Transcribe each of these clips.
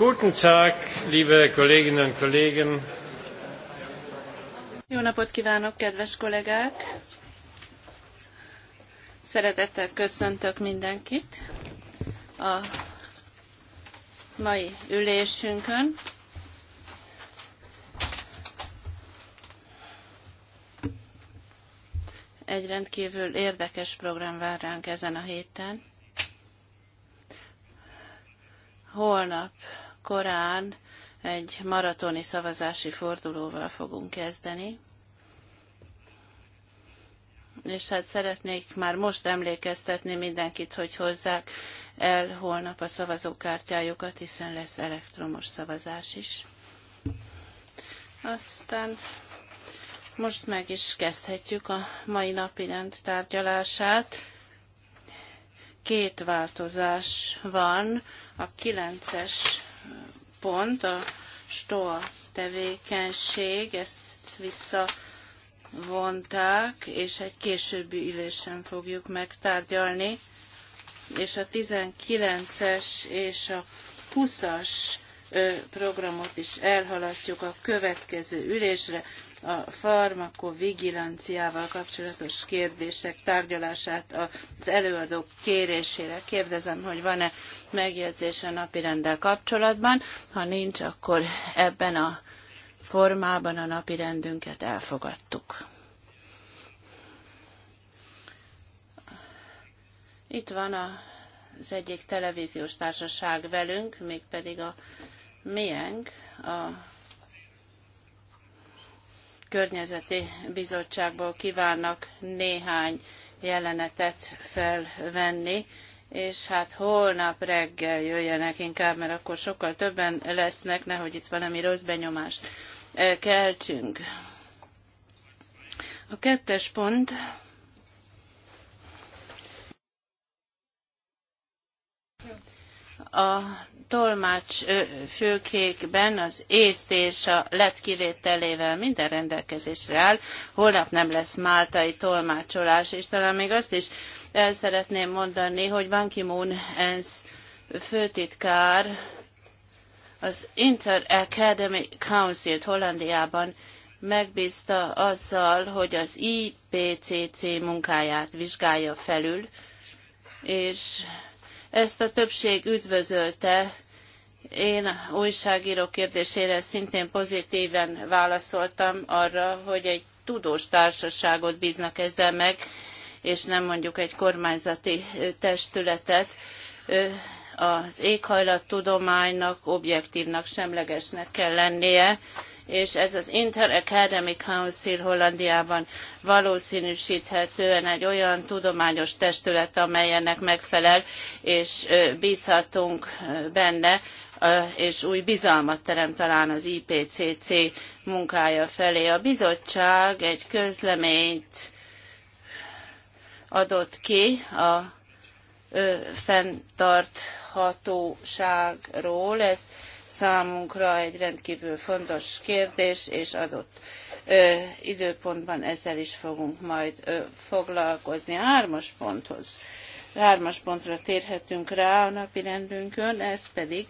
Guten Tag, liebe Kolleginnen und Kollegen. Jó napot kívánok, kedves kollégák! Szeretettel köszöntök mindenkit a mai ülésünkön. Egy rendkívül érdekes program vár ránk ezen a héten holnap korán egy maratoni szavazási fordulóval fogunk kezdeni. És hát szeretnék már most emlékeztetni mindenkit, hogy hozzák el holnap a szavazókártyájukat, hiszen lesz elektromos szavazás is. Aztán most meg is kezdhetjük a mai napi rend tárgyalását. Két változás van. A 9-es pont, a STOA tevékenység, ezt visszavonták, és egy későbbi ülésen fogjuk megtárgyalni, és a 19-es és a 20-as programot is elhaladjuk a következő ülésre a farmakovigilanciával kapcsolatos kérdések tárgyalását az előadók kérésére. Kérdezem, hogy van-e megjegyzés a napirenddel kapcsolatban. Ha nincs, akkor ebben a formában a napirendünket elfogadtuk. Itt van az egyik televíziós társaság velünk, mégpedig a miénk, a környezeti bizottságból kívánnak néhány jelenetet felvenni, és hát holnap reggel jöjjenek inkább, mert akkor sokkal többen lesznek, nehogy itt valami rossz benyomást eh, keltsünk. A kettes pont a tolmács fülkékben az észt és a lett kivételével minden rendelkezésre áll. Holnap nem lesz máltai tolmácsolás, és talán még azt is el szeretném mondani, hogy Ban Ki-moon ENSZ főtitkár az Inter Academy council Hollandiában megbízta azzal, hogy az IPCC munkáját vizsgálja felül, és ezt a többség üdvözölte, én újságíró kérdésére szintén pozitíven válaszoltam arra, hogy egy tudós társaságot bíznak ezzel meg, és nem mondjuk egy kormányzati testületet. Az éghajlattudománynak objektívnak, semlegesnek kell lennie, és ez az inter Academy Council Hollandiában valószínűsíthetően egy olyan tudományos testület, amely ennek megfelel, és bízhatunk benne, és új bizalmat terem talán az IPCC munkája felé. A bizottság egy közleményt adott ki a fenntarthatóságról. Ez számunkra egy rendkívül fontos kérdés, és adott ö, időpontban ezzel is fogunk majd ö, foglalkozni. Hármas ponthoz, hármas pontra térhetünk rá a napi rendünkön, ez pedig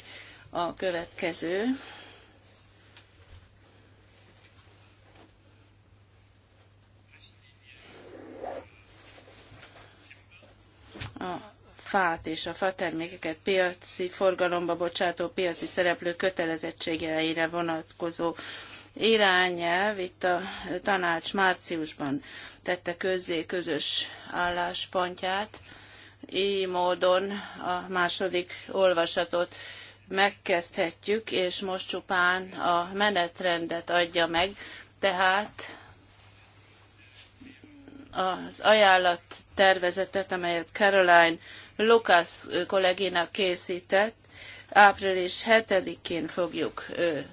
a következő. A fát és a fatermékeket piaci forgalomba bocsátó piaci szereplő kötelezettségeire vonatkozó irányelv itt a tanács márciusban tette közzé közös álláspontját. Így módon a második olvasatot megkezdhetjük, és most csupán a menetrendet adja meg, tehát az ajánlat tervezetet, amelyet Caroline Lukasz kollégének készített. Április 7-én fogjuk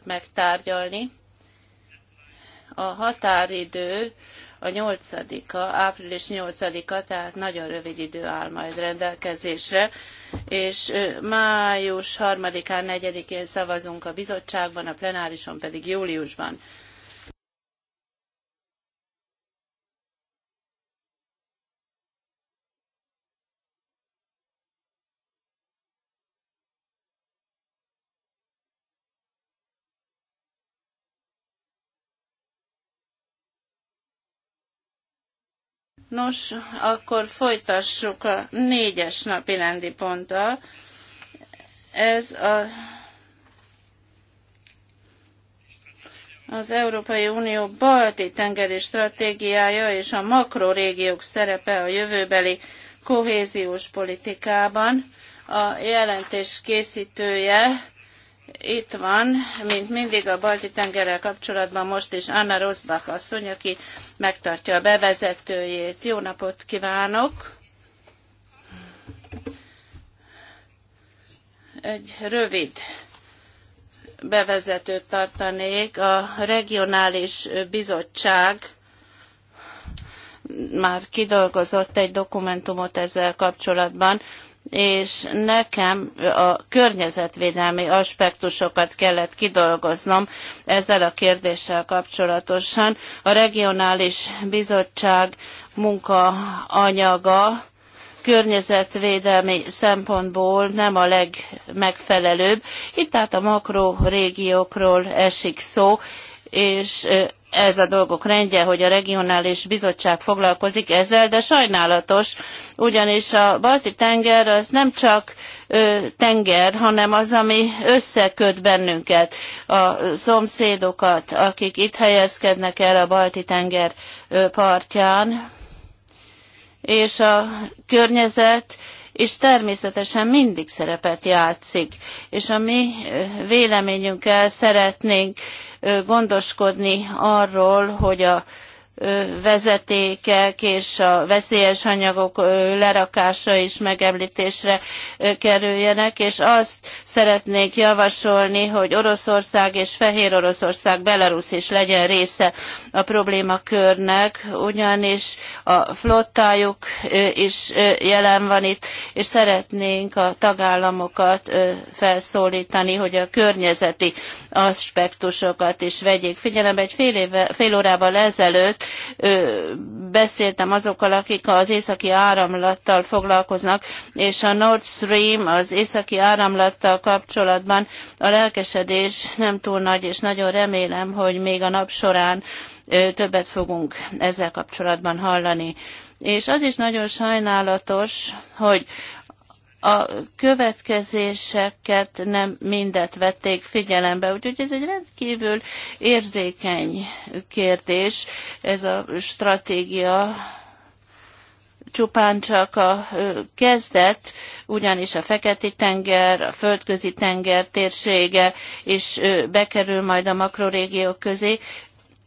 megtárgyalni. A határidő a 8-a, április 8-a, tehát nagyon rövid idő áll majd rendelkezésre, és május 3-án, 4-én szavazunk a bizottságban, a plenárison pedig júliusban. Nos, akkor folytassuk a négyes napi rendi ponttal. Ez a, az Európai Unió balti tengeri stratégiája és a makrorégiók szerepe a jövőbeli kohéziós politikában. A jelentés készítője itt van, mint mindig a balti tengerrel kapcsolatban most is Anna Rosbach asszony, aki megtartja a bevezetőjét. Jó napot kívánok! Egy rövid bevezetőt tartanék. A regionális bizottság már kidolgozott egy dokumentumot ezzel kapcsolatban, és nekem a környezetvédelmi aspektusokat kellett kidolgoznom ezzel a kérdéssel kapcsolatosan. A regionális bizottság munkaanyaga környezetvédelmi szempontból nem a legmegfelelőbb. Itt tehát a makrorégiókról esik szó, és ez a dolgok rendje, hogy a regionális bizottság foglalkozik ezzel, de sajnálatos, ugyanis a balti tenger az nem csak ö, tenger, hanem az, ami összeköt bennünket, a szomszédokat, akik itt helyezkednek el a balti tenger ö, partján, és a környezet, és természetesen mindig szerepet játszik, és a mi véleményünkkel szeretnénk gondoskodni arról, hogy a vezetékek és a veszélyes anyagok lerakása is megemlítésre kerüljenek, és azt szeretnék javasolni, hogy Oroszország és Fehér Oroszország, Belarus is legyen része a problémakörnek, ugyanis a flottájuk is jelen van itt, és szeretnénk a tagállamokat felszólítani, hogy a környezeti aspektusokat is vegyék figyelembe. Egy fél, éve, fél órával ezelőtt beszéltem azokkal, akik az északi áramlattal foglalkoznak, és a Nord Stream az északi áramlattal kapcsolatban a lelkesedés nem túl nagy, és nagyon remélem, hogy még a nap során többet fogunk ezzel kapcsolatban hallani. És az is nagyon sajnálatos, hogy a következéseket nem mindet vették figyelembe, úgyhogy ez egy rendkívül érzékeny kérdés, ez a stratégia csupán csak a kezdet, ugyanis a Feketi tenger a Földközi-tenger térsége is bekerül majd a makrorégiók közé,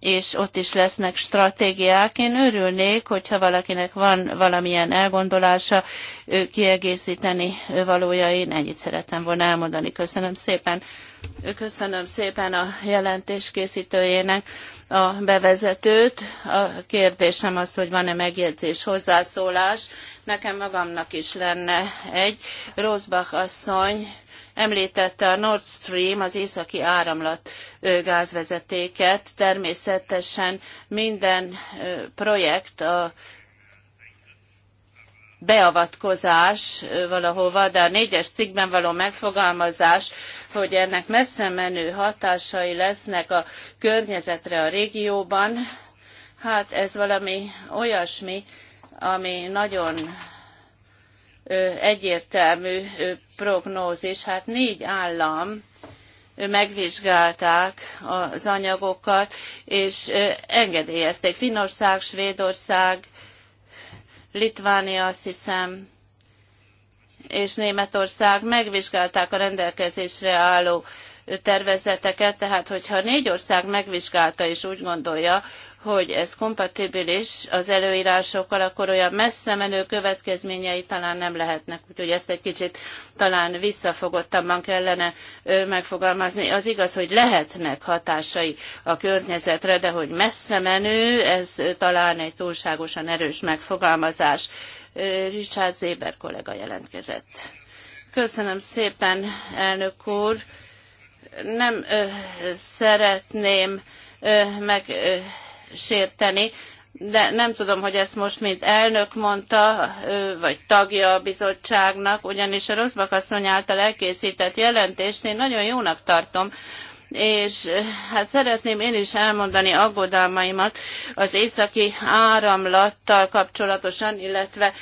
és ott is lesznek stratégiák. Én örülnék, hogyha valakinek van valamilyen elgondolása, kiegészíteni valója. Én ennyit szeretem volna elmondani. Köszönöm szépen. Köszönöm szépen a jelentés készítőjének a bevezetőt. A kérdésem az, hogy van-e megjegyzés, hozzászólás. Nekem magamnak is lenne egy. Rosbach asszony Említette a Nord Stream, az északi áramlat gázvezetéket. Természetesen minden projekt a beavatkozás valahova, de a négyes cikkben való megfogalmazás, hogy ennek messze menő hatásai lesznek a környezetre a régióban, hát ez valami olyasmi, ami nagyon egyértelmű prognózis. Hát négy állam megvizsgálták az anyagokat, és engedélyezték. Finnország, Svédország, Litvánia, azt hiszem, és Németország megvizsgálták a rendelkezésre álló tervezeteket, tehát hogyha négy ország megvizsgálta és úgy gondolja, hogy ez kompatibilis az előírásokkal, akkor olyan messze menő következményei talán nem lehetnek, úgyhogy ezt egy kicsit talán visszafogottabban kellene megfogalmazni. Az igaz, hogy lehetnek hatásai a környezetre, de hogy messze menő, ez talán egy túlságosan erős megfogalmazás. Richard Zéber kollega jelentkezett. Köszönöm szépen, elnök úr nem szeretném megsérteni, de nem tudom, hogy ezt most mint elnök mondta, vagy tagja a bizottságnak, ugyanis a Rosszbak asszony által elkészített jelentést én nagyon jónak tartom, és hát szeretném én is elmondani aggodalmaimat az északi áramlattal kapcsolatosan, illetve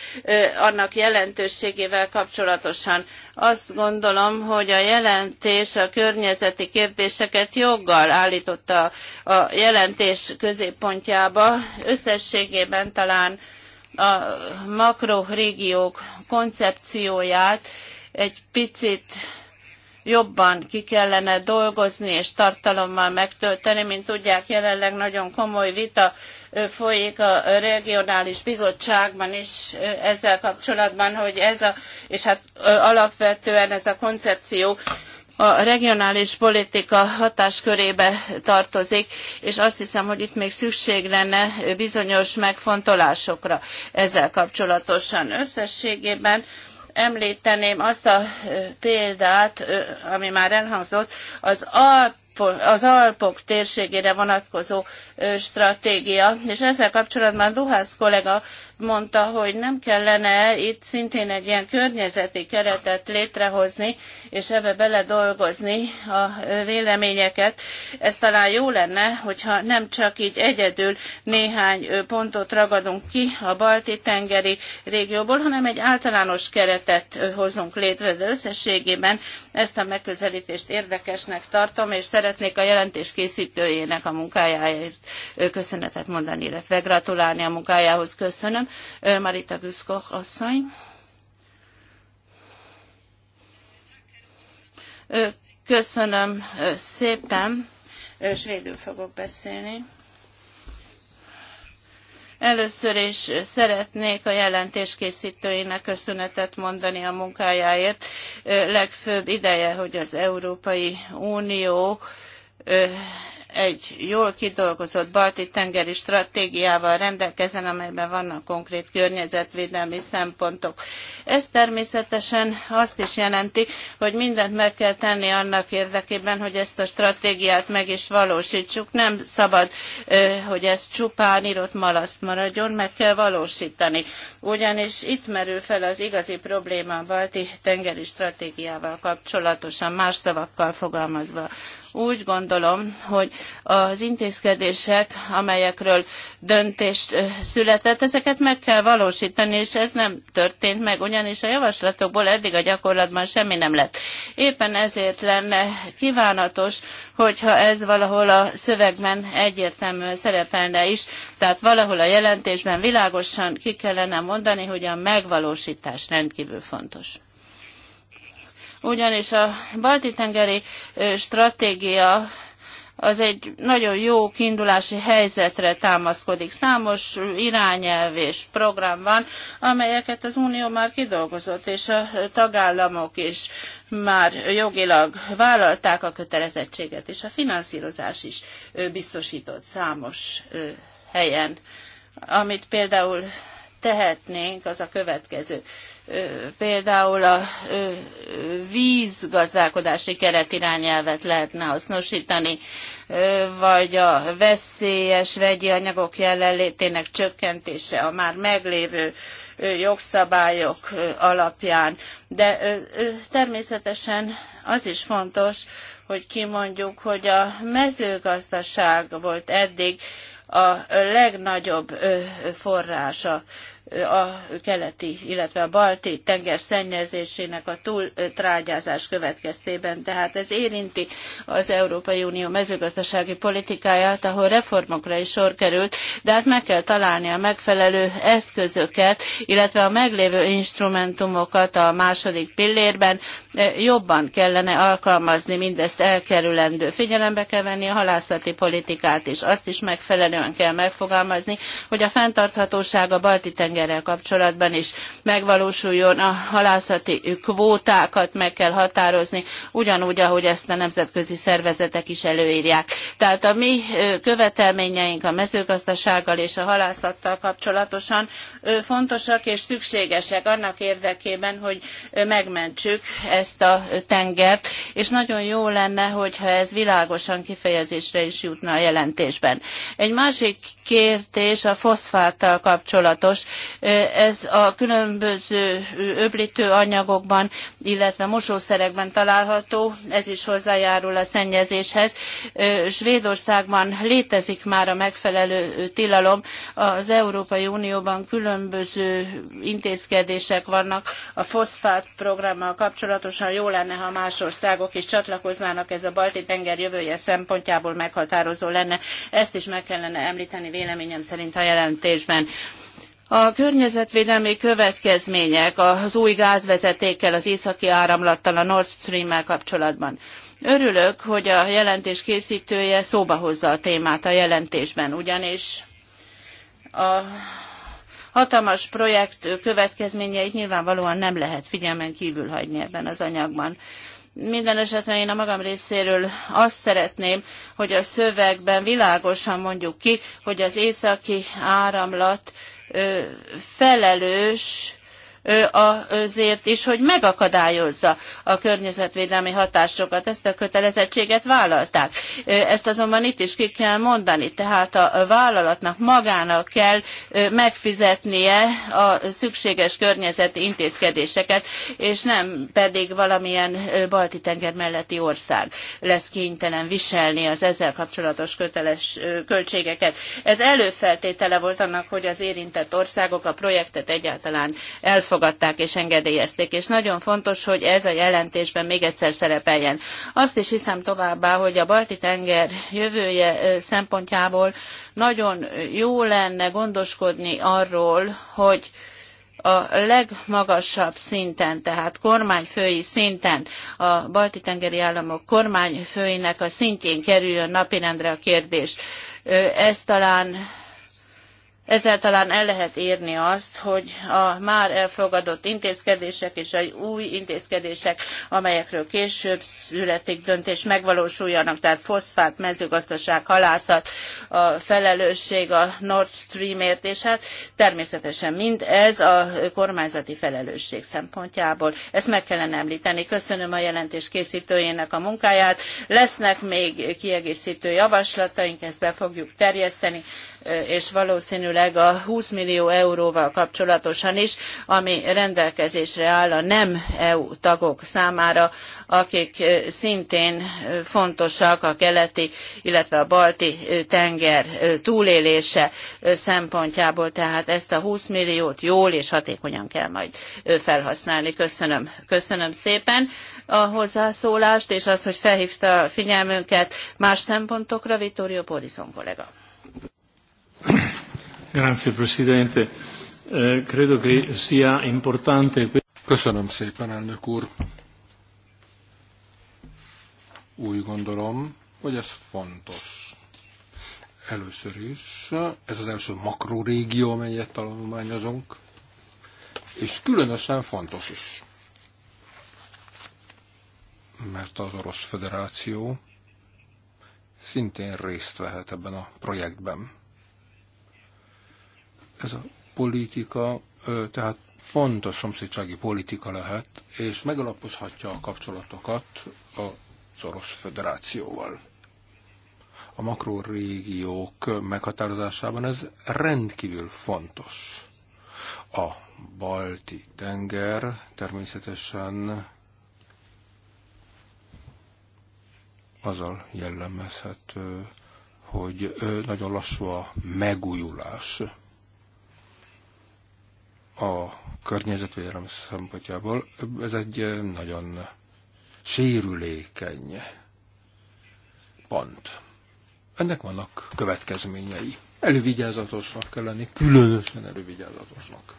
annak jelentőségével kapcsolatosan. Azt gondolom, hogy a jelentés a környezeti kérdéseket joggal állította a jelentés középpontjába. Összességében talán a makrorégiók koncepcióját egy picit jobban ki kellene dolgozni és tartalommal megtölteni, mint tudják jelenleg nagyon komoly vita folyik a regionális bizottságban is ezzel kapcsolatban, hogy ez a, és hát alapvetően ez a koncepció a regionális politika hatáskörébe tartozik, és azt hiszem, hogy itt még szükség lenne bizonyos megfontolásokra ezzel kapcsolatosan. Összességében Említeném azt a példát, ami már elhangzott, az a az Alpok térségére vonatkozó stratégia, és ezzel kapcsolatban Duhász kollega mondta, hogy nem kellene itt szintén egy ilyen környezeti keretet létrehozni, és ebbe beledolgozni a véleményeket. Ez talán jó lenne, hogyha nem csak így egyedül néhány pontot ragadunk ki a balti tengeri régióból, hanem egy általános keretet hozunk létre, de összességében ezt a megközelítést érdekesnek tartom, és szeretnék a jelentés készítőjének a munkájáért köszönetet mondani, illetve gratulálni a munkájához. Köszönöm. Marita Güszkoch asszony. Köszönöm szépen. Svédül fogok beszélni. Először is szeretnék a jelentéskészítőinek köszönetet mondani a munkájáért. Legfőbb ideje, hogy az Európai Unió egy jól kidolgozott balti tengeri stratégiával rendelkezzen, amelyben vannak konkrét környezetvédelmi szempontok. Ez természetesen azt is jelenti, hogy mindent meg kell tenni annak érdekében, hogy ezt a stratégiát meg is valósítsuk. Nem szabad, hogy ez csupán írott malaszt maradjon, meg kell valósítani. Ugyanis itt merül fel az igazi probléma a balti tengeri stratégiával kapcsolatosan, más szavakkal fogalmazva. Úgy gondolom, hogy az intézkedések, amelyekről döntést született, ezeket meg kell valósítani, és ez nem történt meg, ugyanis a javaslatokból eddig a gyakorlatban semmi nem lett. Éppen ezért lenne kívánatos, hogyha ez valahol a szövegben egyértelműen szerepelne is, tehát valahol a jelentésben világosan ki kellene mondani, hogy a megvalósítás rendkívül fontos ugyanis a balti-tengeri stratégia az egy nagyon jó kiindulási helyzetre támaszkodik. Számos irányelv és program van, amelyeket az Unió már kidolgozott, és a tagállamok is már jogilag vállalták a kötelezettséget, és a finanszírozás is biztosított számos helyen, amit például tehetnénk, az a következő. Például a vízgazdálkodási keretirányelvet lehetne hasznosítani, vagy a veszélyes vegyi anyagok jelenlétének csökkentése a már meglévő jogszabályok alapján. De természetesen az is fontos, hogy kimondjuk, hogy a mezőgazdaság volt eddig a legnagyobb forrása a keleti, illetve a balti tenger szennyezésének a túltrágyázás következtében. Tehát ez érinti az Európai Unió mezőgazdasági politikáját, ahol reformokra is sor került, de hát meg kell találni a megfelelő eszközöket, illetve a meglévő instrumentumokat a második pillérben, E, jobban kellene alkalmazni, mindezt elkerülendő. Figyelembe kell venni a halászati politikát is, azt is megfelelően kell megfogalmazni, hogy a fenntarthatóság a balti tengerrel kapcsolatban is megvalósuljon, a halászati kvótákat meg kell határozni, ugyanúgy, ahogy ezt a nemzetközi szervezetek is előírják. Tehát a mi e, követelményeink a mezőgazdasággal és a halászattal kapcsolatosan e, fontosak és szükségesek annak érdekében, hogy megmentsük ezt ezt a tengert, és nagyon jó lenne, hogyha ez világosan kifejezésre is jutna a jelentésben. Egy másik kérdés a foszfáttal kapcsolatos. Ez a különböző öblítő anyagokban, illetve mosószerekben található, ez is hozzájárul a szennyezéshez. Svédországban létezik már a megfelelő tilalom. Az Európai Unióban különböző intézkedések vannak a foszfát programmal kapcsolatos pontosan jó lenne, ha más országok is csatlakoznának, ez a balti tenger jövője szempontjából meghatározó lenne. Ezt is meg kellene említeni véleményem szerint a jelentésben. A környezetvédelmi következmények az új gázvezetékkel, az északi áramlattal, a Nord Stream-mel kapcsolatban. Örülök, hogy a jelentés készítője szóba hozza a témát a jelentésben, ugyanis a hatalmas projekt következményeit nyilvánvalóan nem lehet figyelmen kívül hagyni ebben az anyagban. Minden esetre én a magam részéről azt szeretném, hogy a szövegben világosan mondjuk ki, hogy az északi áramlat felelős azért is, hogy megakadályozza a környezetvédelmi hatásokat. Ezt a kötelezettséget vállalták. Ezt azonban itt is ki kell mondani. Tehát a vállalatnak magának kell megfizetnie a szükséges környezeti intézkedéseket, és nem pedig valamilyen balti tenger melletti ország lesz kénytelen viselni az ezzel kapcsolatos köteles költségeket. Ez előfeltétele volt annak, hogy az érintett országok a projektet egyáltalán elfogadják elfogadták és engedélyezték, és nagyon fontos, hogy ez a jelentésben még egyszer szerepeljen. Azt is hiszem továbbá, hogy a Balti-tenger jövője szempontjából nagyon jó lenne gondoskodni arról, hogy a legmagasabb szinten, tehát kormányfői szinten, a balti-tengeri államok kormányfőinek a szintjén kerüljön napirendre a kérdés. Ez talán ezzel talán el lehet érni azt, hogy a már elfogadott intézkedések és a új intézkedések, amelyekről később születik döntés, megvalósuljanak, tehát foszfát, mezőgazdaság, halászat, a felelősség a Nord Streamért, és hát természetesen mind ez a kormányzati felelősség szempontjából. Ezt meg kellene említeni. Köszönöm a jelentés készítőjének a munkáját. Lesznek még kiegészítő javaslataink, ezt be fogjuk terjeszteni, és valószínűleg illetőleg a 20 millió euróval kapcsolatosan is, ami rendelkezésre áll a nem EU tagok számára, akik szintén fontosak a keleti, illetve a balti tenger túlélése szempontjából, tehát ezt a 20 milliót jól és hatékonyan kell majd felhasználni. Köszönöm. Köszönöm szépen a hozzászólást, és az, hogy felhívta a figyelmünket más szempontokra, Vittorio Polison kollega. Grazie, Presidente. Eh, credo che sia importante... Köszönöm szépen, elnök úr. Úgy gondolom, hogy ez fontos. Először is, ez az első makrorégió, amelyet tanulmányozunk, és különösen fontos is. Mert az Orosz Föderáció szintén részt vehet ebben a projektben. Ez a politika tehát fontos szomszédsági politika lehet, és megalapozhatja a kapcsolatokat a szoros Föderációval. A makrorégiók meghatározásában ez rendkívül fontos. A Balti tenger természetesen azzal jellemezhető, hogy nagyon lassú a megújulás a környezetvédelem szempontjából ez egy eh, nagyon sérülékeny pont. Ennek vannak következményei. Elővigyázatosnak kell lenni, különösen elővigyázatosnak.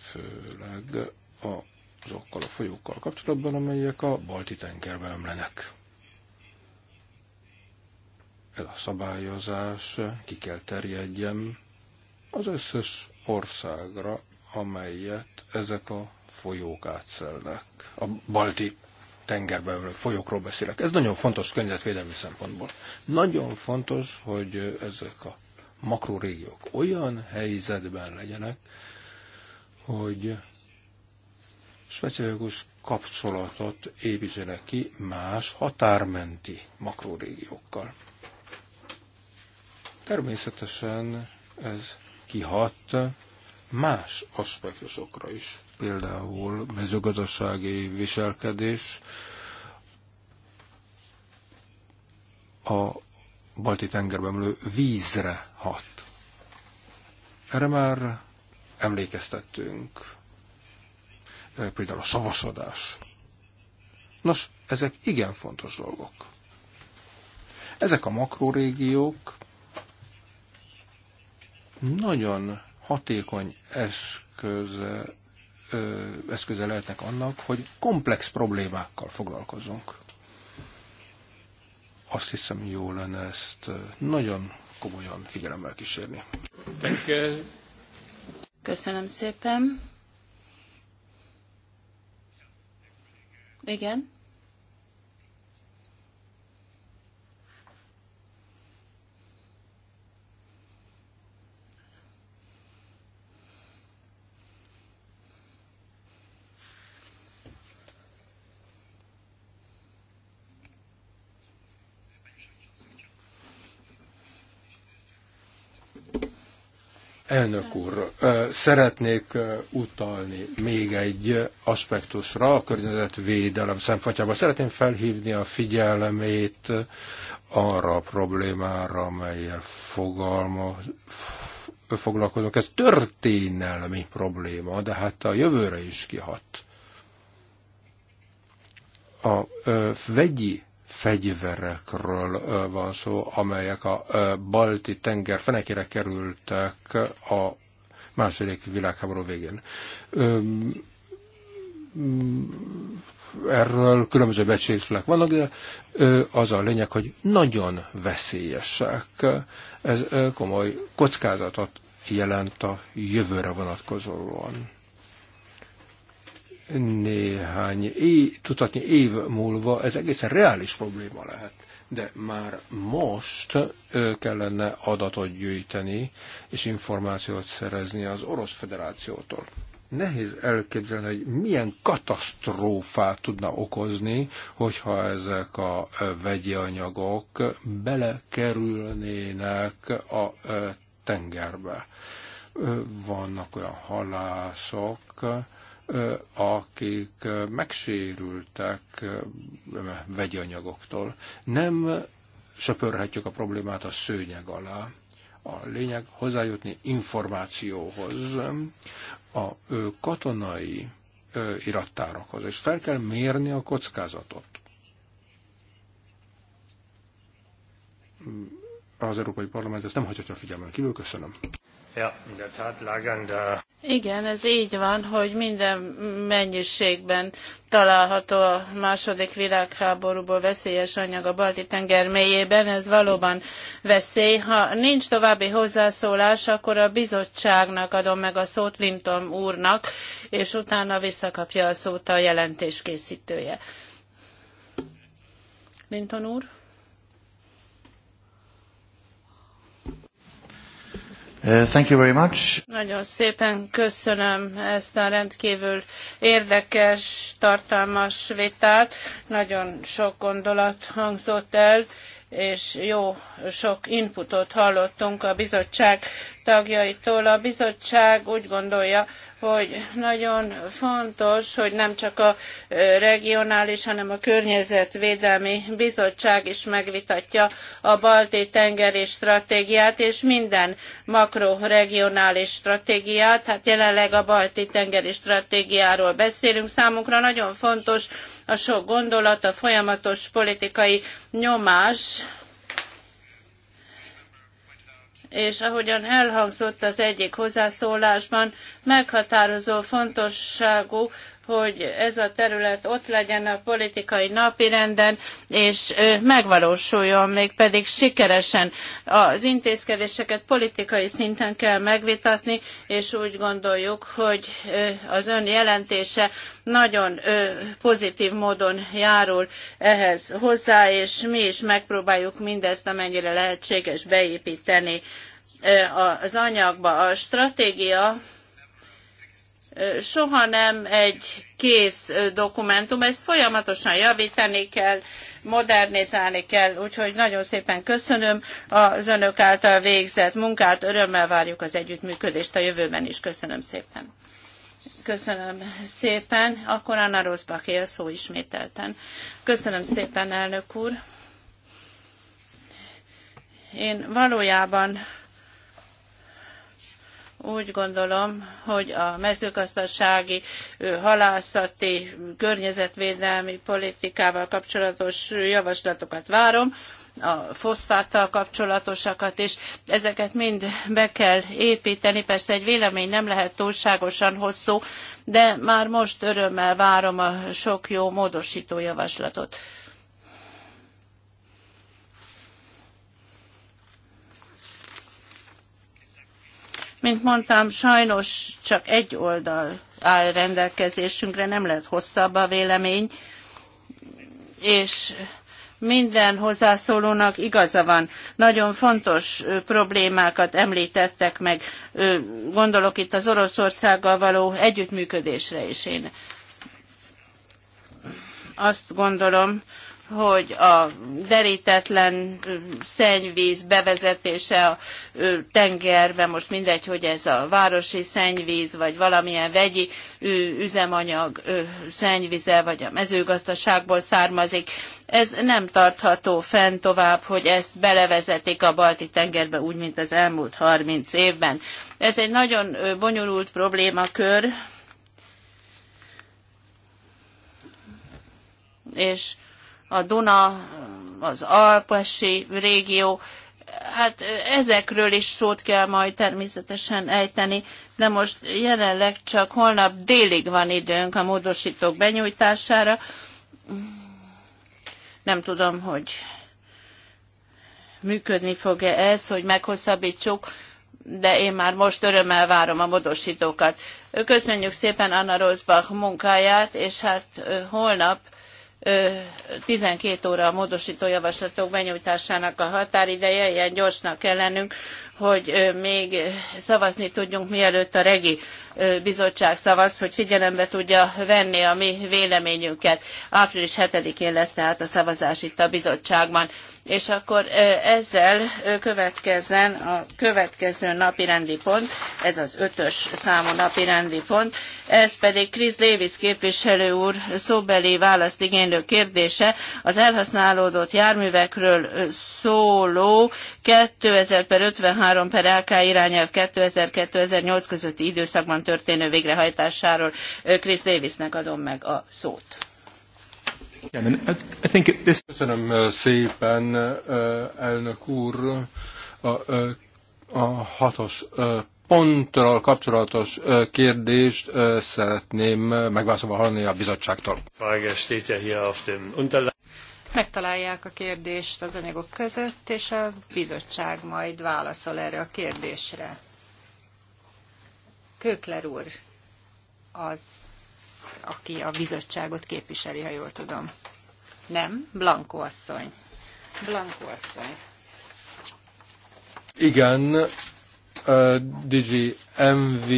Főleg azokkal a folyókkal kapcsolatban, amelyek a Balti tengerben ömlenek ez a szabályozás ki kell terjedjen az összes országra, amelyet ezek a folyók átszelnek. A balti tengerbe folyókról beszélek. Ez nagyon fontos környezetvédelmi szempontból. Nagyon fontos, hogy ezek a makrorégiók olyan helyzetben legyenek, hogy specifikus kapcsolatot építsenek ki más határmenti makrorégiókkal. Természetesen ez kihat más aspektusokra is, például mezőgazdasági viselkedés, a balti tengerben lő vízre hat. Erre már emlékeztettünk, például a savasodás. Nos, ezek igen fontos dolgok. Ezek a makrorégiók nagyon hatékony eszköz, eszköze lehetnek annak, hogy komplex problémákkal foglalkozunk. Azt hiszem, jó lenne ezt nagyon komolyan figyelemmel kísérni. Köszönöm szépen. Igen. Elnök úr, szeretnék utalni még egy aspektusra a környezetvédelem szempontjából. Szeretném felhívni a figyelmét arra a problémára, amelyel fogalma, foglalkozunk. Ez történelmi probléma, de hát a jövőre is kihat. A vegyi fegyverekről van szó, amelyek a balti tenger fenekére kerültek a második világháború végén. Erről különböző becslések vannak, de az a lényeg, hogy nagyon veszélyesek. Ez komoly kockázatot jelent a jövőre vonatkozóan néhány év, tudhatni év múlva ez egészen reális probléma lehet. De már most kellene adatot gyűjteni és információt szerezni az Orosz Federációtól. Nehéz elképzelni, hogy milyen katasztrófát tudna okozni, hogyha ezek a vegyi anyagok belekerülnének a tengerbe. Vannak olyan halászok, akik megsérültek vegyi anyagoktól. Nem söpörhetjük a problémát a szőnyeg alá. A lényeg hozzájutni információhoz, a katonai irattárokhoz, és fel kell mérni a kockázatot az Európai Parlament ezt nem hagyhatja figyelmen kívül. Köszönöm. Igen, ez így van, hogy minden mennyiségben található a második világháborúból veszélyes anyag a balti tenger mélyében, ez valóban veszély. Ha nincs további hozzászólás, akkor a bizottságnak adom meg a szót Linton úrnak, és utána visszakapja a szót a jelentés készítője. Linton úr? Uh, thank you very much. Nagyon szépen köszönöm ezt a rendkívül érdekes, tartalmas vitát. Nagyon sok gondolat hangzott el, és jó sok inputot hallottunk a bizottság tagjaitól. A bizottság úgy gondolja, hogy nagyon fontos, hogy nem csak a regionális, hanem a környezetvédelmi bizottság is megvitatja a balti tengeri stratégiát, és minden makroregionális stratégiát. Hát jelenleg a balti tengeri stratégiáról beszélünk. Számunkra nagyon fontos, a sok gondolat, a folyamatos politikai nyomás, és ahogyan elhangzott az egyik hozzászólásban, meghatározó fontosságú hogy ez a terület ott legyen a politikai napirenden, és megvalósuljon, mégpedig sikeresen. Az intézkedéseket politikai szinten kell megvitatni, és úgy gondoljuk, hogy az ön jelentése nagyon pozitív módon járul ehhez hozzá, és mi is megpróbáljuk mindezt, amennyire lehetséges beépíteni az anyagba. A stratégia soha nem egy kész dokumentum, ezt folyamatosan javítani kell, modernizálni kell, úgyhogy nagyon szépen köszönöm az önök által végzett munkát, örömmel várjuk az együttműködést a jövőben is, köszönöm szépen. Köszönöm szépen, akkor Anna Rosbach él szó ismételten. Köszönöm szépen, elnök úr. Én valójában úgy gondolom, hogy a mezőgazdasági, halászati, környezetvédelmi politikával kapcsolatos javaslatokat várom, a foszfáttal kapcsolatosakat, is. ezeket mind be kell építeni. Persze egy vélemény nem lehet túlságosan hosszú, de már most örömmel várom a sok jó módosító javaslatot. Mint mondtam, sajnos csak egy oldal áll rendelkezésünkre, nem lehet hosszabb a vélemény, és minden hozzászólónak igaza van. Nagyon fontos problémákat említettek meg. Gondolok itt az Oroszországgal való együttműködésre is én. Azt gondolom, hogy a derítetlen szennyvíz bevezetése a tengerbe, most mindegy, hogy ez a városi szennyvíz, vagy valamilyen vegyi üzemanyag szennyvize, vagy a mezőgazdaságból származik, ez nem tartható fenn tovább, hogy ezt belevezetik a balti tengerbe, úgy, mint az elmúlt 30 évben. Ez egy nagyon bonyolult problémakör, és a Duna, az Alpesi régió, hát ezekről is szót kell majd természetesen ejteni, de most jelenleg csak holnap délig van időnk a módosítók benyújtására. Nem tudom, hogy működni fog-e ez, hogy meghosszabbítsuk, de én már most örömmel várom a módosítókat. Köszönjük szépen Anna Rosbach munkáját, és hát holnap 12 óra a módostó javaslatok benyújtásának a határideje, ilyen gyorsnak kell lennünk, hogy még szavazni tudjunk, mielőtt a regi bizottság szavaz, hogy figyelembe tudja venni a mi véleményünket. Április 7-én lesz tehát a szavazás itt a bizottságban. És akkor ezzel következzen a következő napi rendi pont, ez az ötös számú napi rendi pont, ez pedig Chris Davis képviselő úr szóbeli választ igénylő kérdése az elhasználódott járművekről szóló 2000 per 53 23 per LK irányelv 2000-2008 közötti időszakban történő végrehajtásáról. Chris Davisnek adom meg a szót. Köszönöm szépen, elnök úr. A, a hatos ponttal kapcsolatos kérdést szeretném megválaszolva hallani a bizottságtól megtalálják a kérdést az anyagok között, és a bizottság majd válaszol erre a kérdésre. Kökler úr az, aki a bizottságot képviseli, ha jól tudom. Nem, Blanko asszony. Blanko asszony. Igen, uh, Digi MV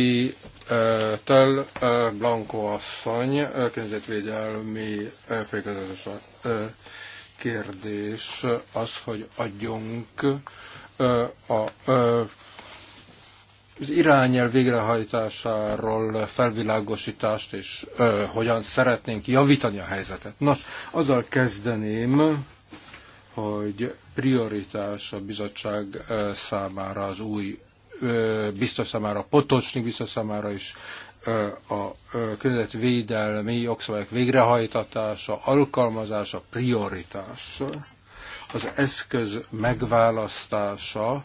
Tel Blanco asszony, környezetvédelmi uh, kérdés az, hogy adjunk a, az irányel végrehajtásáról felvilágosítást, és hogyan szeretnénk javítani a helyzetet. Nos, azzal kezdeném, hogy prioritás a bizottság számára az új biztos számára, Potocsnik biztos számára is a környezetvédelmi jogszabályok végrehajtatása, alkalmazása prioritás. Az eszköz megválasztása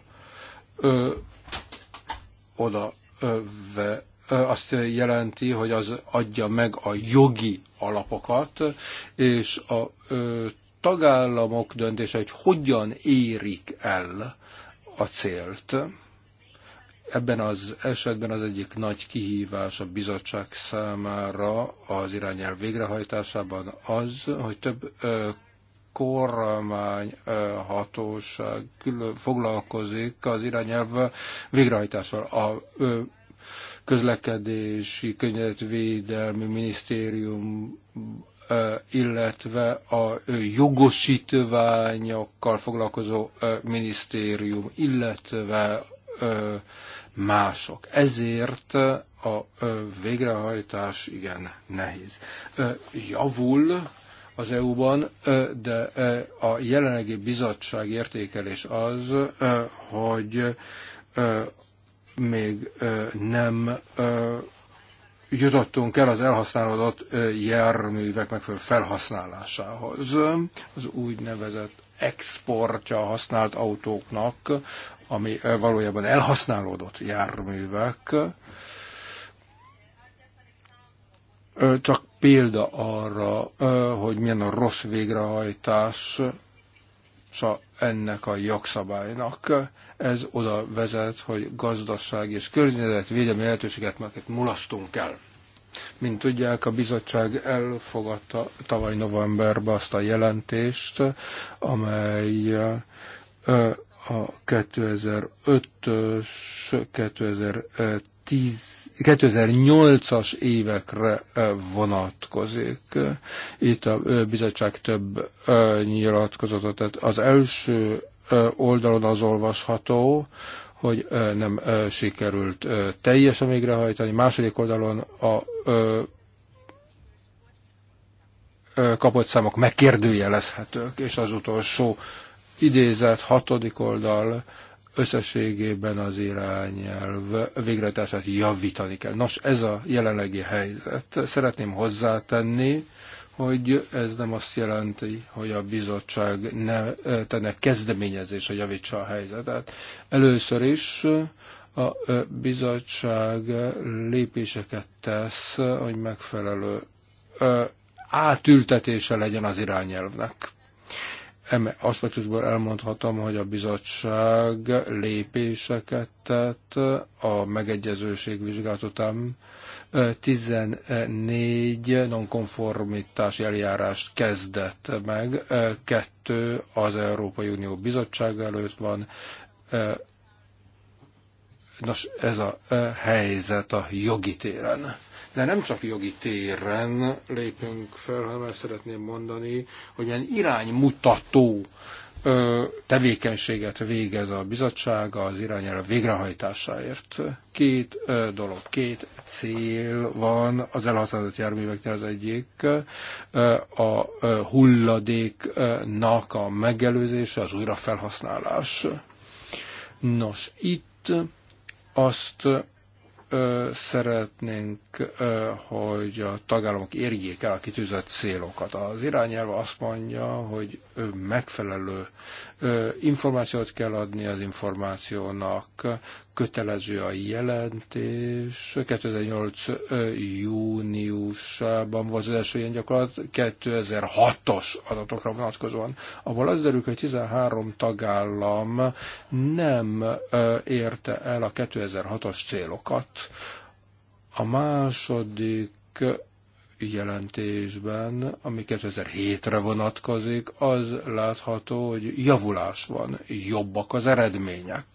ö, oda ö, ve, ö, azt jelenti, hogy az adja meg a jogi alapokat, és a ö, tagállamok döntése, hogy hogyan érik el a célt Ebben az esetben az egyik nagy kihívás a bizottság számára az irányelv végrehajtásában az, hogy több kormány hatóság foglalkozik az irányelv végrehajtással. A közlekedési könyvetvédelmi minisztérium illetve a jogosítványokkal foglalkozó minisztérium, illetve mások. Ezért a végrehajtás igen nehéz. Javul az EU-ban, de a jelenlegi bizottság értékelés az, hogy még nem jutottunk el az elhasználódott járművek megfelelő felhasználásához. Az úgynevezett exportja használt autóknak ami valójában elhasználódott járművek, csak példa arra, hogy milyen a rossz végrehajtás ennek a jogszabálynak. Ez oda vezet, hogy gazdaság és védelmi lehetőséget már mulasztunk el. Mint tudják, a bizottság elfogadta tavaly novemberben azt a jelentést, amely a 2005-ös, 2008-as évekre vonatkozik. Itt a bizottság több nyilatkozatot tehát Az első oldalon az olvasható, hogy nem sikerült teljesen végrehajtani. Második oldalon a kapott számok megkérdőjelezhetők, és az utolsó idézett hatodik oldal összességében az irányelv végrehajtását javítani kell. Nos, ez a jelenlegi helyzet. Szeretném hozzátenni, hogy ez nem azt jelenti, hogy a bizottság ne tenne kezdeményezés, hogy javítsa a helyzetet. Először is a bizottság lépéseket tesz, hogy megfelelő átültetése legyen az irányelvnek. Eme aspektusból elmondhatom, hogy a bizottság lépéseket tett a megegyezőség vizsgálat után 14 nonkonformitás eljárást kezdett meg, kettő az Európai Unió Bizottság előtt van, Nos, ez a helyzet a jogi téren. De nem csak jogi téren lépünk fel, hanem el szeretném mondani, hogy ilyen iránymutató tevékenységet végez a bizottság az irányára végrehajtásáért. Két dolog, két cél van az elhasználott járműveknél az egyik, a hulladéknak a megelőzése, az újrafelhasználás. Nos, itt azt szeretnénk, hogy a tagállamok érjék el a kitűzött célokat. Az irányelv azt mondja, hogy megfelelő Információt kell adni az információnak, kötelező a jelentés. 2008. júniusában volt az első ilyen gyakorlat, 2006-os adatokra vonatkozóan, ahol az derül, hogy 13 tagállam nem érte el a 2006-os célokat. A második jelentésben, ami 2007-re vonatkozik, az látható, hogy javulás van, jobbak az eredmények.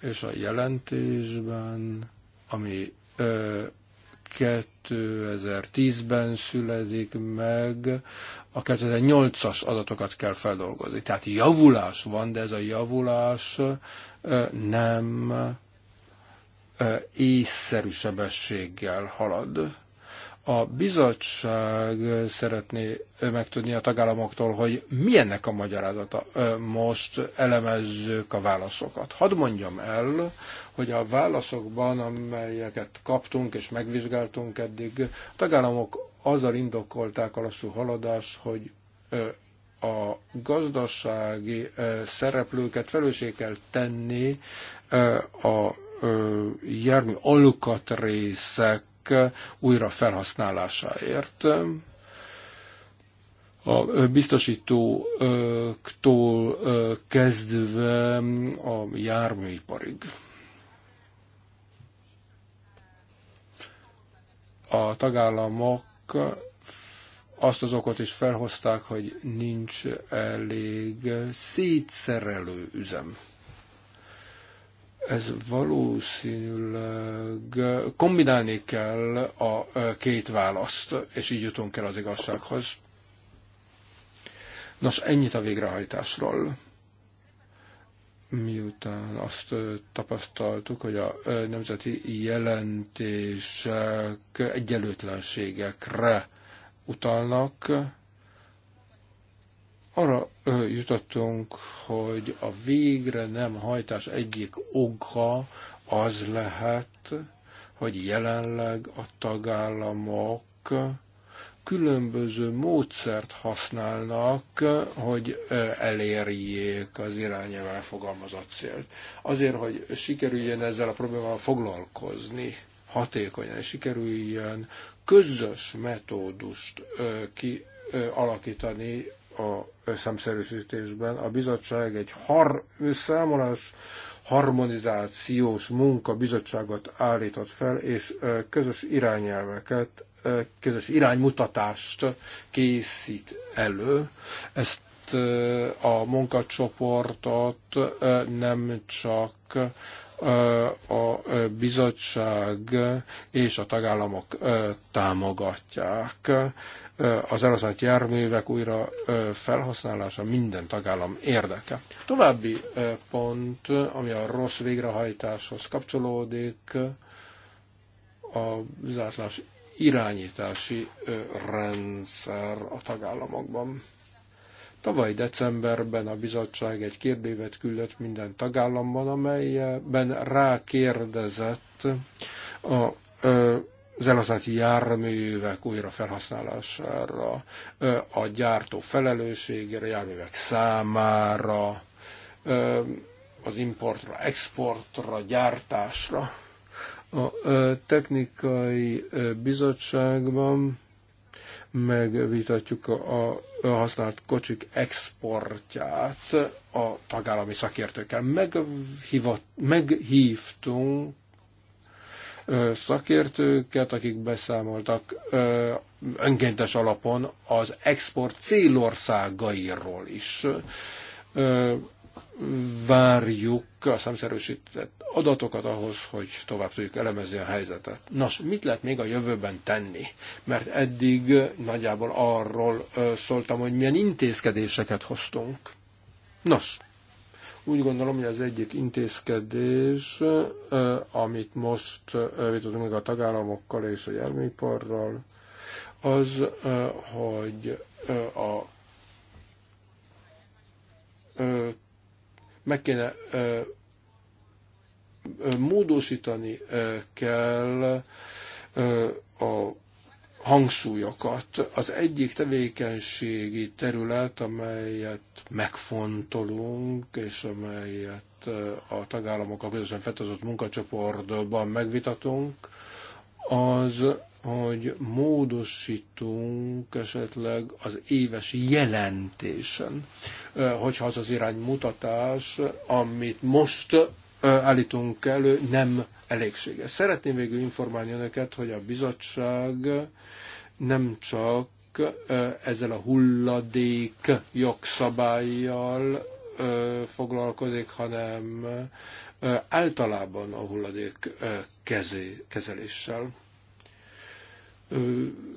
És a jelentésben, ami ö, 2010-ben születik meg, a 2008-as adatokat kell feldolgozni. Tehát javulás van, de ez a javulás ö, nem észszerű sebességgel halad. A bizottság szeretné megtudni a tagállamoktól, hogy milyennek a magyarázata. Most elemezzük a válaszokat. Hadd mondjam el, hogy a válaszokban, amelyeket kaptunk és megvizsgáltunk eddig, a tagállamok azzal indokolták a lassú haladást, hogy a gazdasági szereplőket felőség kell tenni a jármű alkatrészek újra felhasználásáért. A biztosítóktól kezdve a járműiparig. A tagállamok azt az okot is felhozták, hogy nincs elég szétszerelő üzem. Ez valószínűleg kombinálni kell a e, két választ, és így jutunk el az igazsághoz. Nos, ennyit a végrehajtásról miután azt e, tapasztaltuk, hogy a e, nemzeti jelentések egyenlőtlenségekre utalnak, arra jutottunk, hogy a végre nem hajtás egyik oka az lehet, hogy jelenleg a tagállamok különböző módszert használnak, hogy elérjék az irányával fogalmazott célt. Azért, hogy sikerüljön ezzel a problémával foglalkozni hatékonyan, és sikerüljön közös metódust kialakítani a számszerűsítésben. A bizottság egy har számolás harmonizációs bizottságot állított fel, és közös irányelveket, közös iránymutatást készít elő. Ezt a munkacsoportot nem csak a bizottság és a tagállamok támogatják az elhasznált járművek újra felhasználása minden tagállam érdeke. További pont, ami a rossz végrehajtáshoz kapcsolódik, az átlás irányítási rendszer a tagállamokban. Tavaly decemberben a bizottság egy kérdévet küldött minden tagállamban, amelyben rákérdezett a az elhasznált járművek újra felhasználására, a gyártó felelősségére, járművek számára, az importra, exportra, gyártásra. A technikai bizottságban megvitatjuk a használt kocsik exportját a tagállami szakértőkkel. Meghívott, meghívtunk szakértőket, akik beszámoltak önkéntes alapon az export célországairól is. Várjuk a szemszerűsített adatokat ahhoz, hogy tovább tudjuk elemezni a helyzetet. Nos, mit lehet még a jövőben tenni? Mert eddig nagyjából arról szóltam, hogy milyen intézkedéseket hoztunk. Nos, úgy gondolom, hogy az egyik intézkedés, amit most vitatunk meg a tagállamokkal és a gyermekiparral, az, hogy a meg kéne módosítani kell a hangsúlyokat. Az egyik tevékenységi terület, amelyet megfontolunk, és amelyet eh, a tagállamokkal közösen fetazott munkacsoportban megvitatunk, az, hogy módosítunk esetleg az éves jelentésen, eh, hogyha az az iránymutatás, amit most eh, állítunk elő, nem elégséges. Szeretném végül informálni önöket, hogy a bizottság nem csak ezzel a hulladék jogszabályjal foglalkozik, hanem általában a hulladék kezé, kezeléssel.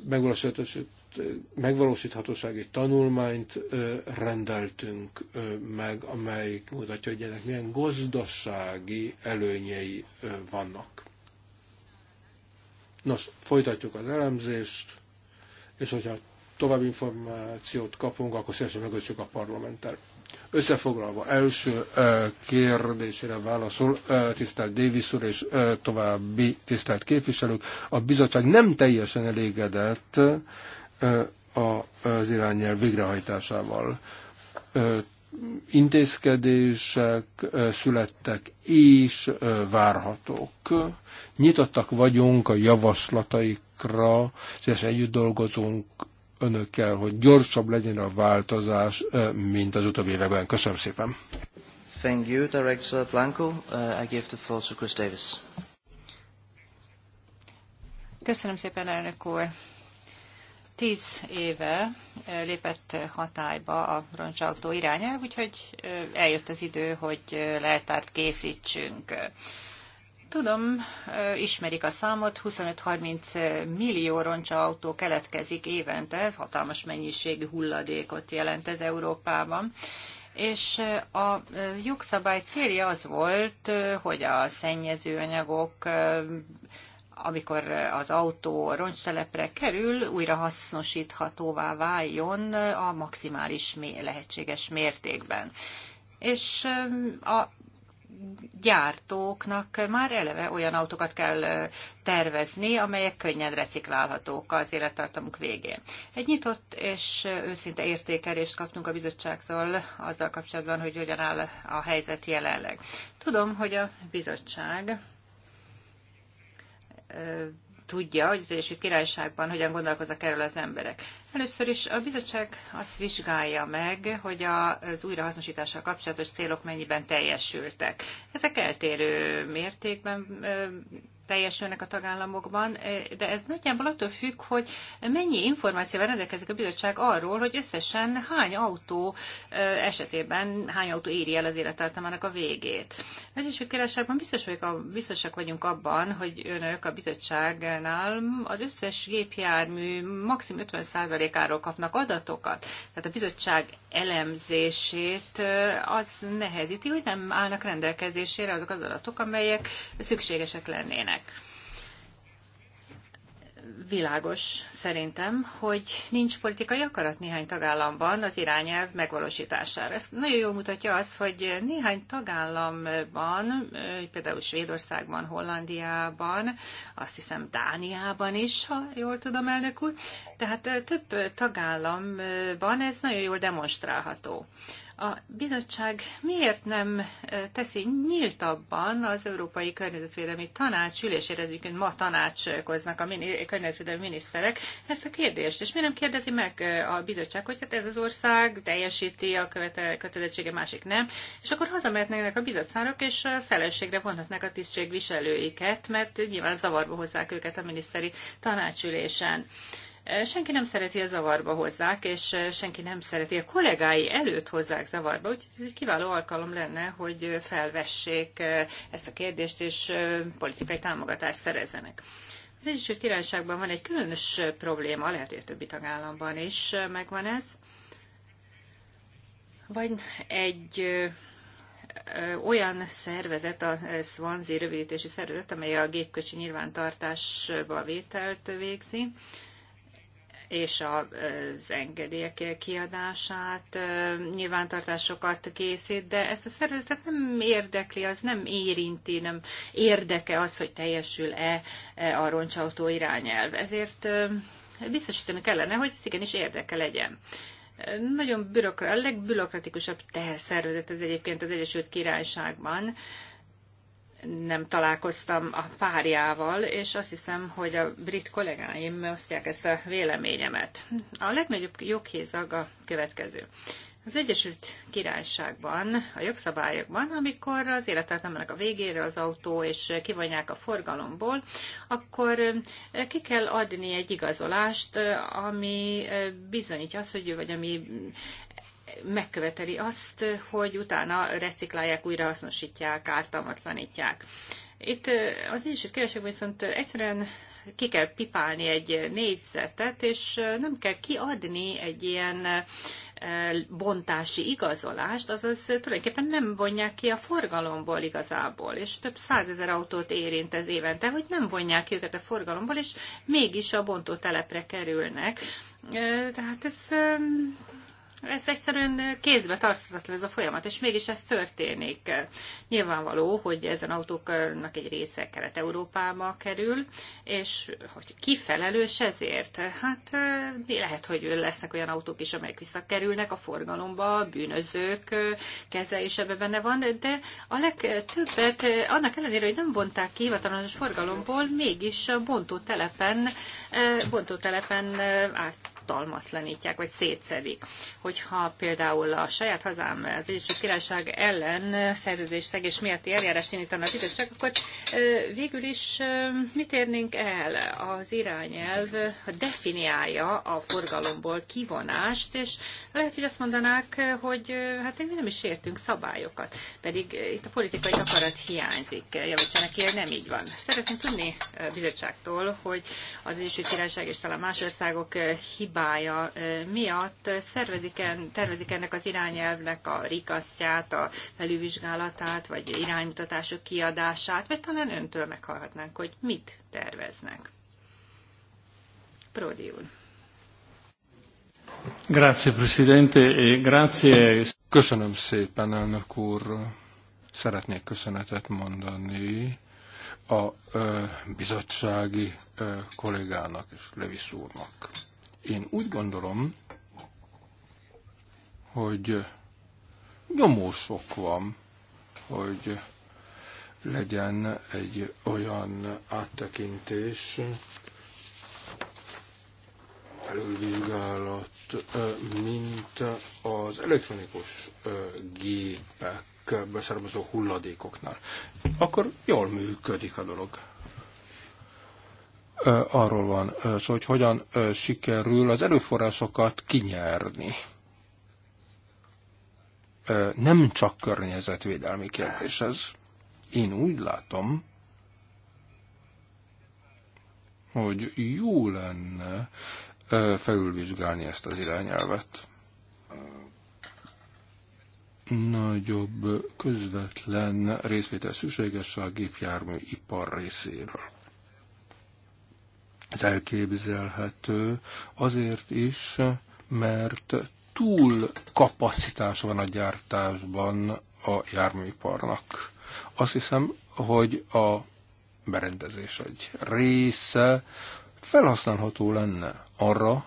Megvalósítottuk megvalósíthatósági tanulmányt rendeltünk meg, amelyik mutatja, hogy ennek milyen gazdasági előnyei vannak. Nos, folytatjuk az elemzést, és hogyha tovább információt kapunk, akkor szívesen megosztjuk a parlamenttel. Összefoglalva, első kérdésére válaszol tisztelt Davis úr és további tisztelt képviselők. A bizottság nem teljesen elégedett az irányelv végrehajtásával. Intézkedések születtek és várhatók. Nyitottak vagyunk a javaslataikra, és együtt dolgozunk önökkel, hogy gyorsabb legyen a változás, mint az utóbbi években. Köszönöm szépen. Thank you, Director Blanco. Uh, I give the floor to Chris Davis. Köszönöm szépen, elnök úr. Tíz éve lépett hatályba a roncsautó irányelv, úgyhogy eljött az idő, hogy leltárt készítsünk. Tudom, ismerik a számot, 25-30 millió roncsautó keletkezik évente, hatalmas mennyiségű hulladékot jelent ez Európában és a jogszabály célja az volt, hogy a szennyezőanyagok amikor az autó roncstelepre kerül, újra hasznosíthatóvá váljon a maximális lehetséges mértékben. És a gyártóknak már eleve olyan autókat kell tervezni, amelyek könnyen reciklálhatók az élettartamuk végén. Egy nyitott és őszinte értékelést kaptunk a bizottságtól azzal kapcsolatban, hogy hogyan áll a helyzet jelenleg. Tudom, hogy a bizottság tudja, hogy az Egyesült Királyságban hogyan gondolkoznak erről az emberek. Először is a bizottság azt vizsgálja meg, hogy az újrahasznosítással kapcsolatos célok mennyiben teljesültek. Ezek eltérő mértékben teljesülnek a tagállamokban, de ez nagyjából attól függ, hogy mennyi információval rendelkezik a bizottság arról, hogy összesen hány autó esetében hány autó éri el az élettartamának a végét. Az Egyesült Királyságban biztos vagyok, a, biztosak vagyunk abban, hogy önök a bizottságnál az összes gépjármű maxim 50%-áról kapnak adatokat. Tehát a bizottság elemzését az nehezíti, hogy nem állnak rendelkezésére azok az adatok, amelyek szükségesek lennének működnek. Világos szerintem, hogy nincs politikai akarat néhány tagállamban az irányelv megvalósítására. Ezt nagyon jól mutatja az, hogy néhány tagállamban, például Svédországban, Hollandiában, azt hiszem Dániában is, ha jól tudom, elnök úr, tehát több tagállamban ez nagyon jól demonstrálható. A bizottság miért nem teszi nyíltabban az Európai Környezetvédelmi Tanács ülésére, egyébként ma tanácskoznak a környezetvédelmi miniszterek, ezt a kérdést? És miért nem kérdezi meg a bizottság, hogy hát ez az ország teljesíti a kötelezettsége, másik nem, és akkor hazamehetnek a bizottságok, és felelősségre vonhatnak a tisztségviselőiket, mert nyilván zavarba hozzák őket a miniszteri tanácsülésen senki nem szereti a zavarba hozzák, és eh, senki nem szereti a kollégái előtt hozzák zavarba, úgyhogy ez egy kiváló alkalom lenne, hogy eh, felvessék eh, ezt a kérdést, és politikai támogatást szerezzenek. Az Egyesült Királyságban van egy különös probléma, lehet, hogy a többi tagállamban is megvan ez, vagy egy olyan szervezet, a Swansea rövidítési szervezet, amely a gépkocsi nyilvántartásba vételt végzi, és az engedélyek kiadását, nyilvántartásokat készít, de ezt a szervezetet nem érdekli, az nem érinti, nem érdeke az, hogy teljesül-e e, a roncsautó irányelv. Ezért biztosítani kellene, hogy ez igenis érdeke legyen nagyon bürokra, a legbürokratikusabb teherszervezet ez egyébként az Egyesült Királyságban nem találkoztam a párjával, és azt hiszem, hogy a brit kollégáim osztják ezt a véleményemet. A legnagyobb joghézag a következő. Az Egyesült Királyságban, a jogszabályokban, amikor az élettartamának a végére az autó, és kivonják a forgalomból, akkor eh, ki kell adni egy igazolást, eh, ami eh, bizonyítja azt, hogy vagy ami megköveteli azt, hogy utána reciklálják, újrahasznosítják, ártalmatlanítják. Itt az egy, hogy viszont egyszerűen ki kell pipálni egy négyzetet, és nem kell kiadni egy ilyen bontási igazolást, azaz tulajdonképpen nem vonják ki a forgalomból igazából, és több százezer autót érint ez évente, hogy nem vonják ki őket a forgalomból, és mégis a bontótelepre kerülnek. Tehát ez ez egyszerűen kézbe tarthatatlan ez a folyamat, és mégis ez történik. Nyilvánvaló, hogy ezen autóknak egy része Kelet-Európába kerül, és hogy ki felelős ezért? Hát eh, lehet, hogy lesznek olyan autók is, amelyek visszakerülnek a forgalomba, bűnözők eh, keze is ebbe benne van, de a legtöbbet, eh, annak ellenére, hogy nem vonták ki hivatalos forgalomból, mégis a bontótelepen, bontótelepen át ártalmatlanítják, vagy szétszedik. Hogyha például a saját hazám, az Egyesült Királyság ellen szerződésszegés miatti eljárást indítanak itt, csak akkor végül is mit érnénk el? Az irányelv definiálja a forgalomból kivonást, és lehet, hogy azt mondanák, hogy hát mi nem is értünk szabályokat, pedig itt a politikai akarat hiányzik. Javítsanak ki, hogy nem így van. Szeretném tudni bizottságtól, hogy az Egyesült Királyság és talán más országok hib hibája miatt szervezik en, tervezik ennek az irányelvnek a rikasztját, a felülvizsgálatát, vagy iránymutatások kiadását, vagy talán öntől meghallhatnánk, hogy mit terveznek. Prodi úr. Grazie, Presidente, e grazie. Köszönöm szépen, elnök úr. Szeretnék köszönetet mondani a ö, bizottsági ö, kollégának és Levis úrnak. Én úgy gondolom, hogy nyomósok van, hogy legyen egy olyan áttekintés, felülvizsgálat, mint az elektronikus gépek beszármazó hulladékoknál. Akkor jól működik a dolog arról van szó, hogy hogyan sikerül az erőforrásokat kinyerni. Nem csak környezetvédelmi kérdés ez. Én úgy látom, hogy jó lenne felülvizsgálni ezt az irányelvet. Nagyobb közvetlen részvétel szükséges a gépjármű ipar részéről ez elképzelhető azért is, mert túl kapacitás van a gyártásban a járműiparnak. Azt hiszem, hogy a berendezés egy része felhasználható lenne arra,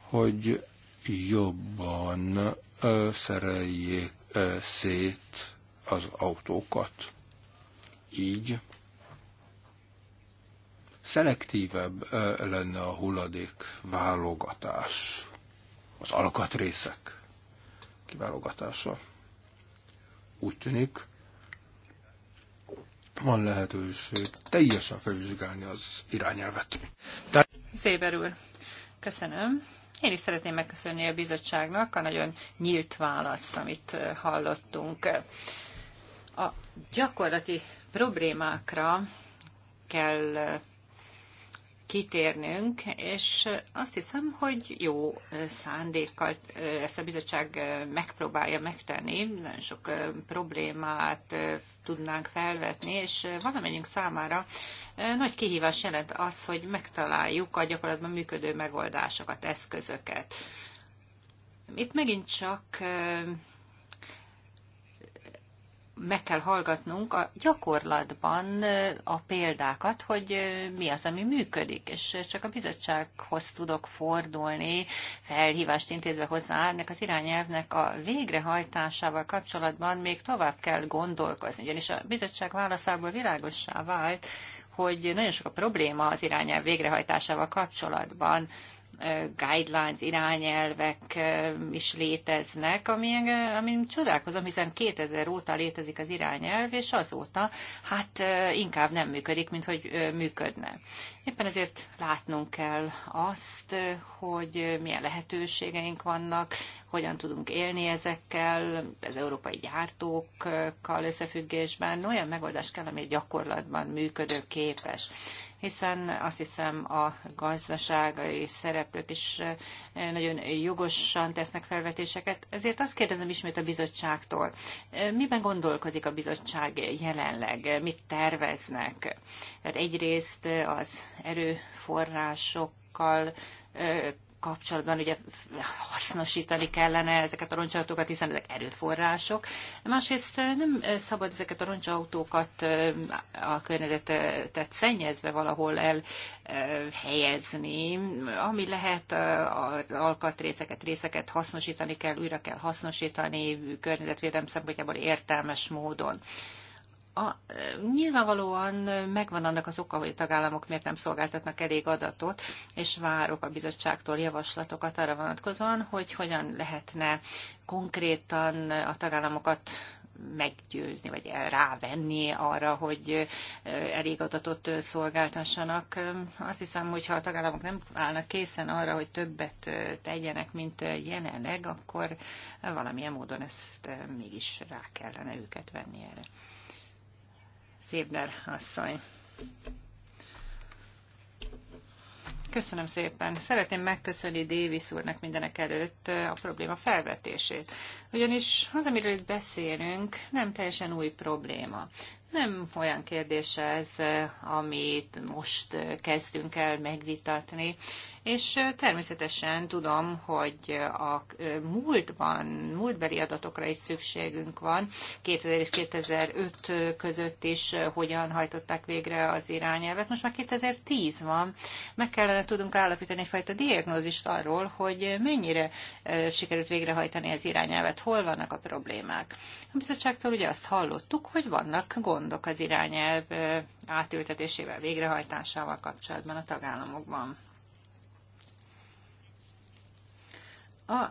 hogy jobban ö, szereljék ö, szét az autókat. Így Szelektívebb lenne a hulladék válogatás, az alkatrészek kiválogatása. Úgy tűnik, van lehetőség teljesen felvizsgálni az irányelvet. De... Széber úr, köszönöm. Én is szeretném megköszönni a bizottságnak a nagyon nyílt választ, amit hallottunk. A gyakorlati problémákra kell kitérnünk, és azt hiszem, hogy jó szándékkal ezt a bizottság megpróbálja megtenni, nagyon sok problémát tudnánk felvetni, és valamennyünk számára nagy kihívás jelent az, hogy megtaláljuk a gyakorlatban működő megoldásokat, eszközöket. Itt megint csak meg kell hallgatnunk a gyakorlatban a példákat, hogy mi az, ami működik, és csak a bizottsághoz tudok fordulni, felhívást intézve hozzá, ennek az irányelvnek a végrehajtásával kapcsolatban még tovább kell gondolkozni, ugyanis a bizottság válaszából világossá vált, hogy nagyon sok a probléma az irányelv végrehajtásával kapcsolatban, guidelines, irányelvek is léteznek, amin, amin csodálkozom, hiszen 2000 óta létezik az irányelv, és azóta hát inkább nem működik, mint hogy működne. Éppen ezért látnunk kell azt, hogy milyen lehetőségeink vannak, hogyan tudunk élni ezekkel, az európai gyártókkal összefüggésben. Olyan megoldás kell, ami gyakorlatban működőképes hiszen azt hiszem a gazdaságai szereplők is eh, nagyon jogosan tesznek felvetéseket. Ezért azt kérdezem ismét a bizottságtól, eh, miben gondolkozik a bizottság jelenleg, mit terveznek? Tehát egyrészt az erőforrások eh, kapcsolatban ugye hasznosítani kellene ezeket a roncsautókat, hiszen ezek erőforrások. Másrészt eh, nem eh, szabad ezeket a roncsautókat eh, a környezetet szennyezve valahol el helyezni, ami lehet az alkatrészeket, részeket hasznosítani kell, újra kell hasznosítani környezetvédelem szempontjából értelmes módon a, nyilvánvalóan megvan annak az oka, hogy a tagállamok miért nem szolgáltatnak elég adatot, és várok a bizottságtól javaslatokat arra vonatkozóan, hogy hogyan lehetne konkrétan a tagállamokat meggyőzni, vagy rávenni arra, hogy elég adatot szolgáltassanak. Azt hiszem, hogy ha a tagállamok nem állnak készen arra, hogy többet tegyenek, mint jelenleg, akkor valamilyen módon ezt mégis rá kellene őket venni erre. Zébner asszony. Köszönöm szépen. Szeretném megköszönni Davis úrnak mindenek előtt a probléma felvetését. Ugyanis az, amiről itt beszélünk, nem teljesen új probléma. Nem olyan kérdés ez, amit most kezdünk el megvitatni, és természetesen tudom, hogy a múltban, múltbeli adatokra is szükségünk van, 2000 és 2005 között is hogyan hajtották végre az irányelvet. Most már 2010 van, meg kellene tudunk állapítani egyfajta diagnózist arról, hogy mennyire sikerült végrehajtani az irányelvet, hol vannak a problémák. A bizottságtól ugye azt hallottuk, hogy vannak gondok az irányelv átültetésével, végrehajtásával kapcsolatban a tagállamokban. A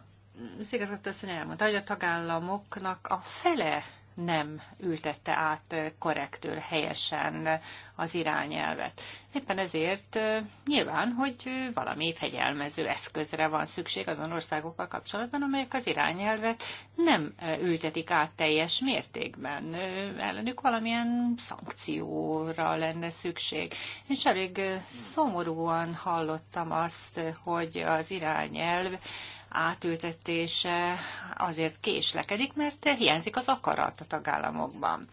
az igazgatóasszony elmondta, hogy a tagállamoknak a fele nem ültette át korrektül, helyesen az irányelvet. Éppen ezért nyilván, hogy valami fegyelmező eszközre van szükség azon országokkal kapcsolatban, amelyek az irányelvet nem ültetik át teljes mértékben. Ellenük valamilyen szankcióra lenne szükség. És elég szomorúan hallottam azt, hogy az irányelv átültetése azért késlekedik, mert hiányzik az akarat a tagállamokban.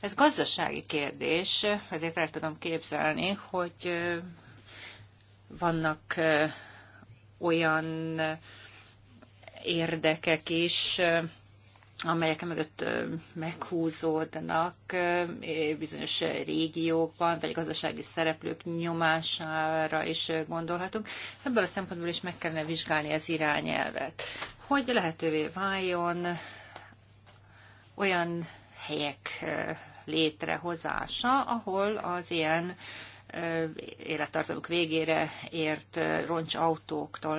Ez gazdasági kérdés, ezért el tudom képzelni, hogy vannak olyan érdekek is, amelyek mögött meghúzódnak bizonyos régiókban, vagy gazdasági szereplők nyomására is gondolhatunk. Ebből a szempontból is meg kellene vizsgálni az irányelvet, hogy lehetővé váljon olyan helyek létrehozása, ahol az ilyen élettartamuk végére ért roncsautóktól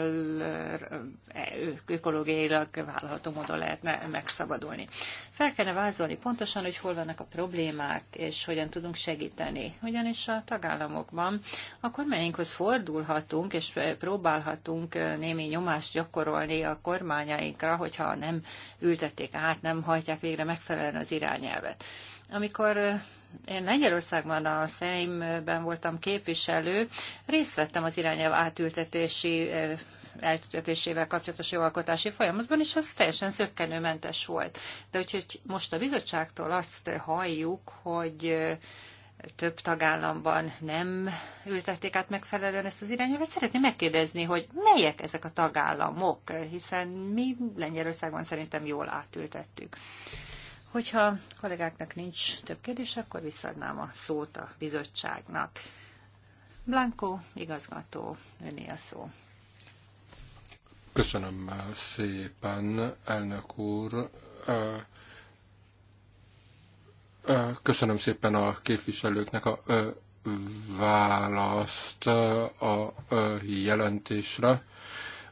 ökológiailag vállalható módon lehetne megszabadulni. Fel kellene vázolni pontosan, hogy hol vannak a problémák, és hogyan tudunk segíteni. Ugyanis a tagállamokban a kormányainkhoz fordulhatunk, és próbálhatunk némi nyomást gyakorolni a kormányainkra, hogyha nem ültették át, nem hajtják végre megfelelően az irányelvet. Amikor én Lengyelországban a Szeimben voltam képviselő, részt vettem az irányelv átültetési eltüntetésével kapcsolatos jogalkotási folyamatban, és az teljesen zöggenőmentes volt. De úgyhogy most a bizottságtól azt halljuk, hogy több tagállamban nem ültették át megfelelően ezt az irányelvet. Szeretném megkérdezni, hogy melyek ezek a tagállamok, hiszen mi Lengyelországban szerintem jól átültettük. Hogyha kollégáknak nincs több kérdés, akkor visszadnám a szót a bizottságnak. Blanco igazgató, öné a szó. Köszönöm szépen, elnök úr. Köszönöm szépen a képviselőknek a választ a jelentésre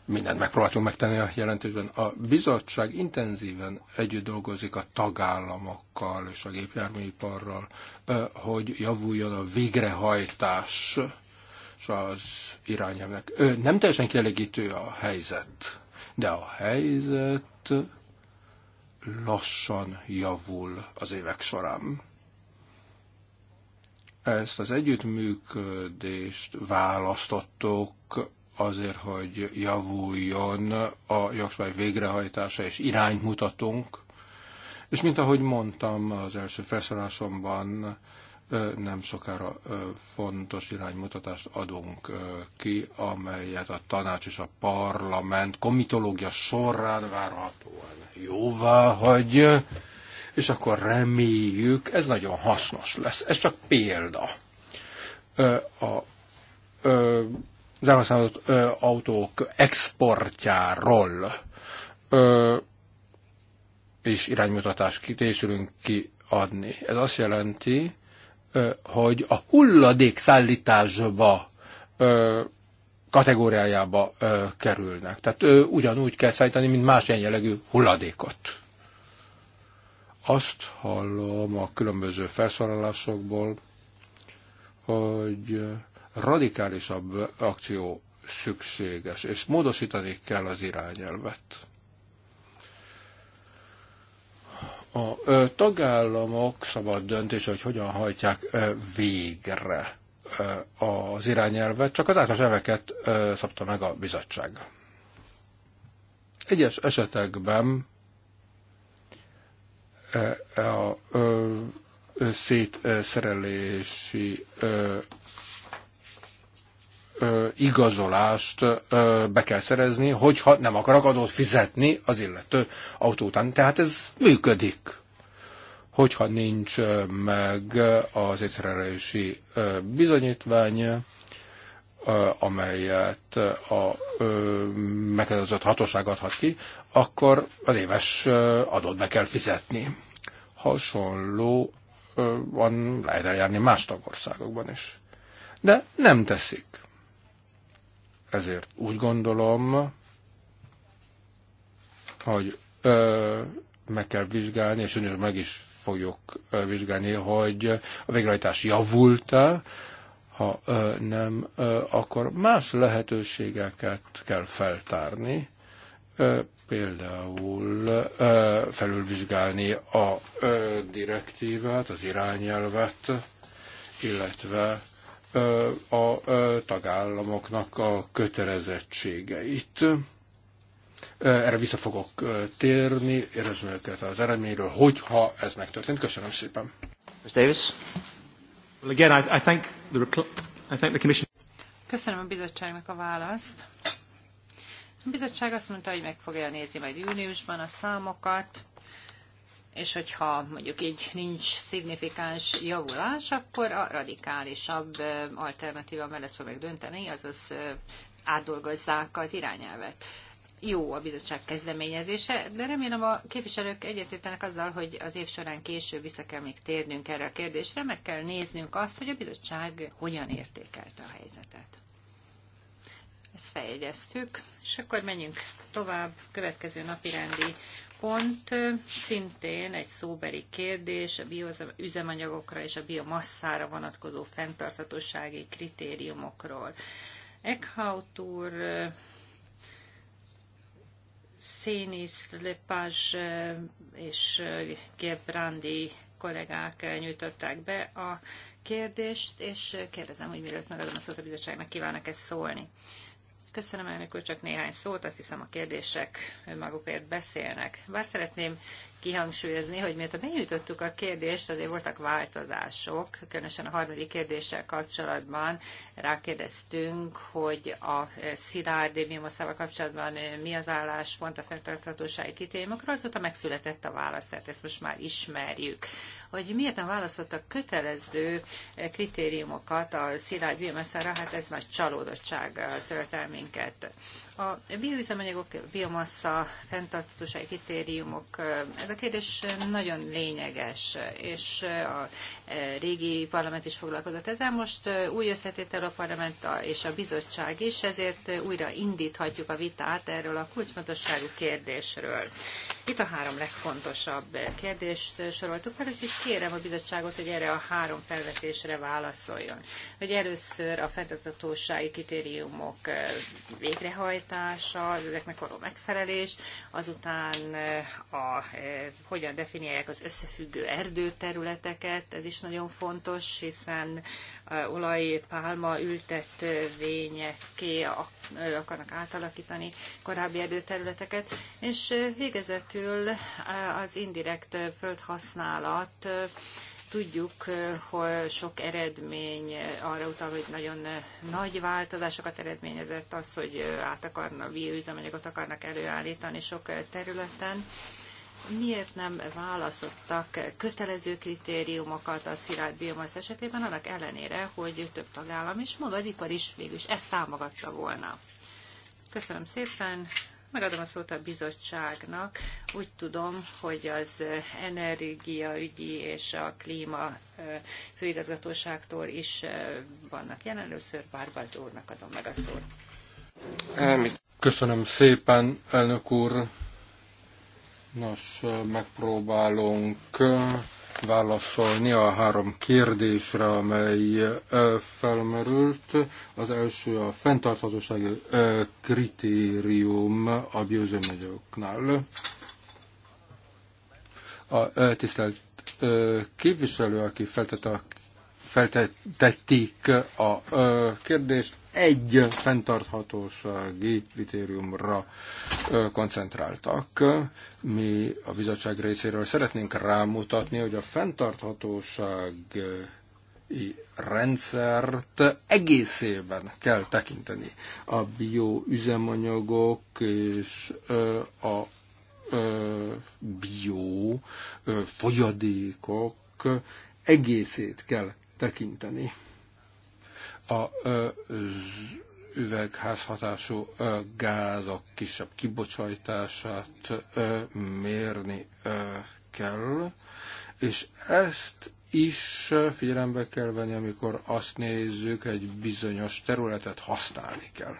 mindent megpróbáltunk megtenni a jelentésben. A bizottság intenzíven együtt dolgozik a tagállamokkal és a gépjárműiparral, hogy javuljon a végrehajtás és az irányelvnek. Nem teljesen kielégítő a helyzet, de a helyzet lassan javul az évek során ezt az együttműködést választottuk azért, hogy javuljon a jogszabály végrehajtása, és irányt mutatunk. És mint ahogy mondtam az első felszólásomban, nem sokára fontos iránymutatást adunk ki, amelyet a tanács és a parlament komitológia során várhatóan jóvá hagy, és akkor reméljük, ez nagyon hasznos lesz. Ez csak példa. A az ö, autók exportjáról ö, és iránymutatást kitészülünk kiadni. Ez azt jelenti, ö, hogy a hulladék szállításba ö, kategóriájába ö, kerülnek. Tehát ö, ugyanúgy kell szállítani, mint más ilyen jellegű hulladékot. Azt hallom a különböző felszólalásokból, hogy radikálisabb akció szükséges, és módosítani kell az irányelvet. A tagállamok szabad döntése, hogy hogyan hajtják végre az irányelvet, csak az általános elveket szabta meg a bizottság. Egyes esetekben a szétszerelési igazolást be kell szerezni, hogyha nem akarok adót fizetni az illető autó után. Tehát ez működik. Hogyha nincs meg az észrelési bizonyítvány, amelyet a meghatározott hatóság adhat ki, akkor az éves adót be kell fizetni. van lehet eljárni más tagországokban is. De nem teszik ezért úgy gondolom, hogy ö, meg kell vizsgálni, és ön is meg is fogjuk ö, vizsgálni, hogy a végrehajtás javult-e, ha ö, nem, ö, akkor más lehetőségeket kell feltárni, ö, például ö, felülvizsgálni a ö, direktívát, az irányelvet, illetve a tagállamoknak a kötelezettségeit. Erre vissza fogok térni, érezni őket az eredményről, hogyha ez megtörtént. Köszönöm szépen. Ms. Davis. Well, again, I, I, thank the, I thank the commission. Köszönöm a bizottságnak a választ. A bizottság azt mondta, hogy meg fogja nézni majd júniusban a számokat, és hogyha mondjuk így nincs szignifikáns javulás, akkor a radikálisabb alternatíva mellett fog dönteni, azaz átdolgozzák az irányelvet. Jó a bizottság kezdeményezése, de remélem a képviselők egyetértenek azzal, hogy az év során később vissza kell még térnünk erre a kérdésre, meg kell néznünk azt, hogy a bizottság hogyan értékelte a helyzetet. Ezt fejegyeztük, és akkor menjünk tovább következő napi rendi pont szintén egy szóbeli kérdés a bioüzemanyagokra és a biomasszára vonatkozó fenntarthatósági kritériumokról. Eckhout úr Szénis, Lepage és Gebrandi kollégák nyújtották be a kérdést, és kérdezem, hogy mielőtt megadom a szót a bizottságnak, kívánok ezt szólni. Köszönöm, elnök úr, csak néhány szót, azt hiszem a kérdések önmagukért beszélnek. Bár szeretném kihangsúlyozni, hogy miért benyújtottuk a kérdést, azért voltak változások, különösen a harmadik kérdéssel kapcsolatban rákérdeztünk, hogy a szilárd mimoszával kapcsolatban mi az álláspont a fenntarthatósági kitémakra, azóta megszületett a válasz, tehát ezt most már ismerjük hogy miért nem választottak kötelező eh, kritériumokat a szilárd biomaszára, hát ez nagy csalódottság tölt el minket. A bioüzemanyagok, biomassa, fenntartatósági kritériumok, ez a kérdés nagyon lényeges, és a régi parlament is foglalkozott ezzel. Most új összetétel a parlament és a bizottság is, ezért újra indíthatjuk a vitát erről a kulcsfontosságú kérdésről. Itt a három legfontosabb kérdést soroltuk fel, úgyhogy kérem a bizottságot, hogy erre a három felvetésre válaszoljon. Hogy először a fenntartatósági kritériumok végrehajtása, az ezeknek való megfelelés, azután eh, a, eh, hogyan definiálják az összefüggő erdőterületeket, ez is nagyon fontos, hiszen eh, olaj, pálma ültetvényeké akarnak átalakítani korábbi erdőterületeket, és végezetül az indirekt földhasználat Tudjuk, eh, hogy sok eredmény eh, arra utal, hogy nagyon eh, nagy változásokat eredményezett az, hogy át akarnak, bioüzemanyagot akarnak előállítani sok területen miért nem választottak kötelező kritériumokat a szilárd biomasz esetében, annak ellenére, hogy több tagállam is, maga az ipar is végül is ezt támogatta volna. Köszönöm szépen, Megadom a szót a bizottságnak. Úgy tudom, hogy az energiaügyi és a klíma főigazgatóságtól is vannak jelen. Először Bárbáz úrnak adom meg a szót. Köszönöm szépen, elnök úr. Nos, megpróbálunk válaszolni a három kérdésre, amely felmerült. Az első a fenntarthatósági kritérium a győzőmegyőknál. A tisztelt képviselő, aki feltette a a kérdést, egy fenntarthatósági kritériumra koncentráltak. Mi a bizottság részéről szeretnénk rámutatni, hogy a fenntarthatóság rendszert egészében kell tekinteni. A bioüzemanyagok és a bio folyadékok egészét kell tekinteni a üvegházhatású gázok kisebb kibocsátását mérni kell, és ezt is figyelembe kell venni, amikor azt nézzük, egy bizonyos területet használni kell.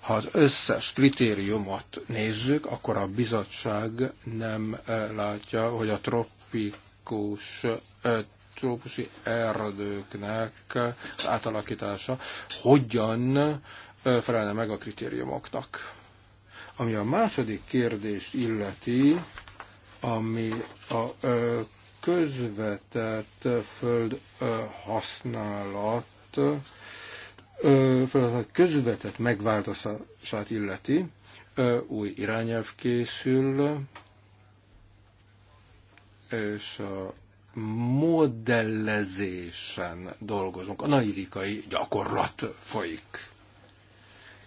Ha az összes kritériumot nézzük, akkor a bizottság nem látja, hogy a tropikus trópusi erdőknek az átalakítása hogyan felelne meg a kritériumoknak. Ami a második kérdést illeti, ami a közvetett föld használat, a közvetett megváltozását illeti, új irányelv készül, és a modellezésen dolgozunk. A nairikai gyakorlat folyik.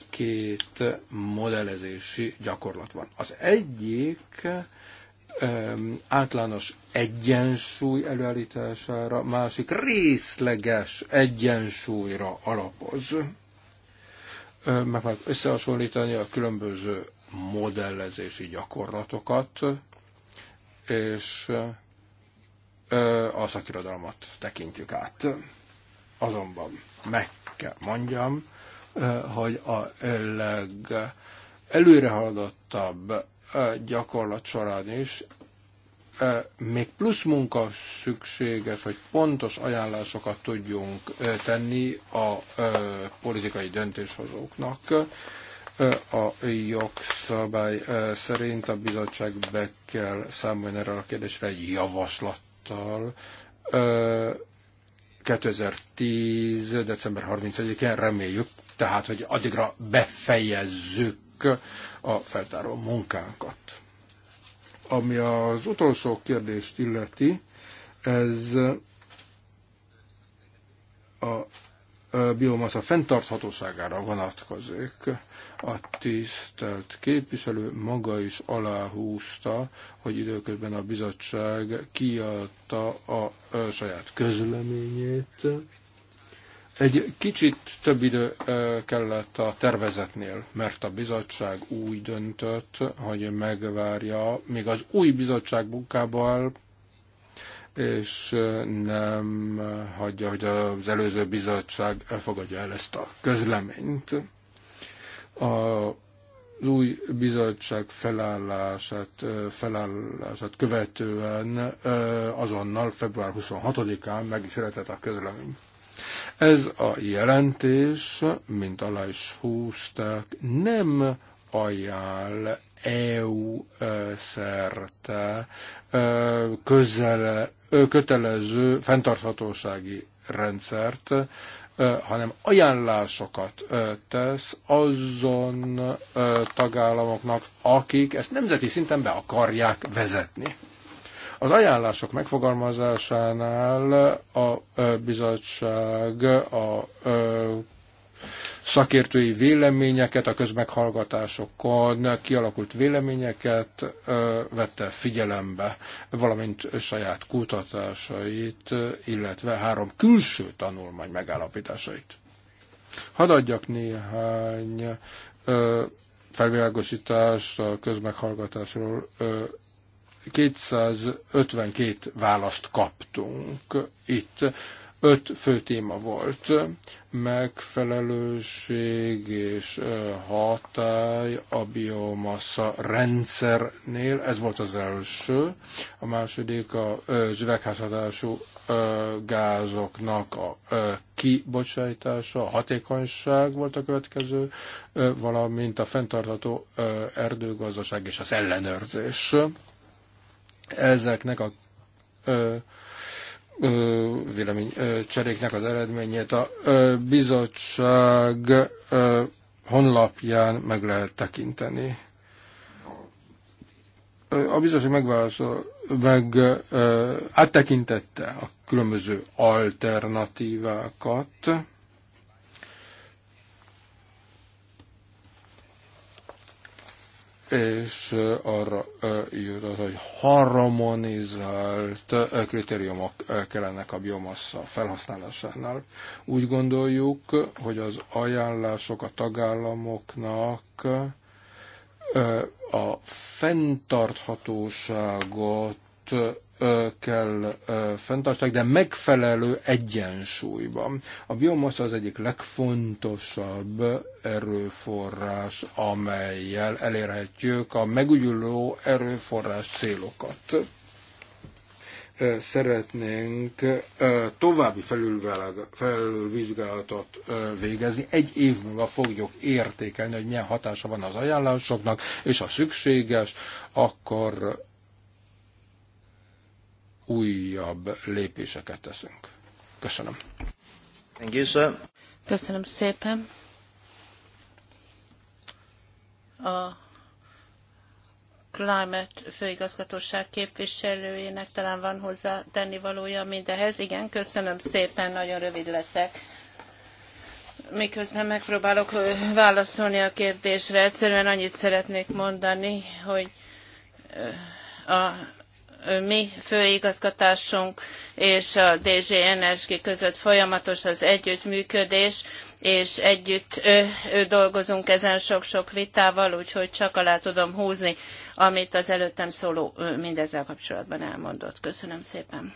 Két modellezési gyakorlat van. Az egyik általános egyensúly előállítására, másik részleges egyensúlyra alapoz. Meg lehet összehasonlítani a különböző modellezési gyakorlatokat, és a szakirodalmat tekintjük át. Azonban meg kell mondjam, hogy a leg előrehaladottabb gyakorlat során is még plusz munka szükséges, hogy pontos ajánlásokat tudjunk tenni a politikai döntéshozóknak. A jogszabály szerint a bizottság be kell számolni erre a kérdésre egy javaslat által 2010. december 31-én reméljük, tehát, hogy addigra befejezzük a feltáró munkánkat. Ami az utolsó kérdést illeti, ez a biomasza fenntarthatóságára vonatkozik. A tisztelt képviselő maga is aláhúzta, hogy időközben a bizottság kiadta a saját közleményét. Egy kicsit több idő kellett a tervezetnél, mert a bizottság úgy döntött, hogy megvárja, még az új bizottság munkába és nem hagyja, hogy az előző bizottság elfogadja el ezt a közleményt. A az új bizottság felállását, felállását követően azonnal február 26-án meg is született a közlemény. Ez a jelentés, mint alá is húzták, nem ajánl EU szerte közele kötelező fenntarthatósági rendszert, hanem ajánlásokat tesz azon tagállamoknak, akik ezt nemzeti szinten be akarják vezetni. Az ajánlások megfogalmazásánál a bizottság a szakértői véleményeket, a közmeghallgatásokon kialakult véleményeket vette figyelembe, valamint saját kutatásait, illetve három külső tanulmány megállapításait. Hadd adjak néhány felvilágosítást a közmeghallgatásról. 252 választ kaptunk itt öt fő téma volt. Megfelelőség és hatály a biomassa rendszernél, ez volt az első. A második a zsüvegházhatású gázoknak a kibocsátása, a hatékonyság volt a következő, valamint a fenntartható erdőgazdaság és az ellenőrzés. Ezeknek a cseréknek az eredményét a bizottság honlapján meg lehet tekinteni. A bizottság megválaszol, meg áttekintette a különböző alternatívákat, és arra az, hogy harmonizált kritériumok kellenek a biomassa felhasználásánál. Úgy gondoljuk, hogy az ajánlások a tagállamoknak a fenntarthatóságot kell fenntartani, de megfelelő egyensúlyban. A biomassa az egyik legfontosabb erőforrás, amelyel elérhetjük a megújuló erőforrás célokat. Szeretnénk további felülvizsgálatot végezni. Egy év múlva fogjuk értékelni, hogy milyen hatása van az ajánlásoknak, és ha szükséges, akkor újabb lépéseket teszünk. Köszönöm. Thank you, sir. Köszönöm szépen. A Climate főigazgatóság képviselőjének talán van hozzá tennivalója mindehez. Igen, köszönöm szépen, nagyon rövid leszek miközben megpróbálok válaszolni a kérdésre, egyszerűen annyit szeretnék mondani, hogy a mi főigazgatásunk és a DG Energy között folyamatos az együttműködés, és együtt dolgozunk ezen sok-sok vitával, úgyhogy csak alá tudom húzni, amit az előttem szóló mindezzel kapcsolatban elmondott. Köszönöm szépen.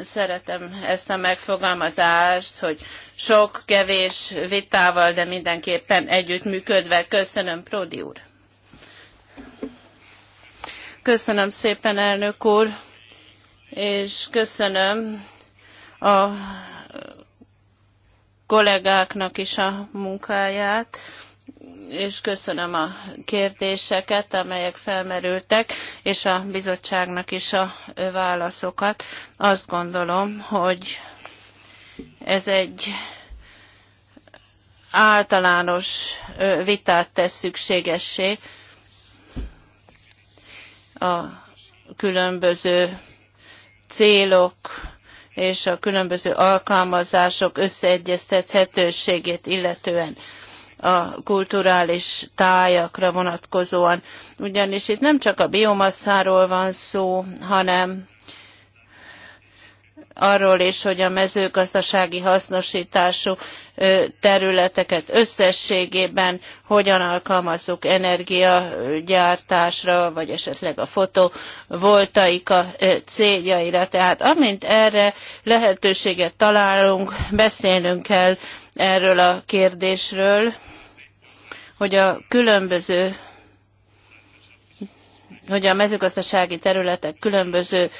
Szeretem ezt a megfogalmazást, hogy sok, kevés vitával, de mindenképpen együttműködve. Köszönöm, Pródi úr. Köszönöm szépen, elnök úr, és köszönöm a kollégáknak is a munkáját és köszönöm a kérdéseket, amelyek felmerültek, és a bizottságnak is a válaszokat. Azt gondolom, hogy ez egy általános vitát tesz szükségessé, a különböző célok és a különböző alkalmazások összeegyeztethetőségét illetően a kulturális tájakra vonatkozóan. Ugyanis itt nem csak a biomasszáról van szó, hanem arról is, hogy a mezőgazdasági hasznosítású területeket összességében hogyan alkalmazzuk energiagyártásra, vagy esetleg a fotovoltaika céljaira. Tehát amint erre lehetőséget találunk, beszélnünk kell erről a kérdésről, hogy a különböző hogy a mezőgazdasági területek különböző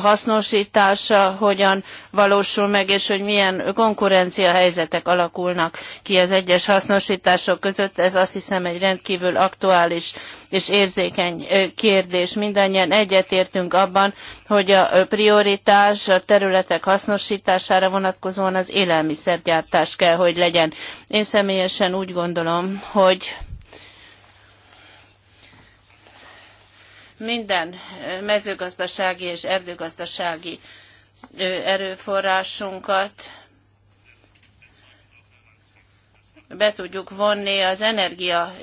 hasznosítása hogyan valósul meg, és hogy milyen konkurencia helyzetek alakulnak ki az egyes hasznosítások között. Ez azt hiszem egy rendkívül aktuális és érzékeny kérdés. Mindannyian egyetértünk abban, hogy a prioritás a területek hasznosítására vonatkozóan az élelmiszergyártás kell, hogy legyen. Én személyesen úgy gondolom, hogy minden mezőgazdasági és erdőgazdasági erőforrásunkat be tudjuk vonni az energia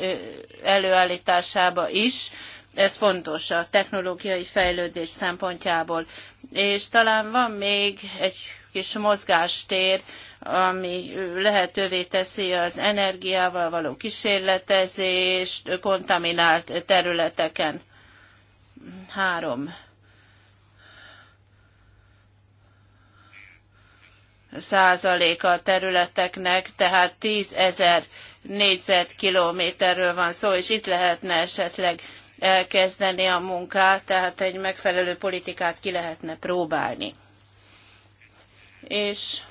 előállításába is. Ez fontos a technológiai fejlődés szempontjából. És talán van még egy kis mozgástér, ami lehetővé teszi az energiával való kísérletezést kontaminált területeken három százaléka a területeknek, tehát 10 ezer négyzetkilométerről van szó, és itt lehetne esetleg elkezdeni a munkát, tehát egy megfelelő politikát ki lehetne próbálni. És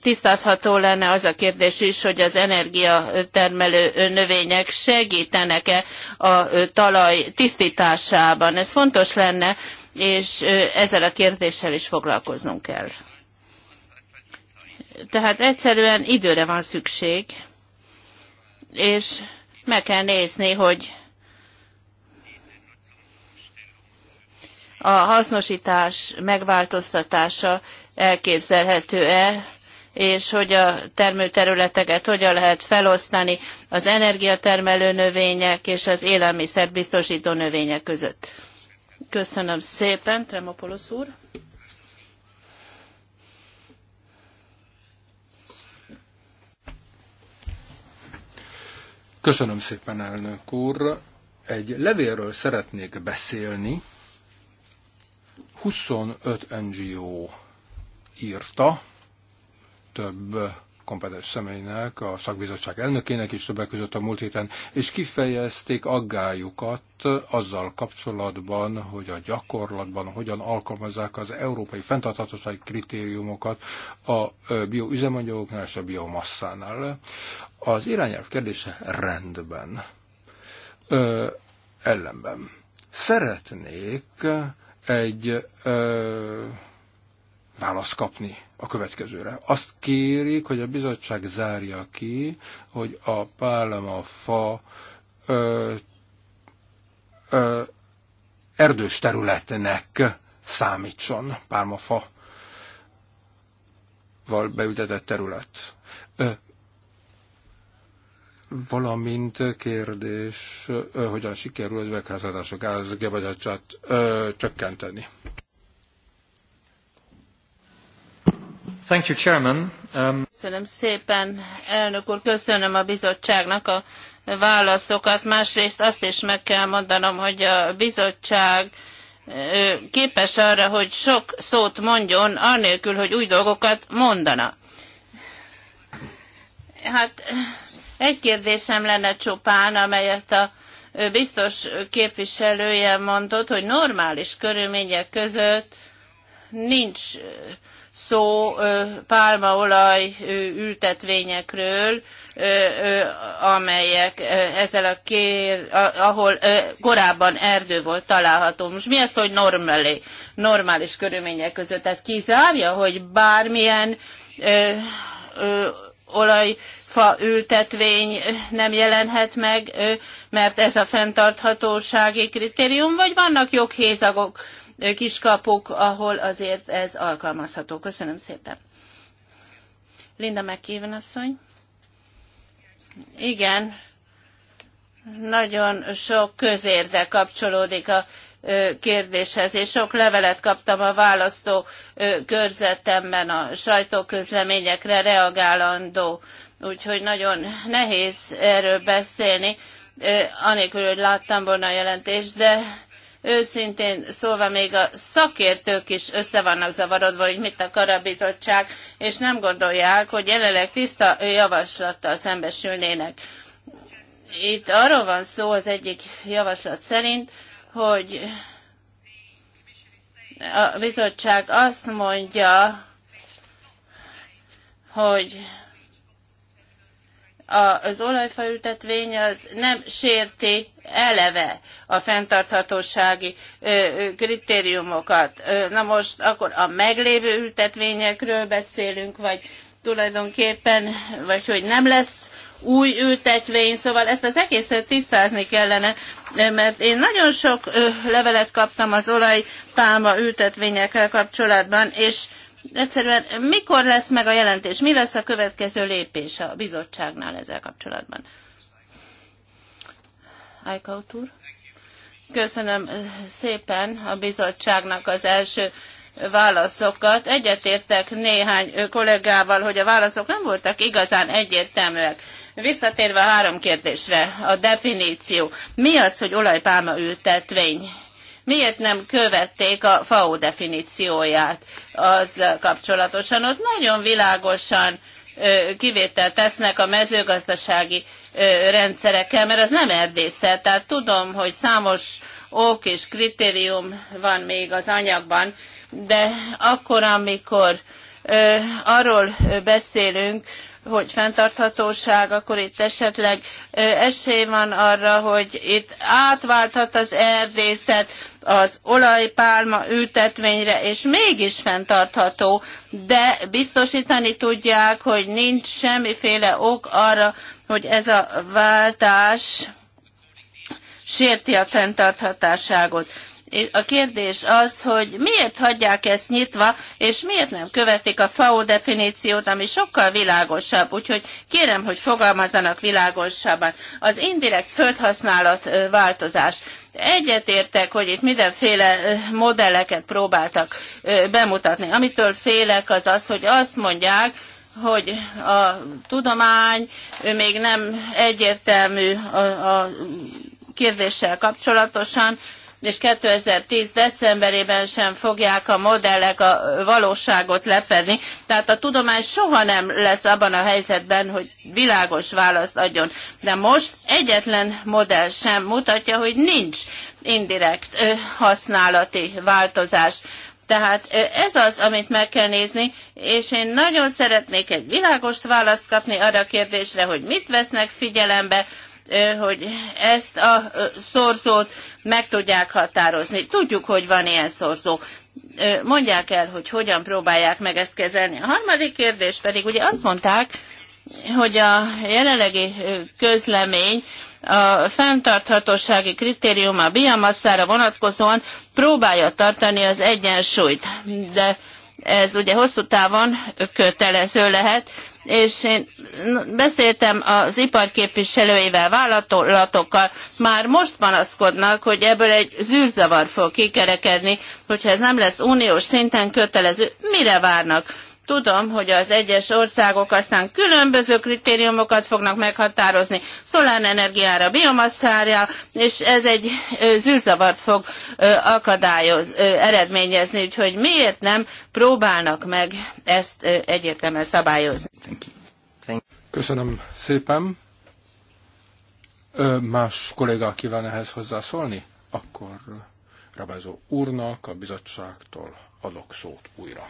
tisztázható lenne az a kérdés is, hogy az energiatermelő növények segítenek-e a talaj tisztításában. Ez fontos lenne, és ezzel a kérdéssel is foglalkoznunk kell. Tehát egyszerűen időre van szükség, és meg kell nézni, hogy a hasznosítás megváltoztatása elképzelhető-e és hogy a termőterületeket hogyan lehet felosztani az energiatermelő növények és az élelmiszerbiztosító növények között. Köszönöm szépen, Tremopoulos úr. Köszönöm szépen, elnök úr. Egy levélről szeretnék beszélni. 25 NGO írta, több kompetens személynek, a szakbizottság elnökének is többek között a múlt héten, és kifejezték aggályukat azzal kapcsolatban, hogy a gyakorlatban hogyan alkalmazzák az európai fenntarthatósági kritériumokat a bioüzemanyagoknál és a biomasszánál. Az irányelv kérdése rendben, ö, ellenben. Szeretnék egy ö, választ kapni a következőre. Azt kérik, hogy a bizottság zárja ki, hogy a pálmafa ö, ö, erdős területnek számítson, pálmafa val beültetett terület. Ö, valamint kérdés, ö, hogyan sikerül az üvegházhatások csökkenteni. Um, köszönöm szépen, elnök úr, köszönöm a bizottságnak a válaszokat. Másrészt azt is meg kell mondanom, hogy a bizottság képes arra, hogy sok szót mondjon, anélkül, hogy új dolgokat mondana. Hát egy kérdésem lenne csupán, amelyet a biztos képviselője mondott, hogy normális körülmények között nincs szó pálmaolaj ültetvényekről, amelyek ezzel a kér, ahol korábban erdő volt található. Most mi az, hogy normali, normális körülmények között? Tehát kizárja, hogy bármilyen olajfa ültetvény nem jelenhet meg, mert ez a fenntarthatósági kritérium, vagy vannak joghézagok, kiskapuk, ahol azért ez alkalmazható. Köszönöm szépen. Linda McKeven asszony. Igen, nagyon sok közérde kapcsolódik a kérdéshez, és sok levelet kaptam a választó körzetemben a sajtóközleményekre reagálandó, úgyhogy nagyon nehéz erről beszélni, anélkül, hogy láttam volna a jelentést, de őszintén szólva még a szakértők is össze vannak zavarodva, hogy mit akar a bizottság, és nem gondolják, hogy jelenleg tiszta javaslattal szembesülnének. Itt arról van szó az egyik javaslat szerint, hogy a bizottság azt mondja, hogy a az olajfaültetvény az nem sérti eleve a fenntarthatósági kritériumokat. Na most akkor a meglévő ültetvényekről beszélünk, vagy tulajdonképpen, vagy hogy nem lesz új ültetvény, szóval ezt az egészet tisztázni kellene, mert én nagyon sok levelet kaptam az olajpálma ültetvényekkel kapcsolatban, és egyszerűen mikor lesz meg a jelentés, mi lesz a következő lépés a bizottságnál ezzel kapcsolatban? Ajkaut Köszönöm szépen a bizottságnak az első válaszokat. Egyetértek néhány kollégával, hogy a válaszok nem voltak igazán egyértelműek. Visszatérve a három kérdésre, a definíció. Mi az, hogy olajpálma ültetvény? miért nem követték a FAO definícióját az kapcsolatosan. Ott nagyon világosan kivételt tesznek a mezőgazdasági rendszerekkel, mert az nem erdészet. Tehát tudom, hogy számos ok és kritérium van még az anyagban, de akkor, amikor arról beszélünk, hogy fenntarthatóság, akkor itt esetleg esély van arra, hogy itt átválthat az erdészet az olajpálma ültetvényre, és mégis fenntartható, de biztosítani tudják, hogy nincs semmiféle ok arra, hogy ez a váltás sérti a fenntarthatáságot. A kérdés az, hogy miért hagyják ezt nyitva, és miért nem követik a FAO definíciót, ami sokkal világosabb. Úgyhogy kérem, hogy fogalmazzanak világosabban. Az indirekt földhasználat változás. Egyetértek, hogy itt mindenféle modelleket próbáltak bemutatni. Amitől félek az az, hogy azt mondják, hogy a tudomány még nem egyértelmű a, a kérdéssel kapcsolatosan, és 2010 decemberében sem fogják a modellek a valóságot lefedni. Tehát a tudomány soha nem lesz abban a helyzetben, hogy világos választ adjon. De most egyetlen modell sem mutatja, hogy nincs indirekt használati változás. Tehát ez az, amit meg kell nézni, és én nagyon szeretnék egy világos választ kapni arra a kérdésre, hogy mit vesznek figyelembe, hogy ezt a szorzót meg tudják határozni. Tudjuk, hogy van ilyen szorzó. Mondják el, hogy hogyan próbálják meg ezt kezelni. A harmadik kérdés pedig, ugye azt mondták, hogy a jelenlegi közlemény a fenntarthatósági kritérium a biomasszára vonatkozóan próbálja tartani az egyensúlyt, de ez ugye hosszú távon kötelező lehet, és én beszéltem az iparképviselőivel, vállalatokkal, már most panaszkodnak, hogy ebből egy zűrzavar fog kikerekedni, hogyha ez nem lesz uniós szinten kötelező, mire várnak? Tudom, hogy az egyes országok aztán különböző kritériumokat fognak meghatározni, energiára, biomasszára, és ez egy zűrzavart fog akadályoz, eredményezni, úgyhogy miért nem próbálnak meg ezt egyértelműen szabályozni. Köszönöm szépen. Más kollégák kíván ehhez hozzászólni? Akkor Rabázó úrnak a bizottságtól adok szót újra.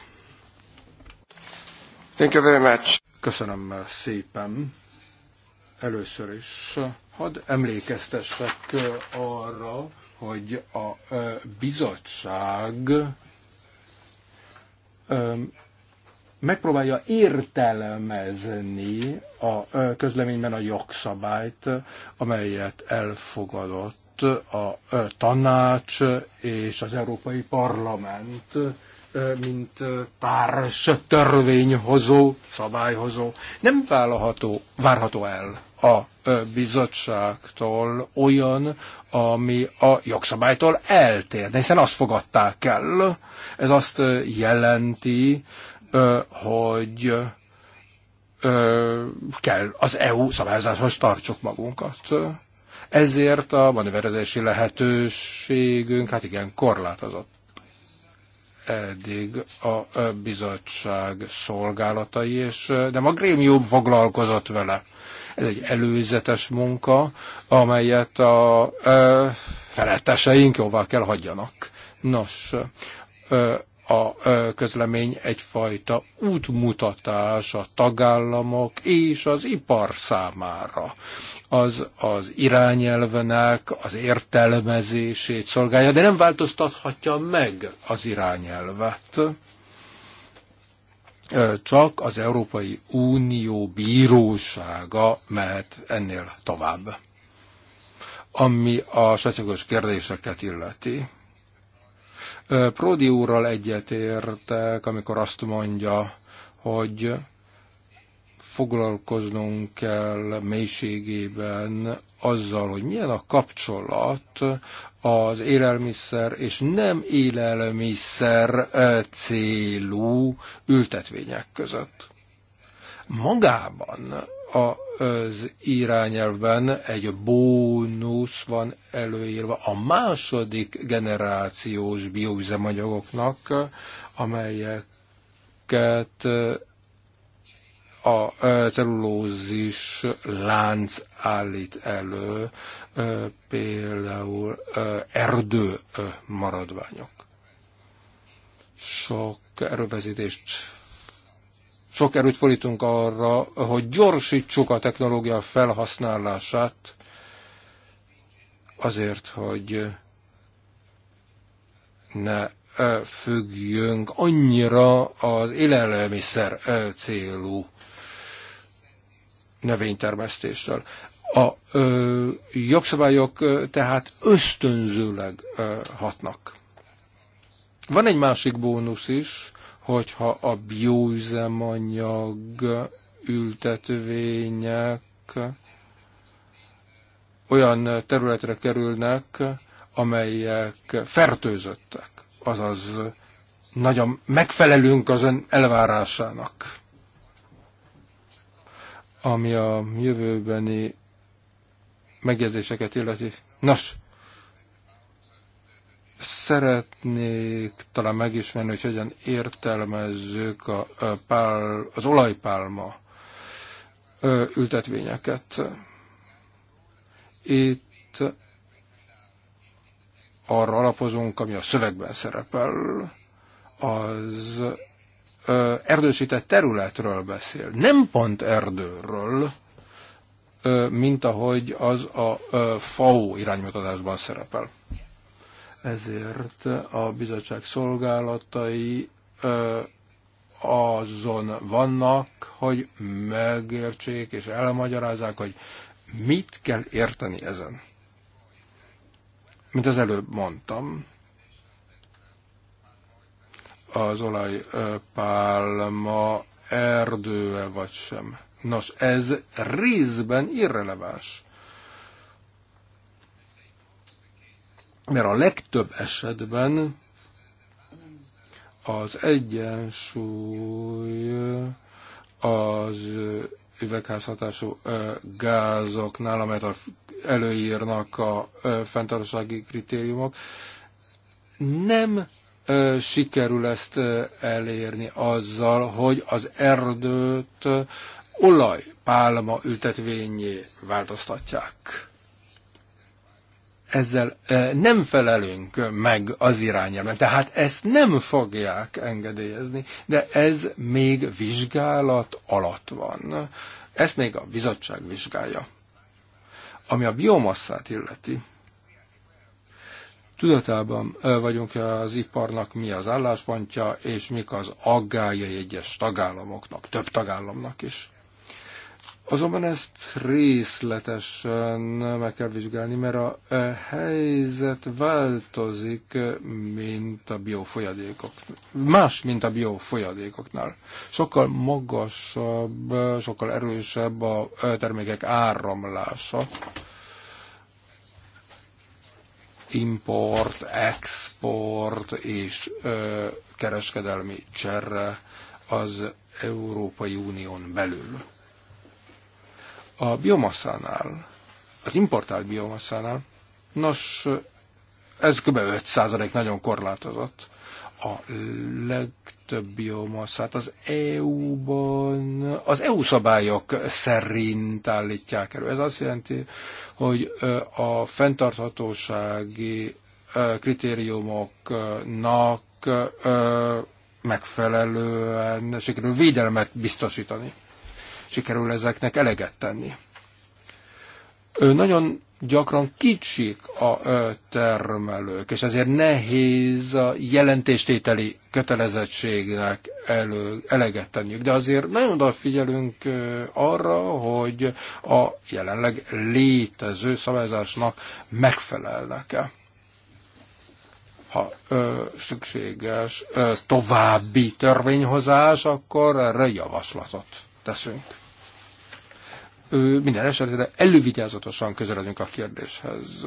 Thank you very much. Köszönöm szépen. Először is hadd emlékeztessek arra, hogy a bizottság megpróbálja értelmezni a közleményben a jogszabályt, amelyet elfogadott a tanács és az Európai Parlament mint társ törvényhozó, szabályhozó. Nem vállalható, várható el a bizottságtól olyan, ami a jogszabálytól eltér, de hiszen azt fogadták el. Ez azt jelenti, hogy kell az EU szabályozáshoz tartsuk magunkat. Ezért a manőverezési lehetőségünk, hát igen, korlátozott eddig a e, bizottság szolgálatai, és nem a grémium foglalkozott vele. Ez egy előzetes munka, amelyet a ö, e, feletteseink jóvá kell hagyjanak. Nos, e, a közlemény egyfajta útmutatás a tagállamok és az ipar számára. Az az irányelvenek az értelmezését szolgálja, de nem változtathatja meg az irányelvet. Csak az Európai Unió bírósága mehet ennél tovább. Ami a specifikus kérdéseket illeti Pródi úrral egyetértek, amikor azt mondja, hogy foglalkoznunk kell mélységében azzal, hogy milyen a kapcsolat az élelmiszer és nem élelmiszer célú ültetvények között. Magában az irányelvben egy bónusz van előírva a második generációs bioüzemanyagoknak, amelyeket eh, a eh, cellulózis lánc állít elő, eh, például erdő maradványok. Sok erővezítést sok erőt fordítunk arra, hogy gyorsítsuk a technológia felhasználását, azért, hogy ne függjünk annyira az élelmiszer célú növénytermesztéstől. A ö, jogszabályok ö, tehát ösztönzőleg ö, hatnak. Van egy másik bónusz is, hogyha a bióüzemanyag ültetvények olyan területre kerülnek, amelyek fertőzöttek, azaz nagyon megfelelünk az ön elvárásának. Ami a jövőbeni megjegyzéseket illeti. Nos, Szeretnék talán megismerni, hogy hogyan értelmezzük a, a pál, az olajpálma ültetvényeket. Itt arra alapozunk, ami a szövegben szerepel, az erdősített területről beszél. Nem pont erdőről, mint ahogy az a FAO iránymutatásban szerepel. Ezért a bizottság szolgálatai azon vannak, hogy megértsék és elmagyarázzák, hogy mit kell érteni ezen. Mint az előbb mondtam, az olajpálma erdőe vagy sem. Nos, ez részben irreleváns. mert a legtöbb esetben az egyensúly az üvegházhatású gázoknál, amelyet a, előírnak a fenntartsági kritériumok, nem sikerül ezt elérni azzal, hogy az erdőt olajpálma ültetvényé változtatják ezzel nem felelünk meg az irányában. Tehát ezt nem fogják engedélyezni, de ez még vizsgálat alatt van. Ezt még a bizottság vizsgálja. Ami a biomasszát illeti, tudatában vagyunk az iparnak, mi az álláspontja, és mik az aggályai egyes tagállamoknak, több tagállamnak is. Azonban ezt részletesen meg kell vizsgálni, mert a e, helyzet változik, e, mint a biofolyadékok. Más, mint a biofolyadékoknál. Sokkal magasabb, e, sokkal erősebb a termékek áramlása. Import, export és kereskedelmi cserre az Európai Unión belül a biomaszánál, az importált biomaszánál, nos, ez kb. 5% nagyon korlátozott. A legtöbb biomaszát az EU-ban, az EU szabályok szerint állítják elő. Ez azt jelenti, hogy a fenntarthatósági kritériumoknak megfelelően sikerül védelmet biztosítani sikerül ezeknek eleget tenni. Nagyon gyakran kicsik a termelők, és ezért nehéz a jelentéstételi kötelezettségnek elő, eleget tenniük. De azért nagyon odafigyelünk arra, hogy a jelenleg létező szabályzásnak megfelelnek-e. Ha ö, szükséges ö, további törvényhozás, akkor erre javaslatot teszünk minden esetre elővigyázatosan közeledünk a kérdéshez.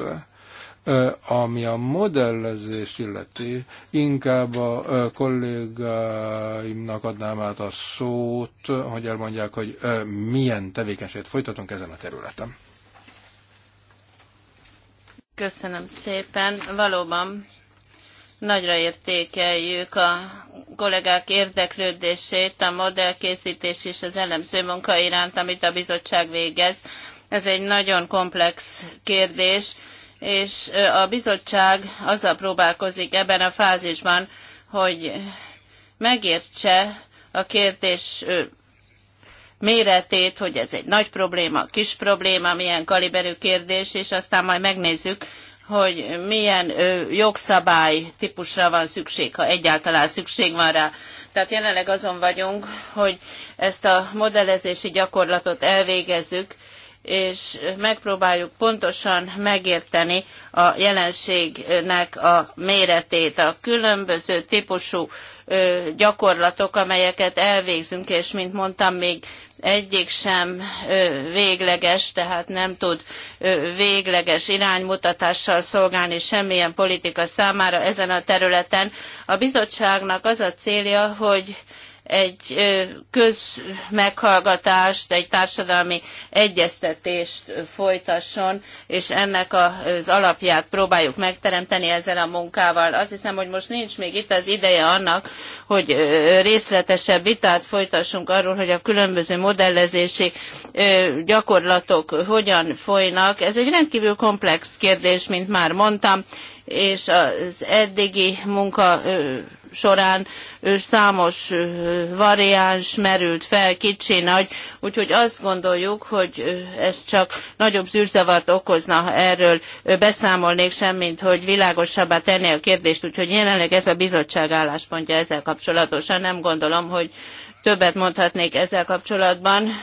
Ami a modellezést illeti, inkább a kollégáimnak adnám át a szót, hogy elmondják, hogy milyen tevékenységet folytatunk ezen a területen. Köszönöm szépen. Valóban Nagyra értékeljük a kollégák érdeklődését, a modellkészítés és az elemző munka iránt, amit a bizottság végez. Ez egy nagyon komplex kérdés, és a bizottság azzal próbálkozik ebben a fázisban, hogy megértse a kérdés méretét, hogy ez egy nagy probléma, kis probléma, milyen kaliberű kérdés, és aztán majd megnézzük, hogy milyen jogszabály típusra van szükség, ha egyáltalán szükség van rá. Tehát jelenleg azon vagyunk, hogy ezt a modellezési gyakorlatot elvégezzük, és megpróbáljuk pontosan megérteni a jelenségnek a méretét, a különböző típusú gyakorlatok, amelyeket elvégzünk, és mint mondtam, még egyik sem végleges, tehát nem tud végleges iránymutatással szolgálni semmilyen politika számára ezen a területen. A bizottságnak az a célja, hogy egy közmeghallgatást, egy társadalmi egyeztetést folytasson, és ennek az alapját próbáljuk megteremteni ezzel a munkával. Azt hiszem, hogy most nincs még itt az ideje annak, hogy részletesebb vitát folytassunk arról, hogy a különböző modellezési gyakorlatok hogyan folynak. Ez egy rendkívül komplex kérdés, mint már mondtam, és az eddigi munka során számos variáns merült fel, kicsi, nagy, úgyhogy azt gondoljuk, hogy ez csak nagyobb zűrzavart okozna, ha erről beszámolnék semmint, hogy világosabbá tenni a kérdést, úgyhogy jelenleg ez a bizottság álláspontja ezzel kapcsolatosan. Nem gondolom, hogy többet mondhatnék ezzel kapcsolatban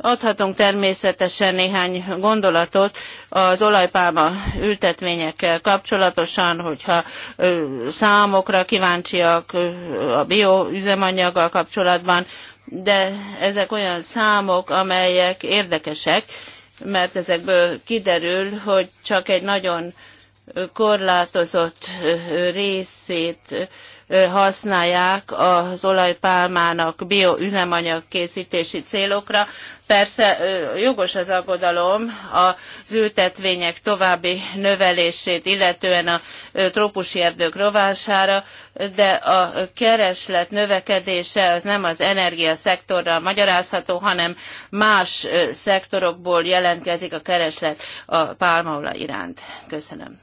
Adhatunk természetesen néhány gondolatot az olajpálma ültetvényekkel kapcsolatosan, hogyha számokra kíváncsiak a bioüzemanyaggal kapcsolatban, de ezek olyan számok, amelyek érdekesek, mert ezekből kiderül, hogy csak egy nagyon korlátozott részét használják az olajpálmának bioüzemanyag készítési célokra, Persze jogos az aggodalom az ültetvények további növelését, illetően a trópusi erdők rovására, de a kereslet növekedése az nem az energiaszektorral magyarázható, hanem más szektorokból jelentkezik a kereslet a pálmaola iránt. Köszönöm.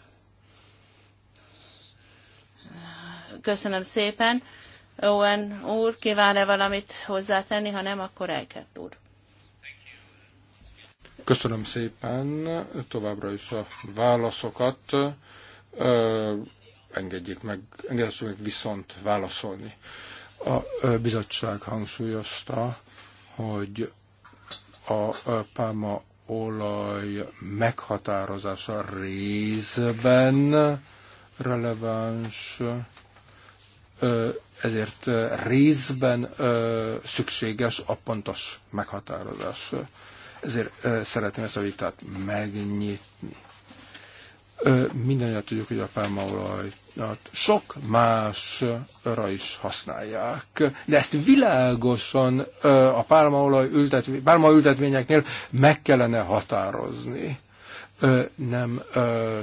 Köszönöm szépen. Owen úr, kíván-e valamit hozzátenni, ha nem, akkor Eikert úr. Köszönöm szépen továbbra is a válaszokat. Engedjék meg, engedjék meg viszont válaszolni. A bizottság hangsúlyozta, hogy a pálma olaj meghatározása részben releváns, ezért részben szükséges a pontos meghatározás. Ezért szeretném ezt a vitát megnyitni. Mindennyian tudjuk, hogy a pálmaolajat sok másra is használják, de ezt világosan a pálmaolaj ültetvény, pálmaültetvényeknél meg kellene határozni nem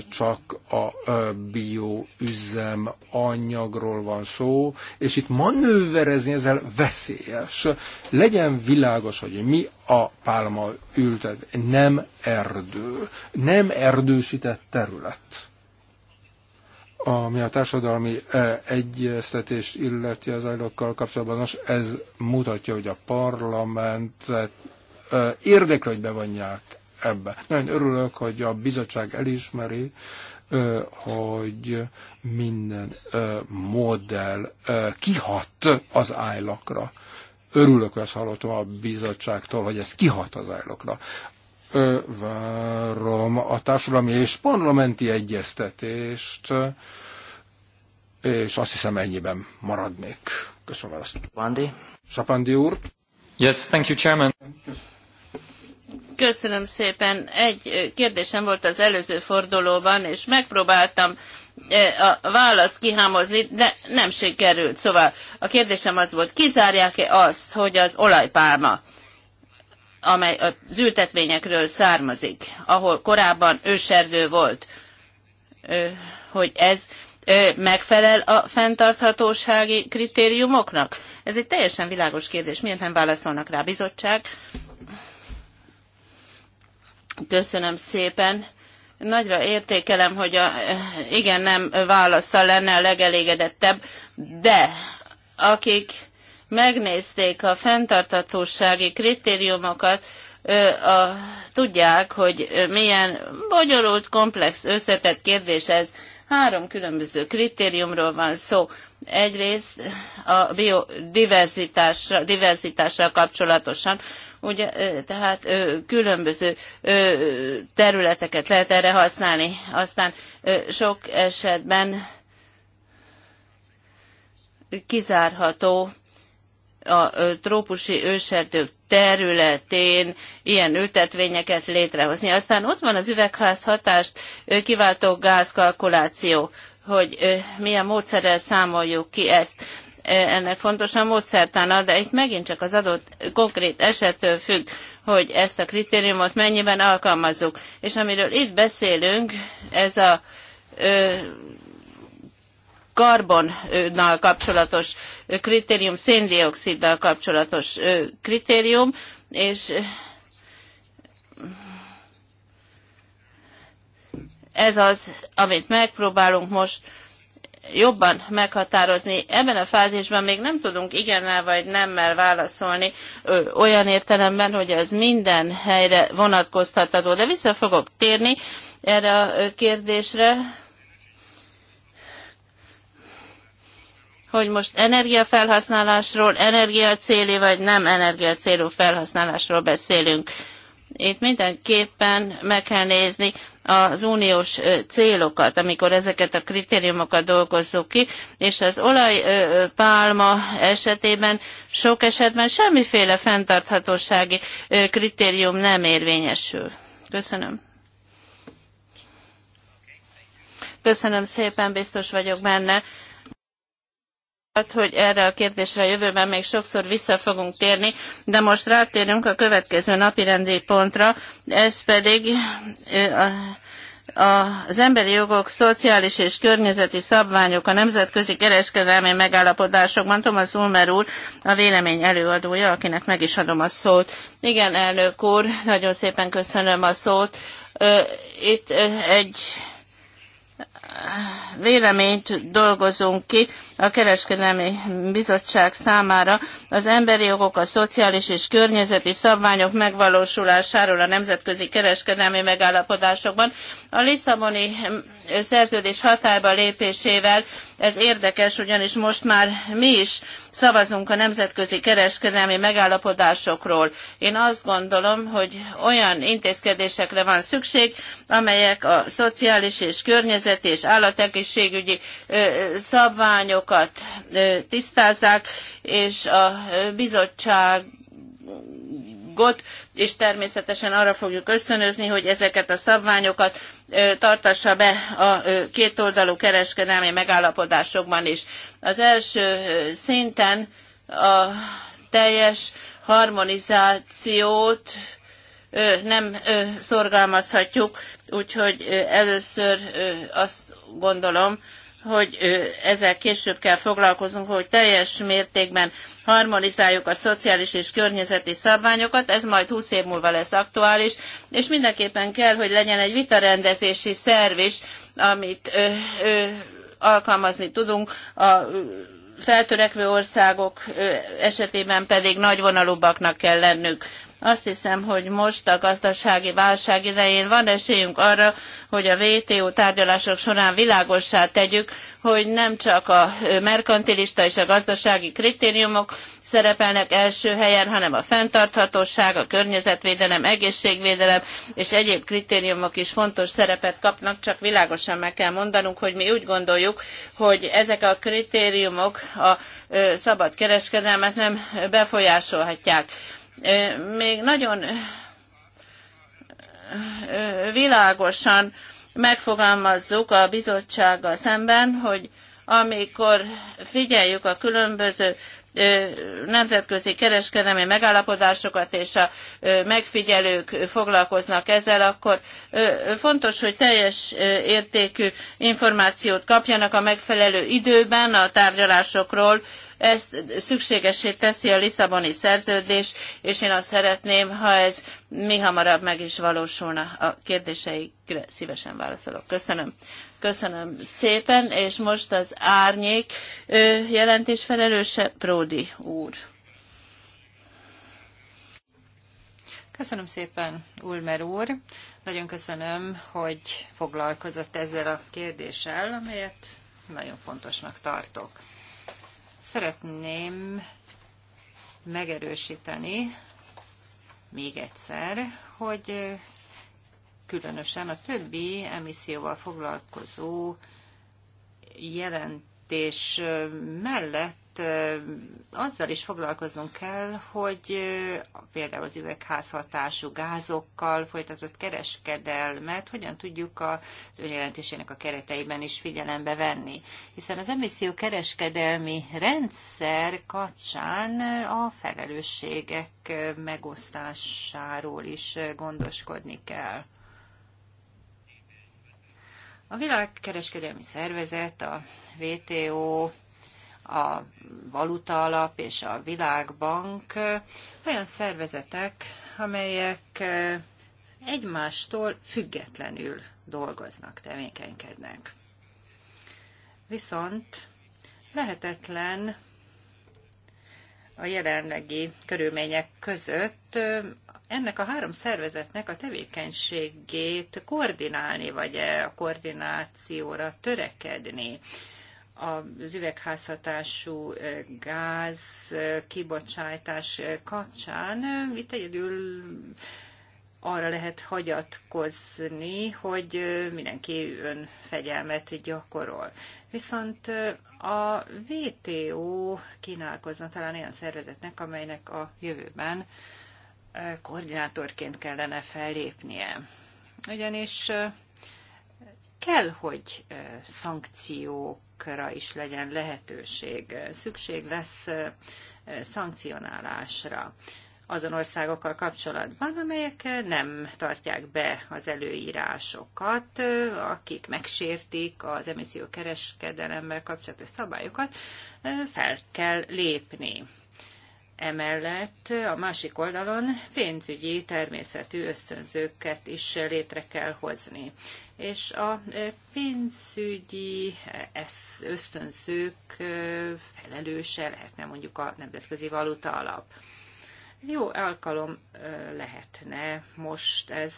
csak a bioüzem anyagról van szó, és itt manőverezni ezzel veszélyes. Legyen világos, hogy mi a pálma ültet, nem erdő, nem erdősített terület ami a társadalmi egyeztetést illeti az ajlókkal kapcsolatban, most ez mutatja, hogy a parlament érdekli, hogy bevonják ebbe. Nagyon örülök, hogy a bizottság elismeri, hogy minden modell kihat az állakra. Örülök, hogy ezt hallottam a bizottságtól, hogy ez kihat az állakra. Várom a társadalmi és parlamenti egyeztetést, és azt hiszem ennyiben maradnék. Köszönöm ezt. Bandi. Sapandi úr. Yes, thank you, Chairman. Köszönöm. Köszönöm szépen. Egy kérdésem volt az előző fordulóban, és megpróbáltam a választ kihámozni, de nem sikerült. Szóval a kérdésem az volt, kizárják-e azt, hogy az olajpálma, amely az ültetvényekről származik, ahol korábban őserdő volt, hogy ez megfelel a fenntarthatósági kritériumoknak? Ez egy teljesen világos kérdés. Miért nem válaszolnak rá a bizottság? Köszönöm szépen. Nagyra értékelem, hogy a igen nem válasza lenne a legelégedettebb, de akik megnézték a fenntartatósági kritériumokat, a, tudják, hogy milyen bonyolult, komplex, összetett kérdés ez. Három különböző kritériumról van szó. Egyrészt a biodiverzitással kapcsolatosan, Ugye, tehát különböző területeket lehet erre használni. Aztán sok esetben kizárható a trópusi őserdők területén ilyen ültetvényeket létrehozni. Aztán ott van az üvegház hatást kiváltó gázkalkuláció, hogy milyen módszerrel számoljuk ki ezt ennek fontos a módszertana, de itt megint csak az adott konkrét esettől függ, hogy ezt a kritériumot mennyiben alkalmazzuk. És amiről itt beszélünk, ez a ö, karbonnal kapcsolatos kritérium, széndioksziddal kapcsolatos kritérium, és ez az, amit megpróbálunk most jobban meghatározni. Ebben a fázisban még nem tudunk igennel vagy nemmel válaszolni ö, olyan értelemben, hogy ez minden helyre vonatkoztatható. De vissza fogok térni erre a kérdésre, hogy most energiafelhasználásról, energiacéli vagy nem energiacélú felhasználásról beszélünk. Itt mindenképpen meg kell nézni az uniós célokat, amikor ezeket a kritériumokat dolgozzuk ki, és az olajpálma esetében sok esetben semmiféle fenntarthatósági kritérium nem érvényesül. Köszönöm. Köszönöm szépen, biztos vagyok benne, Hát, hogy erre a kérdésre a jövőben még sokszor vissza fogunk térni, de most rátérünk a következő napi pontra, ez pedig az emberi jogok szociális és környezeti szabványok a nemzetközi kereskedelmi megállapodásokban. Thomas Ulmer úr a vélemény előadója, akinek meg is adom a szót. Igen, elnök úr, nagyon szépen köszönöm a szót. Itt egy véleményt dolgozunk ki, a Kereskedelmi Bizottság számára az emberi jogok, a szociális és környezeti szabványok megvalósulásáról a nemzetközi kereskedelmi megállapodásokban. A Lisszaboni szerződés hatályba lépésével ez érdekes, ugyanis most már mi is szavazunk a nemzetközi kereskedelmi megállapodásokról. Én azt gondolom, hogy olyan intézkedésekre van szükség, amelyek a szociális és környezeti és állategészségügyi szabványok dolgokat tisztázzák, és a bizottság gott, és természetesen arra fogjuk ösztönözni, hogy ezeket a szabványokat tartassa be a kétoldalú kereskedelmi megállapodásokban is. Az első szinten a teljes harmonizációt nem szorgalmazhatjuk, úgyhogy először azt gondolom, hogy ezzel később kell foglalkoznunk, hogy teljes mértékben harmonizáljuk a szociális és környezeti szabványokat, ez majd 20 év múlva lesz aktuális, és mindenképpen kell, hogy legyen egy vitarendezési szerv is, amit ö, ö, alkalmazni tudunk a feltörekvő országok esetében pedig nagyvonalúbbaknak kell lennünk. Azt hiszem, hogy most a gazdasági válság idején van esélyünk arra, hogy a WTO tárgyalások során világossá tegyük, hogy nem csak a merkantilista és a gazdasági kritériumok szerepelnek első helyen, hanem a fenntarthatóság, a környezetvédelem, egészségvédelem és egyéb kritériumok is fontos szerepet kapnak, csak világosan meg kell mondanunk, hogy mi úgy gondoljuk, hogy ezek a kritériumok a szabad kereskedelmet nem befolyásolhatják még nagyon világosan megfogalmazzuk a bizottsággal szemben, hogy amikor figyeljük a különböző nemzetközi kereskedelmi megállapodásokat és a megfigyelők foglalkoznak ezzel, akkor fontos, hogy teljes értékű információt kapjanak a megfelelő időben a tárgyalásokról, ezt szükségesé teszi a Lisszaboni szerződés, és én azt szeretném, ha ez mi hamarabb meg is valósulna. A kérdéseikre szívesen válaszolok. Köszönöm. Köszönöm szépen, és most az árnyék jelentés felelőse Pródi úr. Köszönöm szépen, Ulmer úr. Nagyon köszönöm, hogy foglalkozott ezzel a kérdéssel, amelyet nagyon fontosnak tartok. Szeretném megerősíteni még egyszer, hogy különösen a többi emisszióval foglalkozó jelentés mellett azért hát, azzal is foglalkoznunk kell, hogy például az üvegházhatású gázokkal folytatott kereskedelmet hogyan tudjuk az önjelentésének a kereteiben is figyelembe venni. Hiszen az emisszió kereskedelmi rendszer kapcsán a felelősségek megosztásáról is gondoskodni kell. A világkereskedelmi szervezet, a WTO a Valuta Alap és a Világbank olyan szervezetek, amelyek egymástól függetlenül dolgoznak, tevékenykednek. Viszont lehetetlen a jelenlegi körülmények között ennek a három szervezetnek a tevékenységét koordinálni, vagy a koordinációra törekedni az üvegházhatású gáz kibocsátás kapcsán. Itt egyedül arra lehet hagyatkozni, hogy mindenki önfegyelmet gyakorol. Viszont a VTO kínálkozna talán olyan szervezetnek, amelynek a jövőben koordinátorként kellene fellépnie. Ugyanis kell, hogy szankciók szankciókra is legyen lehetőség. Szükség lesz szankcionálásra azon országokkal kapcsolatban, amelyek nem tartják be az előírásokat, akik megsértik az kereskedelemmel kapcsolatos szabályokat, fel kell lépni. Emellett a másik oldalon pénzügyi természetű ösztönzőket is létre kell hozni és a pénzügyi ösztönzők felelőse lehetne mondjuk a nemzetközi valuta alap. Jó alkalom lehetne most ez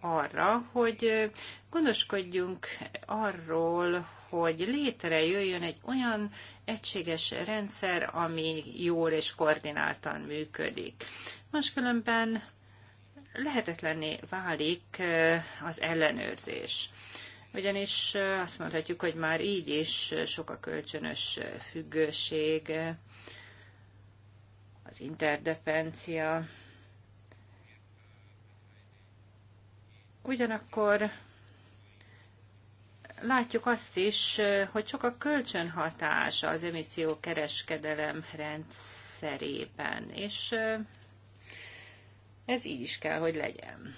arra, hogy gondoskodjunk arról, hogy létrejöjjön egy olyan egységes rendszer, ami jól és koordináltan működik. Most különben lehetetlenné válik az ellenőrzés. Ugyanis azt mondhatjuk, hogy már így is sok a kölcsönös függőség, az interdependencia. Ugyanakkor látjuk azt is, hogy sok a kölcsönhatása az emisszió kereskedelem rendszerében, és ez így is kell, hogy legyen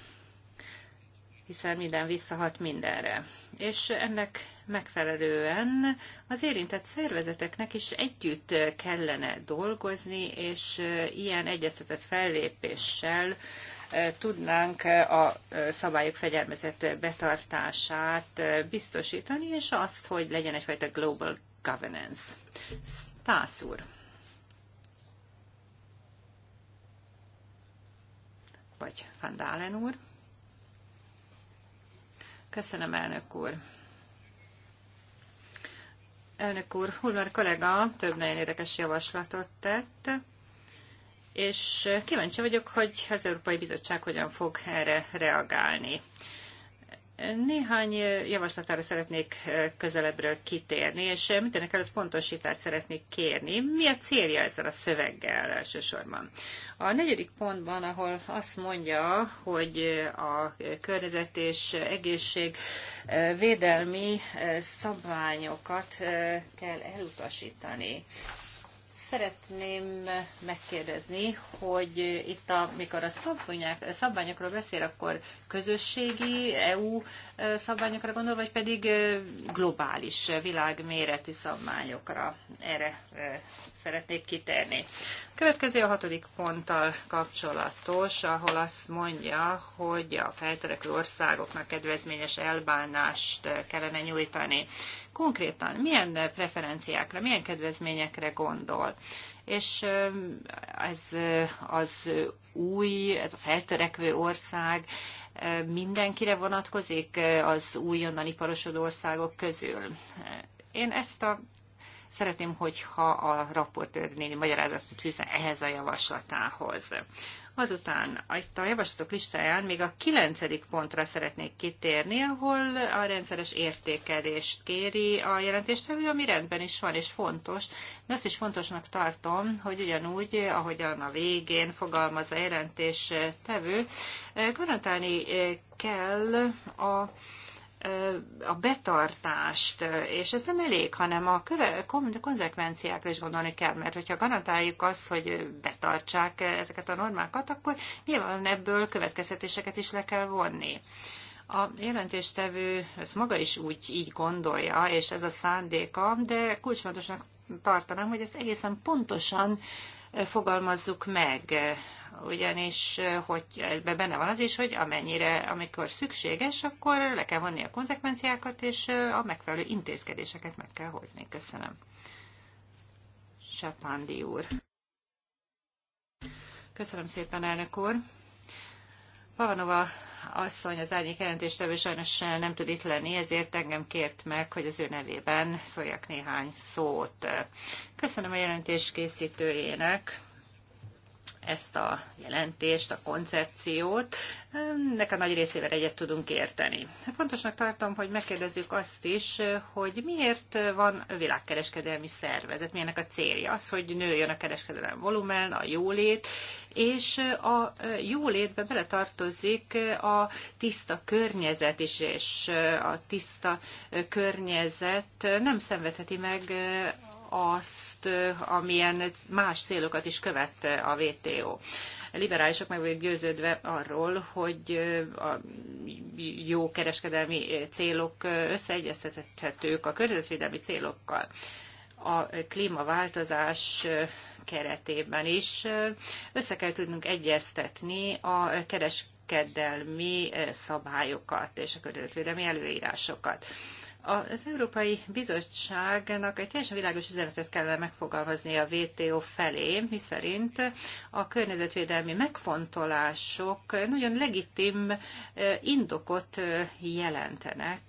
hiszen minden visszahat mindenre. És ennek megfelelően az érintett szervezeteknek is együtt kellene dolgozni, és ilyen egyeztetett fellépéssel tudnánk a szabályok fegyelmezett betartását biztosítani, és azt, hogy legyen egyfajta global governance. Stász úr. vagy Van Dálen úr. Köszönöm, elnök úr. Elnök úr, Hulmer kollega több nagyon érdekes javaslatot tett, és kíváncsi vagyok, hogy az Európai Bizottság hogyan fog erre reagálni. Néhány javaslatára szeretnék közelebbről kitérni, és mindenek előtt pontosítást szeretnék kérni. Mi a célja ezzel a szöveggel elsősorban? A negyedik pontban, ahol azt mondja, hogy a környezet és egészség védelmi szabványokat kell elutasítani. Szeretném megkérdezni, hogy itt, amikor a szabványok, szabványokról beszél, akkor közösségi, EU szabványokra gondol, vagy pedig globális, világméretű szabványokra? Erre szeretnék kitérni. A következő a hatodik ponttal kapcsolatos, ahol azt mondja, hogy a feltörekvő országoknak kedvezményes elbánást kellene nyújtani. Konkrétan milyen preferenciákra, milyen kedvezményekre gondol? És ez az új, ez a feltörekvő ország, mindenkire vonatkozik az újonnan iparosodó országok közül. Én ezt a Szeretném, hogyha a raportőr néni magyarázatot fűzne ehhez a javaslatához. Azután itt a javaslatok listáján még a kilencedik pontra szeretnék kitérni, ahol a rendszeres értékelést kéri a jelentéstevő, ami rendben is van és fontos, de azt is fontosnak tartom, hogy ugyanúgy, ahogyan a végén fogalmaz a jelentéstevő, garantálni kell a a betartást, és ez nem elég, hanem a köve, konzekvenciákra is gondolni kell, mert hogyha garantáljuk azt, hogy betartsák ezeket a normákat, akkor nyilván ebből következtetéseket is le kell vonni. A jelentéstevő ezt maga is úgy így gondolja, és ez a szándéka, de kulcsfontosnak tartanám, hogy ezt egészen pontosan fogalmazzuk meg, ugyanis eh, hogy ebben benne van az is, hogy amennyire, amikor szükséges, akkor le kell vonni a konzekvenciákat, és eh, a megfelelő intézkedéseket meg kell hozni. Köszönöm. Sapándi úr. Köszönöm szépen, elnök úr. Pavanova asszony, az árnyék jelentéstevő sajnos eh, nem tud itt lenni, ezért engem kért meg, hogy az ő nevében szóljak néhány szót. Köszönöm a jelentés készítőjének ezt a jelentést, a koncepciót. Nek a nagy részével egyet tudunk érteni. Fontosnak tartom, hogy megkérdezzük azt is, hogy miért van világkereskedelmi szervezet, milyenek a célja. Az, hogy nőjön a kereskedelem volumen, a jólét, és a jólétbe beletartozik a tiszta környezet is, és a tiszta környezet nem szenvedheti meg azt, amilyen más célokat is követte a WTO liberálisok meg vagyok győződve arról, hogy a jó kereskedelmi célok összeegyeztethetők a környezetvédelmi célokkal. A klímaváltozás keretében is össze kell tudnunk egyeztetni a kereskedelmi szabályokat és a környezetvédelmi előírásokat. Az Európai Bizottságnak egy teljesen világos üzenetet kellene megfogalmazni a WTO felé, miszerint a környezetvédelmi megfontolások nagyon legitim indokot jelentenek,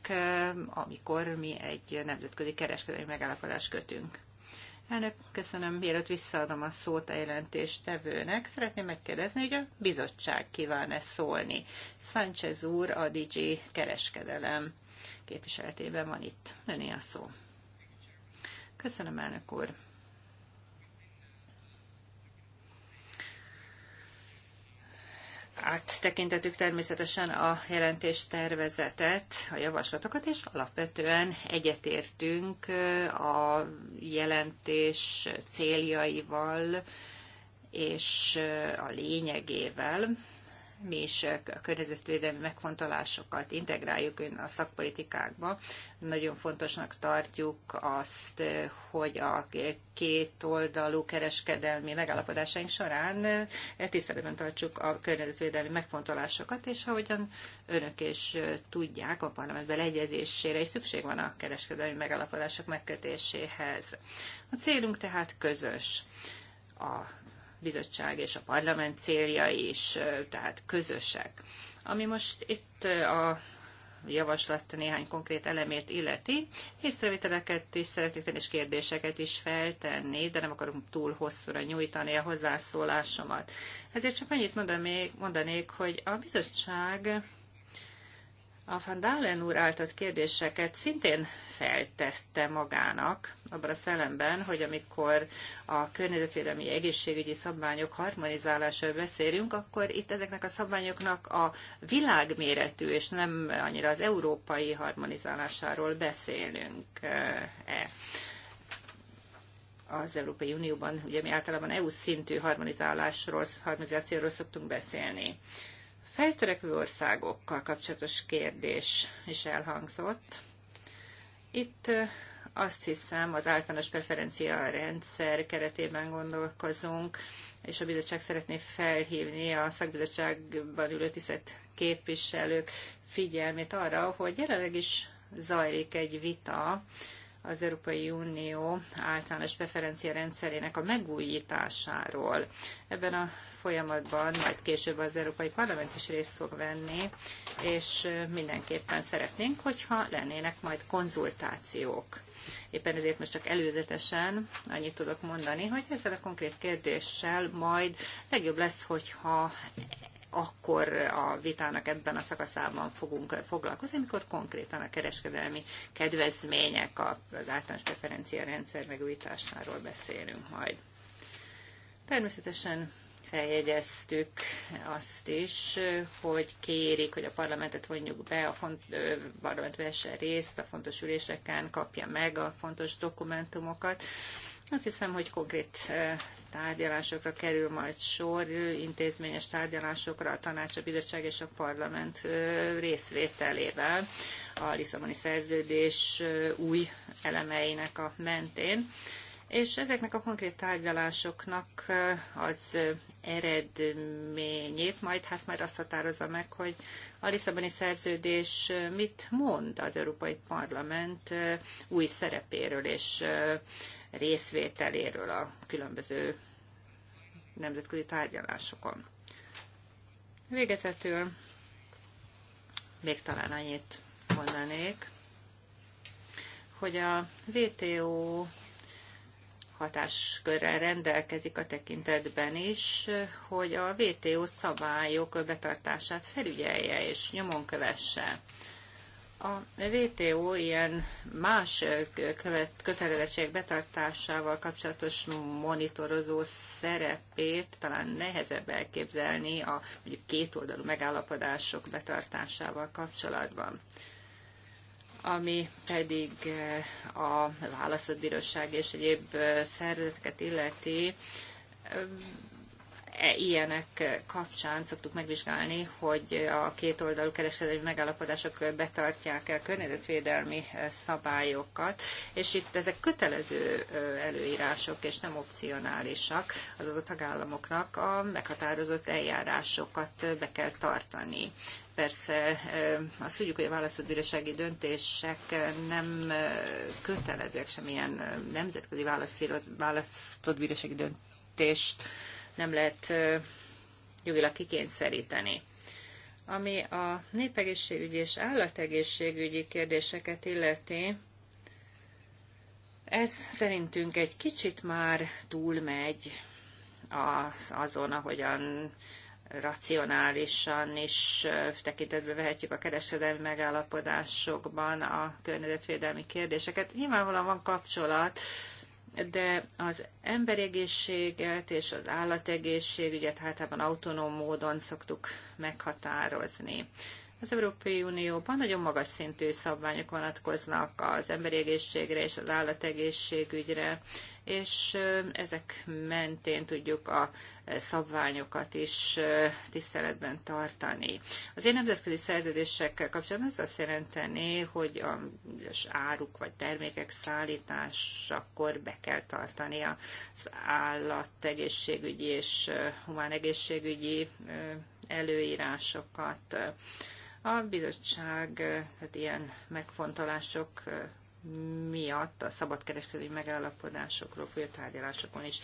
amikor mi egy nemzetközi kereskedelmi megállapodást kötünk. Elnök, köszönöm, mielőtt visszaadom a szót a jelentéstevőnek. Szeretném megkérdezni, hogy a bizottság kíván-e szólni. Sánchez úr, a DG kereskedelem képviseletében van itt. Öné a szó. Köszönöm, elnök úr. áttekintettük természetesen a jelentés tervezetet, a javaslatokat, és alapvetően egyetértünk a jelentés céljaival és a lényegével, mi is a környezetvédelmi megfontolásokat integráljuk a szakpolitikákba. Nagyon fontosnak tartjuk azt, hogy a két oldalú kereskedelmi megállapodásaink során tiszteletben tartsuk a környezetvédelmi megfontolásokat, és ahogyan önök is tudják, a parlament beleegyezésére is szükség van a kereskedelmi megállapodások megkötéséhez. A célunk tehát közös a bizottság és a parlament célja is, tehát közösek. Ami most itt a javaslat néhány konkrét elemét illeti. Észrevételeket is szeretnék tenni, és kérdéseket is feltenni, de nem akarom túl hosszúra nyújtani a hozzászólásomat. Ezért csak annyit mondanék, mondanék hogy a bizottság a Van Dalen úr áltott kérdéseket szintén feltette magának, abban a szellemben, hogy amikor a környezetvédelmi egészségügyi szabványok harmonizálásáról beszélünk, akkor itt ezeknek a szabványoknak a világméretű és nem annyira az európai harmonizálásáról beszélünk-e az Európai Unióban, ugye mi általában EU szintű harmonizálásról, harmonizációról szoktunk beszélni feltörekvő országokkal kapcsolatos kérdés is elhangzott. Itt azt hiszem, az általános preferencia rendszer keretében gondolkozunk, és a bizottság szeretné felhívni a szakbizottságban ülő tisztelt képviselők figyelmét arra, hogy jelenleg is zajlik egy vita az Európai Unió általános preferencia rendszerének a megújításáról. Ebben a folyamatban majd később az Európai Parlament is részt fog venni, és mindenképpen szeretnénk, hogyha lennének majd konzultációk. Éppen ezért most csak előzetesen annyit tudok mondani, hogy ezzel a konkrét kérdéssel majd legjobb lesz, hogyha akkor a vitának ebben a szakaszában fogunk foglalkozni, amikor konkrétan a kereskedelmi kedvezmények, az általános preferencia rendszer megújításáról beszélünk majd. Természetesen feljegyeztük azt is, hogy kérik, hogy a parlamentet vonjuk be, a font, parlament vesse részt a fontos üléseken, kapja meg a fontos dokumentumokat. Azt hiszem, hogy konkrét tárgyalásokra kerül majd sor, intézményes tárgyalásokra a tanács, a bizottság és a parlament részvételével a Lisszaboni szerződés új elemeinek a mentén és ezeknek a konkrét tárgyalásoknak eh, az eh, eredményét majd hát majd azt határozza meg, hogy a Lisszaboni szerződés eh, mit mond az Európai Parlament új szerepéről és részvételéről a különböző nemzetközi tárgyalásokon. Végezetül még talán annyit mondanék, hogy a WTO hatáskörrel rendelkezik a tekintetben is, hogy a WTO szabályok betartását felügyelje és nyomon kövesse. A WTO ilyen más követ, kötelezettség betartásával kapcsolatos monitorozó szerepét talán nehezebb elképzelni a mondjuk kétoldalú megállapodások betartásával kapcsolatban ami pedig eh, a választott bíróság és egyéb eh, szervezeteket illeti, E-, ilyenek kapcsán szoktuk megvizsgálni, hogy a két oldalú kereskedelmi megállapodások betartják el környezetvédelmi e, szabályokat, és itt ezek kötelező e, előírások, és nem opcionálisak az adott tagállamoknak a meghatározott eljárásokat be kell tartani persze azt tudjuk, hogy a bírósági döntések nem kötelezőek semmilyen nemzetközi bírósági döntést nem lehet jogilag kikényszeríteni. Ami a népegészségügyi és állategészségügyi kérdéseket illeti, ez szerintünk egy kicsit már túlmegy az, azon, ahogyan racionálisan is tekintetbe vehetjük a kereskedelmi megállapodásokban a környezetvédelmi kérdéseket. Nyilvánvalóan van kapcsolat de az emberegészséget és az állategészségügyet általában autonóm módon szoktuk meghatározni. Az Európai Unióban nagyon magas szintű szabványok vonatkoznak az emberi egészségre és az állategészségügyre és ezek mentén tudjuk a szabványokat is tiszteletben tartani. Az én nemzetközi szerződésekkel kapcsolatban ez azt jelenteni, hogy az áruk vagy termékek szállításakor be kell tartani az állategészségügyi és humán egészségügyi előírásokat. A bizottság tehát ilyen megfontolások miatt a szabadkereskedelmi megállapodásokról folyó tárgyalásokon is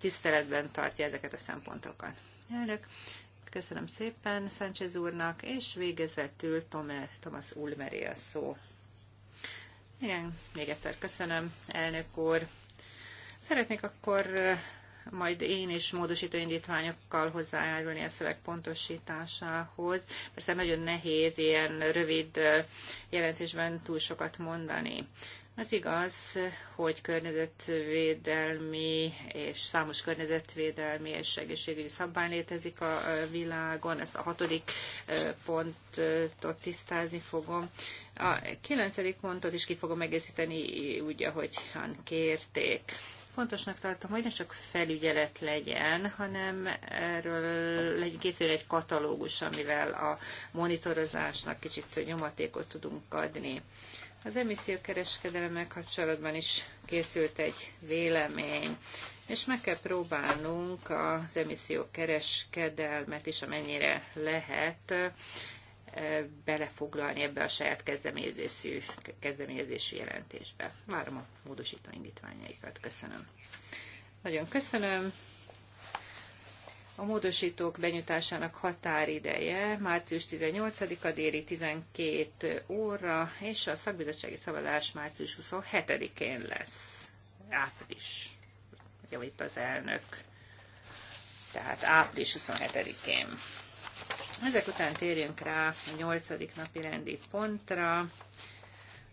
tiszteletben tartja ezeket a szempontokat. Elnök, köszönöm szépen Sánchez úrnak, és végezetül Tome, Thomas Ulmeri a szó. Igen, még egyszer köszönöm, elnök úr. Szeretnék akkor majd én is módosító indítványokkal hozzájárulni a szöveg pontosításához. Persze nagyon nehéz ilyen rövid jelentésben túl sokat mondani. Az igaz, hogy környezetvédelmi és számos környezetvédelmi és egészségügyi szabvány létezik a világon. Ezt a hatodik pontot tisztázni fogom. A kilencedik pontot is ki fogom egészíteni úgy, ahogy kérték fontosnak tartom, hogy ne csak felügyelet legyen, hanem erről legyen készül egy katalógus, amivel a monitorozásnak kicsit nyomatékot tudunk adni. Az emissziókereskedelemmel kapcsolatban is készült egy vélemény, és meg kell próbálnunk az emissziókereskedelmet is, amennyire lehet, belefoglalni ebbe a saját kezdeményezésű, kezdeményezésű jelentésbe. Várom a módosító indítványaikat. Köszönöm. Nagyon köszönöm. A módosítók benyújtásának határideje március 18-a déli 12 óra, és a szakbizottsági szavazás március 27-én lesz. Április. Javít az elnök. Tehát április 27-én. Ezek után térjünk rá a nyolcadik napi rendi pontra,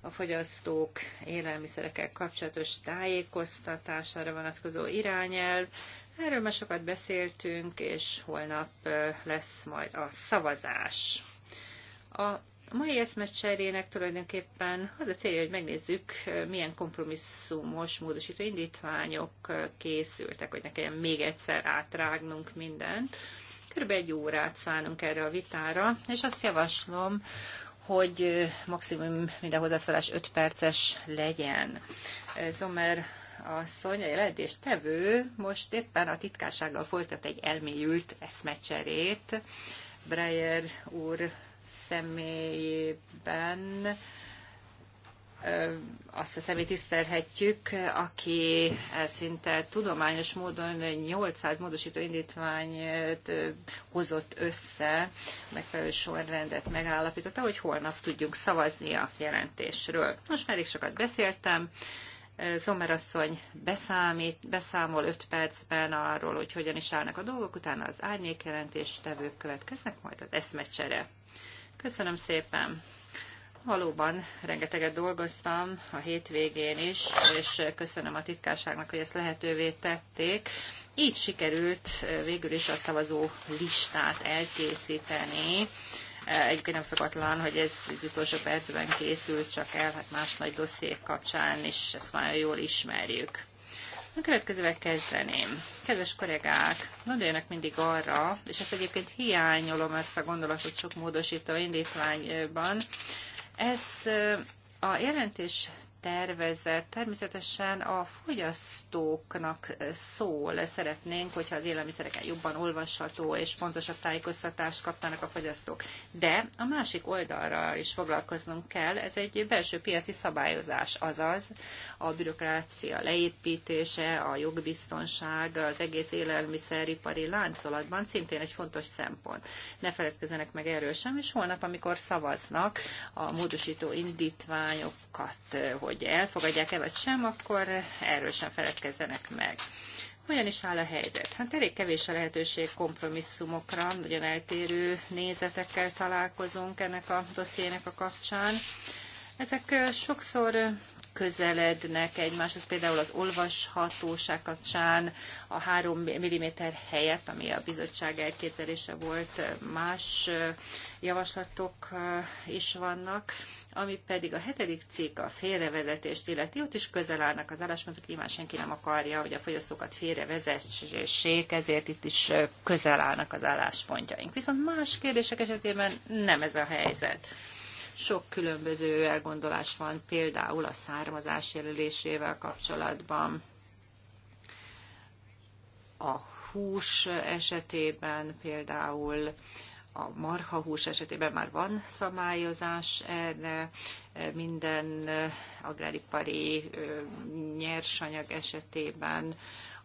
a fogyasztók élelmiszerekkel kapcsolatos tájékoztatására vonatkozó irányelv. Erről már sokat beszéltünk, és holnap lesz majd a szavazás. A mai eszmecserének tulajdonképpen az a célja, hogy megnézzük, milyen kompromisszumos módosító indítványok készültek, hogy ne kelljen még egyszer átrágnunk mindent Kb. egy órát szánunk erre a vitára, és azt javaslom, hogy maximum minden hozzászólás 5 perces legyen. Zomer asszony, a tevő most éppen a titkársággal folytat egy elmélyült eszmecserét. Breyer úr személyében azt a szemét tisztelhetjük, aki szinte tudományos módon 800 módosító indítványt hozott össze, megfelelő sorrendet megállapította, hogy holnap tudjunk szavazni a jelentésről. Most már elég sokat beszéltem, Zomerasszony beszámít, beszámol 5 percben arról, hogy hogyan is állnak a dolgok, utána az jelentés tevők következnek, majd az eszmecsere. Köszönöm szépen! valóban rengeteget dolgoztam a hétvégén is, és köszönöm a titkárságnak, hogy ezt lehetővé tették. Így sikerült eh, végül is a szavazó listát elkészíteni. Eh, egyébként nem szokatlan, hogy ez az utolsó percben készült, csak el, hát más nagy dossziék kapcsán, és ezt már jól ismerjük. A következővel kezdeném. Kedves kollégák, gondoljanak mindig arra, és ezt egyébként hiányolom ezt a gondolatot sok módosító indítványban, ez a jelentés tervezet természetesen a fogyasztóknak szól. Szeretnénk, hogyha az élelmiszereken jobban olvasható és pontosabb tájékoztatást kaptanak a fogyasztók. De a másik oldalra is foglalkoznunk kell, ez egy belső piaci szabályozás, azaz a bürokrácia leépítése, a jogbiztonság, az egész élelmiszeripari láncolatban szintén egy fontos szempont. Ne feledkezzenek meg erről sem, és holnap, amikor szavaznak, a módosító indítványokat hogy elfogadják-e vagy sem, akkor erről sem feledkezzenek meg. Hogyan is áll a helyzet? Hát elég kevés a lehetőség kompromisszumokra, nagyon eltérő nézetekkel találkozunk ennek a dossziének a kapcsán. Ezek sokszor közelednek egymáshoz, például az olvashatóság kapcsán a 3 mm helyett, ami a bizottság elképzelése volt, más javaslatok is vannak ami pedig a hetedik cikk a félrevezetést illeti, ott is közel állnak az álláspontok, nyilván senki nem akarja, hogy a fogyasztókat félrevezessék, ezért itt is közel állnak az álláspontjaink. Viszont más kérdések esetében nem ez a helyzet sok különböző elgondolás van, például a származás jelölésével kapcsolatban, a hús esetében például a marhahús esetében már van szabályozás erre, minden agráripari nyersanyag esetében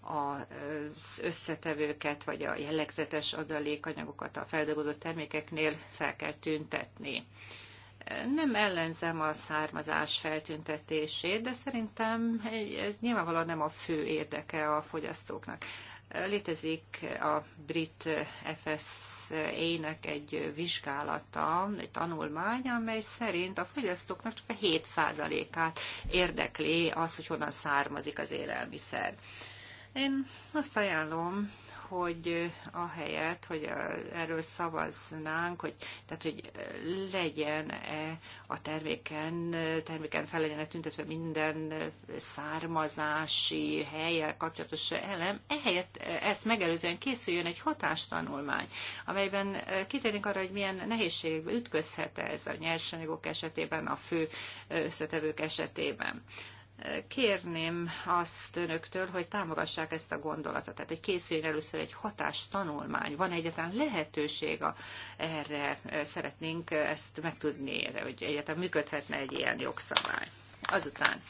az összetevőket, vagy a jellegzetes adalékanyagokat a feldolgozott termékeknél fel kell tüntetni. Nem ellenzem a származás feltüntetését, de szerintem ez nyilvánvalóan nem a fő érdeke a fogyasztóknak. Létezik a brit FS ének egy vizsgálata, egy tanulmány, amely szerint a fogyasztóknak csak a 7%-át érdekli az, hogy honnan származik az élelmiszer. Én azt ajánlom, hogy a helyet, hogy erről szavaznánk, hogy, tehát, hogy legyen -e a terméken, terméken fel legyen -e tüntetve minden származási helyel kapcsolatos elem, ehelyett ezt megelőzően készüljön egy hatástanulmány, amelyben kitérünk arra, hogy milyen nehézségekbe ütközhet -e ez a nyersanyagok esetében, a fő összetevők esetében kérném azt önöktől, hogy támogassák ezt a gondolatot, tehát hogy készüljön először egy hatástanulmány. Van egyetlen lehetőség a, erre, szeretnénk ezt megtudni, erre, hogy egyetlen működhetne egy ilyen jogszabály. Azután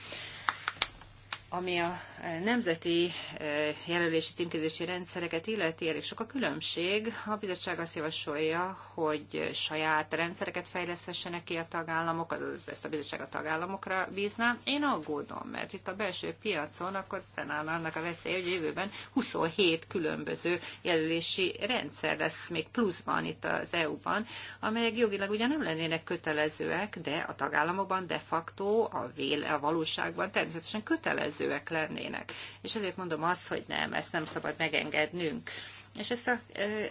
ami a e, nemzeti e, jelölési címkézési rendszereket illeti, elég sok a különbség. A bizottság azt javasolja, hogy saját rendszereket fejleszthessenek ki a tagállamok, az, ezt a bizottság a tagállamokra bízná. Én aggódom, mert itt a belső piacon akkor fennáll annak a veszély, hogy jövőben 27 különböző jelölési rendszer lesz még pluszban itt az EU-ban, amelyek jogilag ugyan nem lennének kötelezőek, de a tagállamokban de facto a, véle, a valóságban természetesen kötelező kötelezőek lennének. És ezért mondom azt, hogy nem, ezt nem szabad megengednünk. És ezt a,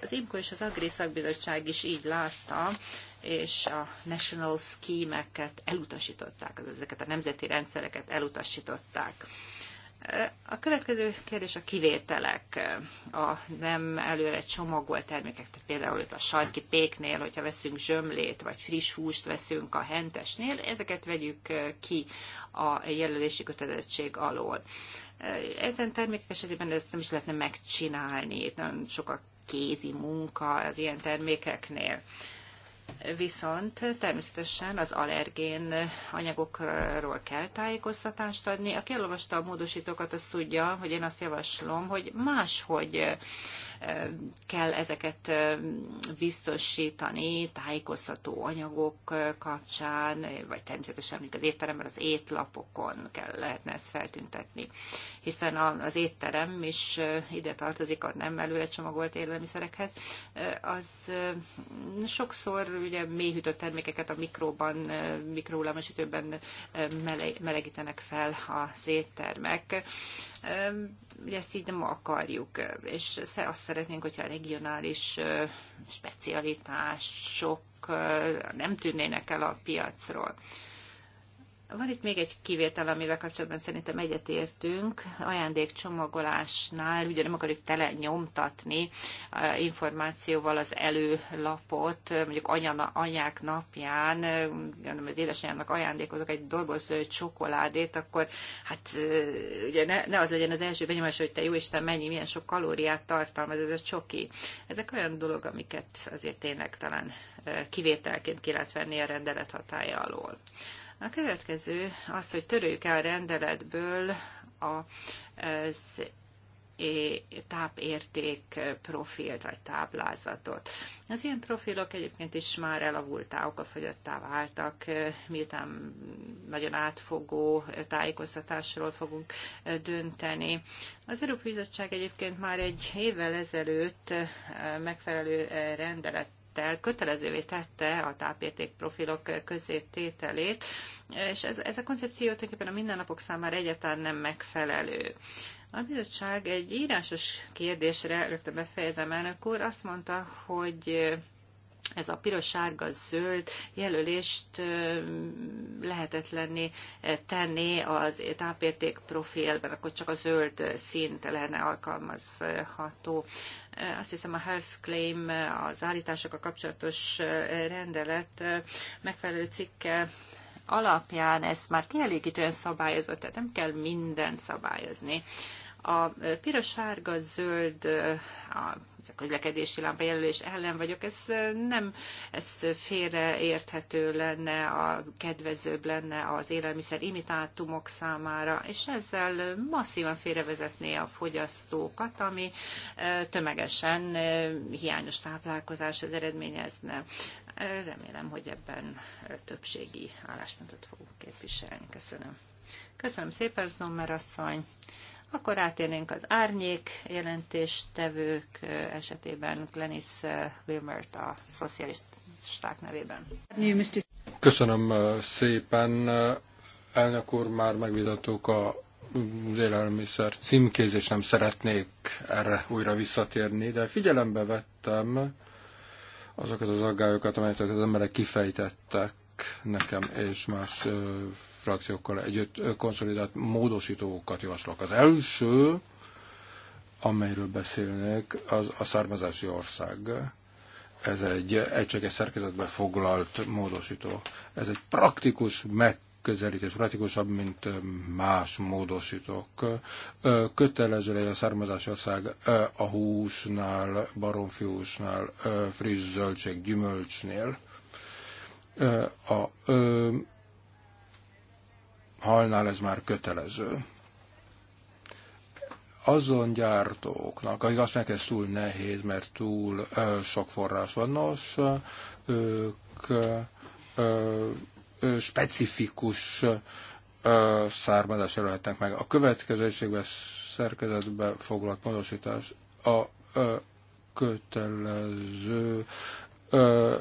az IMCO és az Agri Szakbizottság is így látta, és a national scheme-eket elutasították, az ezeket a nemzeti rendszereket elutasították. A következő kérdés a kivételek. A nem előre csomagolt termékek, tehát például itt a sarki péknél, hogyha veszünk zsömlét, vagy friss húst veszünk a hentesnél, ezeket vegyük eh, ki a jelölési kötelezettség alól. Eh, ezen termékek esetében ezt nem is lehetne megcsinálni, itt nagyon sok a kézi munka az ilyen termékeknél. Viszont természetesen az allergén anyagokról kell tájékoztatást adni. Aki elolvasta a módosítókat, azt tudja, hogy én azt javaslom, hogy máshogy kell ezeket biztosítani tájékoztató anyagok kapcsán, vagy természetesen mondjuk az étteremben az étlapokon kell, lehetne ezt feltüntetni. Hiszen az étterem is ide tartozik a nem előre csomagolt élelmiszerekhez, az sokszor ugye mélyhűtött termékeket a mikróban, mikrohullámosítőben melegítenek fel az éttermek ugye ezt így nem akarjuk, és azt szeretnénk, hogyha a regionális specialitások nem tűnnének el a piacról. Van itt még egy kivétel, amivel kapcsolatban szerintem egyetértünk. Ajándékcsomagolásnál ugye nem akarjuk tele nyomtatni információval az előlapot, mondjuk anyana, anyák napján, nem az édesanyának ajándékozok egy doboz csokoládét, akkor hát ugye ne, ne az legyen az első benyomás, hogy te jó Isten, mennyi, milyen sok kalóriát tartalmaz ez a csoki. Ezek olyan dolog, amiket azért tényleg talán kivételként ki lehet venni a rendelet hatája alól. A következő az, hogy törőjük el a rendeletből az tápérték profilt vagy táblázatot. Az ilyen profilok egyébként is már elavultá, okafogyottá váltak, miután nagyon átfogó tájékoztatásról fogunk dönteni. Az Európai Bizottság egyébként már egy évvel ezelőtt megfelelő rendelet rendelettel kötelezővé tette a tápérték profilok tételét, és ez, ez a koncepció tulajdonképpen a mindennapok számára egyáltalán nem megfelelő. A bizottság egy írásos kérdésre, rögtön befejezem elnök úr, azt mondta, hogy ez a piros-sárga-zöld jelölést lehetetlenné tenni az tápérték profilben, akkor csak a zöld szint lenne alkalmazható. Azt hiszem a health claim, az állításokkal kapcsolatos rendelet megfelelő cikke alapján ezt már kielégítően szabályozott, tehát nem kell mindent szabályozni. A piros, sárga, zöld, a közlekedési lámpa jelölés ellen vagyok, ez nem ez félreérthető lenne, a kedvezőbb lenne az élelmiszer imitátumok számára, és ezzel masszívan félrevezetné a fogyasztókat, ami tömegesen hiányos táplálkozás az eredményezne. Remélem, hogy ebben többségi álláspontot fogunk képviselni. Köszönöm. Köszönöm szépen, Zomer asszony. Akkor átérnénk az árnyék jelentéstevők esetében Glenis Wilmert a szocialisták nevében. Köszönöm szépen. Elnök úr, már megvitattuk a az élelmiszer címkézés, nem szeretnék erre újra visszatérni, de figyelembe vettem azokat az aggályokat, amelyeket az emberek kifejtettek nekem és más frakciókkal együtt konszolidált módosítókat javaslok. Az első, amelyről beszélnek, az a származási ország. Ez egy egységes szerkezetbe foglalt módosító. Ez egy praktikus meg közelítés praktikusabb, mint más módosítók. Kötelező legyen a származási ország a húsnál, baromfiúsnál, friss zöldség, gyümölcsnél a ö, halnál ez már kötelező. Azon gyártóknak, akik azt mondják, ez túl nehéz, mert túl ö, sok forrás van, nos, ők ö, ö, specifikus ö, származás jelölhetnek meg. A következő egységben szerkezetbe foglalt módosítás a ö, kötelező ö,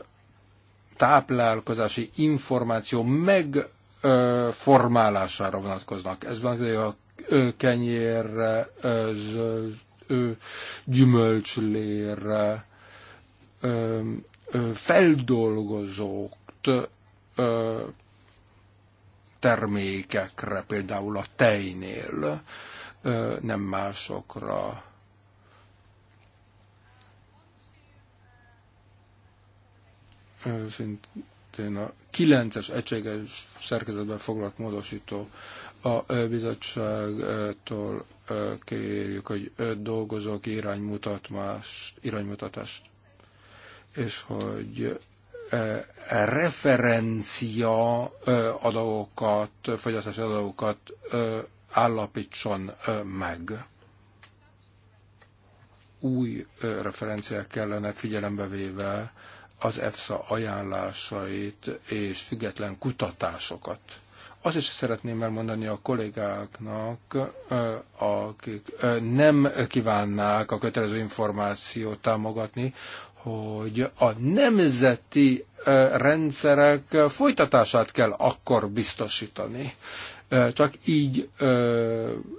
táplálkozási információ megformálására vonatkoznak. Ez van hogy a kenyérre, zöld, gyümölcslére, feldolgozókt, termékekre, például a tejnél, nem másokra szintén a kilences egységes szerkezetben foglalt módosító a bizottságtól kérjük, hogy dolgozók iránymutatást, iránymutatást és hogy referencia adatokat, fogyasztási adagokat állapítson meg. Új referenciák kellene figyelembe véve az EFSA ajánlásait és független kutatásokat. Azt is szeretném elmondani a kollégáknak, akik nem kívánnák a kötelező információt támogatni, hogy a nemzeti rendszerek folytatását kell akkor biztosítani. Csak így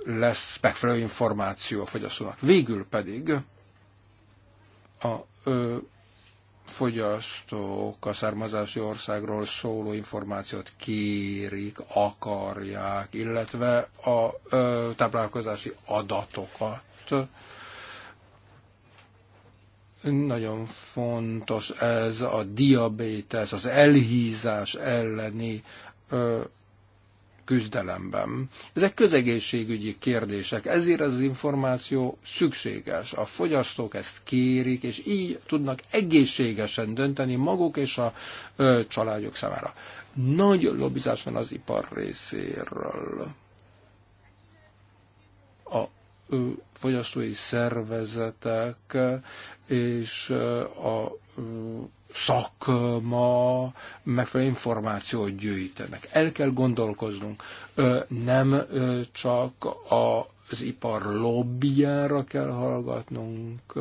lesz megfelelő információ a fogyasztónak. Végül pedig a fogyasztók a származási országról szóló információt kérik, akarják, illetve a ö, táplálkozási adatokat. Nagyon fontos ez a diabétesz, az elhízás elleni ö, küzdelemben. Ezek közegészségügyi kérdések, ezért az információ szükséges. A fogyasztók ezt kérik, és így tudnak egészségesen dönteni maguk és a ö, családjuk számára. Nagy lobbizás van az ipar részéről. A ö, fogyasztói szervezetek és a ö, szakma megfelelő információt gyűjtenek. El kell gondolkoznunk, nem csak az ipar lobbyára kell hallgatnunk,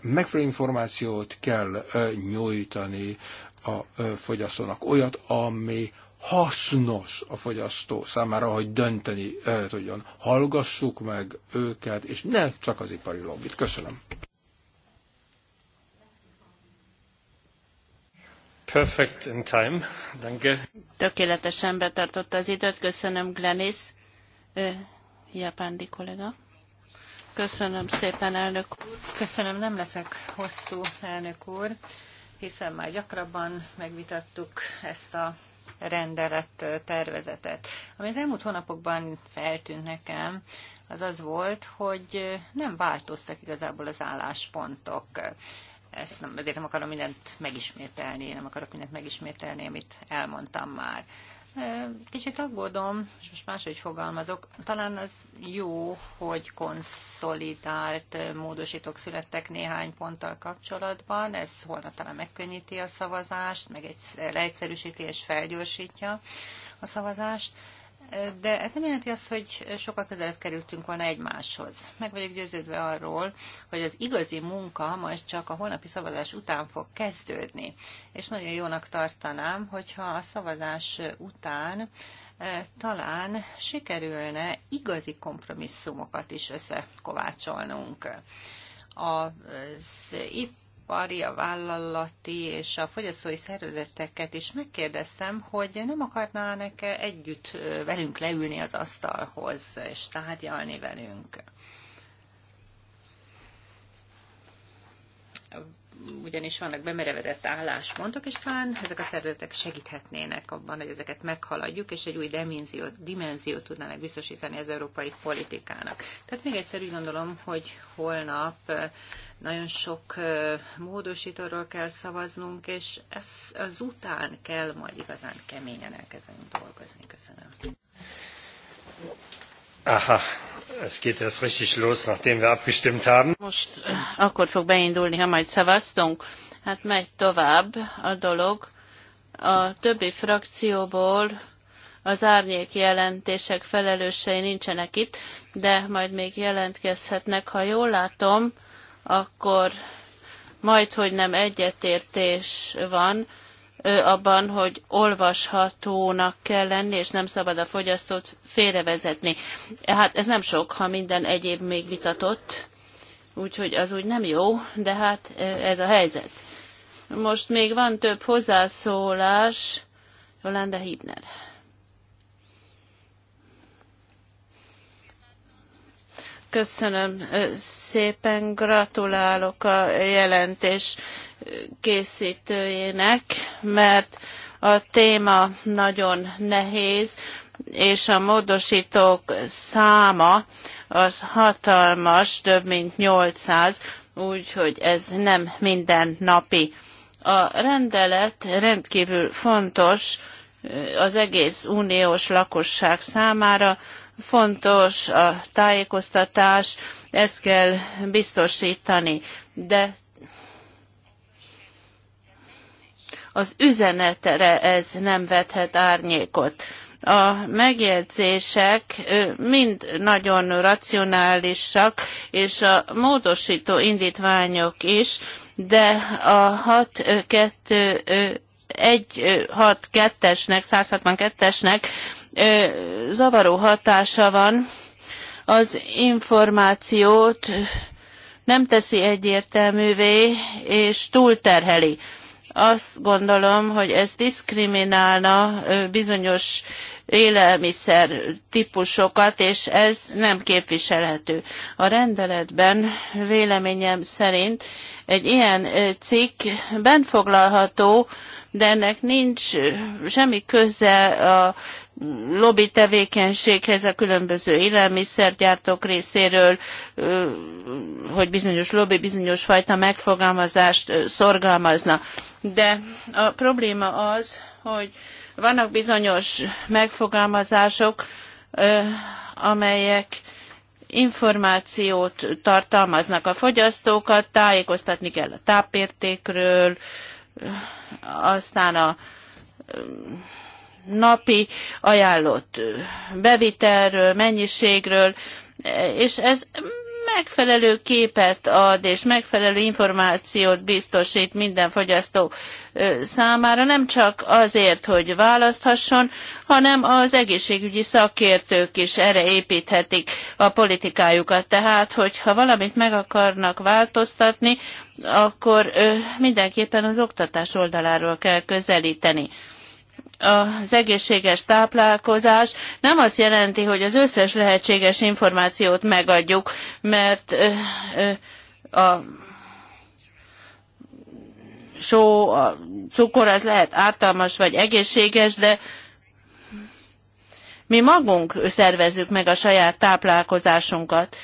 megfelelő információt kell nyújtani a fogyasztónak, olyat, ami hasznos a fogyasztó számára, hogy dönteni eh, tudjon. Hallgassuk meg őket, és ne csak az ipari lobbit. Köszönöm. Perfect in time. Danke. Tökéletesen betartotta az időt. Köszönöm, Glenis. Japándi kollega. Köszönöm szépen, elnök úr. Köszönöm, nem leszek hosszú, elnök úr, hiszen már gyakrabban megvitattuk ezt a rendelet tervezetet. Ami az elmúlt hónapokban feltűnt nekem, az az volt, hogy nem változtak igazából az álláspontok. Ezt nem, ezért nem akarom mindent megismételni, nem akarok mindent megismételni, amit elmondtam már. Kicsit aggódom, és most máshogy fogalmazok. Talán az jó, hogy konszolidált módosítók születtek néhány ponttal kapcsolatban. Ez holnap talán megkönnyíti a szavazást, meg egy leegyszerűsíti és felgyorsítja a szavazást de ez nem jelenti azt, hogy sokkal közelebb kerültünk volna egymáshoz. Meg vagyok győződve arról, hogy az igazi munka majd csak a holnapi szavazás után fog kezdődni. És nagyon jónak tartanám, hogyha a szavazás után e, talán sikerülne igazi kompromisszumokat is összekovácsolnunk az e, ipari, a vállalati és a fogyasztói szervezeteket is megkérdeztem, hogy nem akarnának -e együtt velünk leülni az asztalhoz és tárgyalni velünk. ugyanis vannak bemerevedett álláspontok, és talán ezek a szervezetek segíthetnének abban, hogy ezeket meghaladjuk, és egy új dimenziót, dimenziót tudnának biztosítani az európai politikának. Tehát még egyszer úgy gondolom, hogy holnap nagyon sok módosítóról kell szavaznunk, és ez az után kell majd igazán keményen elkezdenünk dolgozni. Köszönöm. Aha, ez geht erst richtig los, nachdem wir abgestimmt haben. Most akkor fog beindulni, ha majd szavaztunk. Hát megy tovább a dolog. A többi frakcióból az árnyék jelentések felelősei nincsenek itt, de majd még jelentkezhetnek, ha jól látom akkor majd, hogy nem egyetértés van abban, hogy olvashatónak kell lenni, és nem szabad a fogyasztót félrevezetni. Hát ez nem sok, ha minden egyéb még vitatott, úgyhogy az úgy nem jó, de hát ez a helyzet. Most még van több hozzászólás. Jolanda Hibner. Köszönöm szépen, gratulálok a jelentés készítőjének, mert a téma nagyon nehéz, és a módosítók száma az hatalmas, több mint 800, úgyhogy ez nem minden napi. A rendelet rendkívül fontos az egész uniós lakosság számára, Fontos a tájékoztatás, ezt kell biztosítani, de az üzenetre ez nem vethet árnyékot. A megjegyzések mind nagyon racionálisak, és a módosító indítványok is, de a 6-2 162-esnek, 162-esnek zavaró hatása van. Az információt nem teszi egyértelművé, és túlterheli. Azt gondolom, hogy ez diszkriminálna bizonyos élelmiszer típusokat, és ez nem képviselhető. A rendeletben véleményem szerint egy ilyen cikk bent foglalható, de ennek nincs semmi köze a lobby tevékenységhez a különböző élelmiszergyártók részéről, hogy bizonyos lobby, bizonyos fajta megfogalmazást szorgalmazna. De a probléma az, hogy vannak bizonyos megfogalmazások, amelyek információt tartalmaznak a fogyasztókat, tájékoztatni kell a tápértékről, aztán a napi ajánlott bevitelről, mennyiségről, és ez megfelelő képet ad és megfelelő információt biztosít minden fogyasztó számára, nem csak azért, hogy választhasson, hanem az egészségügyi szakértők is erre építhetik a politikájukat. Tehát, hogyha valamit meg akarnak változtatni, akkor mindenképpen az oktatás oldaláról kell közelíteni az egészséges táplálkozás nem azt jelenti, hogy az összes lehetséges információt megadjuk, mert a só, a cukor az lehet ártalmas vagy egészséges, de mi magunk szervezzük meg a saját táplálkozásunkat.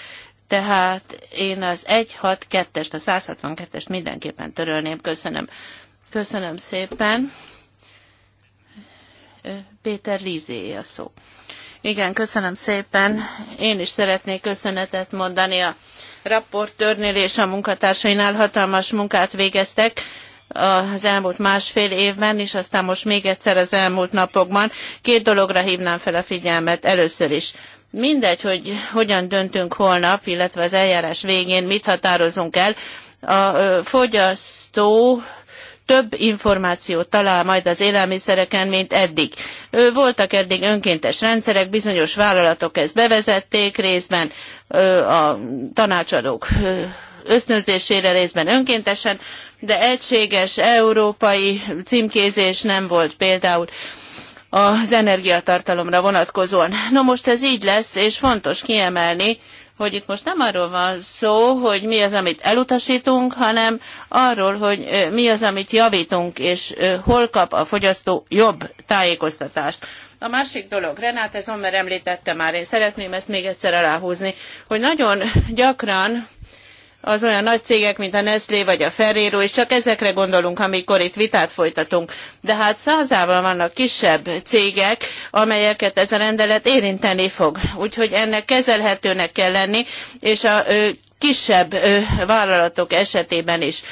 Tehát én az 162-est, a 162-est mindenképpen törölném. Köszönöm. Köszönöm szépen. Péter Lízéé a szó. Igen, köszönöm szépen. Én is szeretnék köszönetet mondani a raportőrnél és a munkatársainál hatalmas munkát végeztek az elmúlt másfél évben, és aztán most még egyszer az elmúlt napokban. Két dologra hívnám fel a figyelmet először is. Mindegy, hogy hogyan döntünk holnap, illetve az eljárás végén mit határozunk el, a fogyasztó több információt talál majd az élelmiszereken, mint eddig. Voltak eddig önkéntes rendszerek, bizonyos vállalatok ezt bevezették, részben a tanácsadók ösztönzésére, részben önkéntesen, de egységes európai címkézés nem volt például az energiatartalomra vonatkozóan. No most ez így lesz, és fontos kiemelni, hogy itt most nem arról van szó, hogy mi az, amit elutasítunk, hanem arról, hogy mi az, amit javítunk, és hol kap a fogyasztó jobb tájékoztatást. A másik dolog, Renát, ez említette már, én szeretném ezt még egyszer aláhúzni, hogy nagyon gyakran az olyan nagy cégek, mint a Nestlé vagy a Ferrero, és csak ezekre gondolunk, amikor itt vitát folytatunk. De hát százával vannak kisebb cégek, amelyeket ez a rendelet érinteni fog. Úgyhogy ennek kezelhetőnek kell lenni, és a kisebb vállalatok esetében is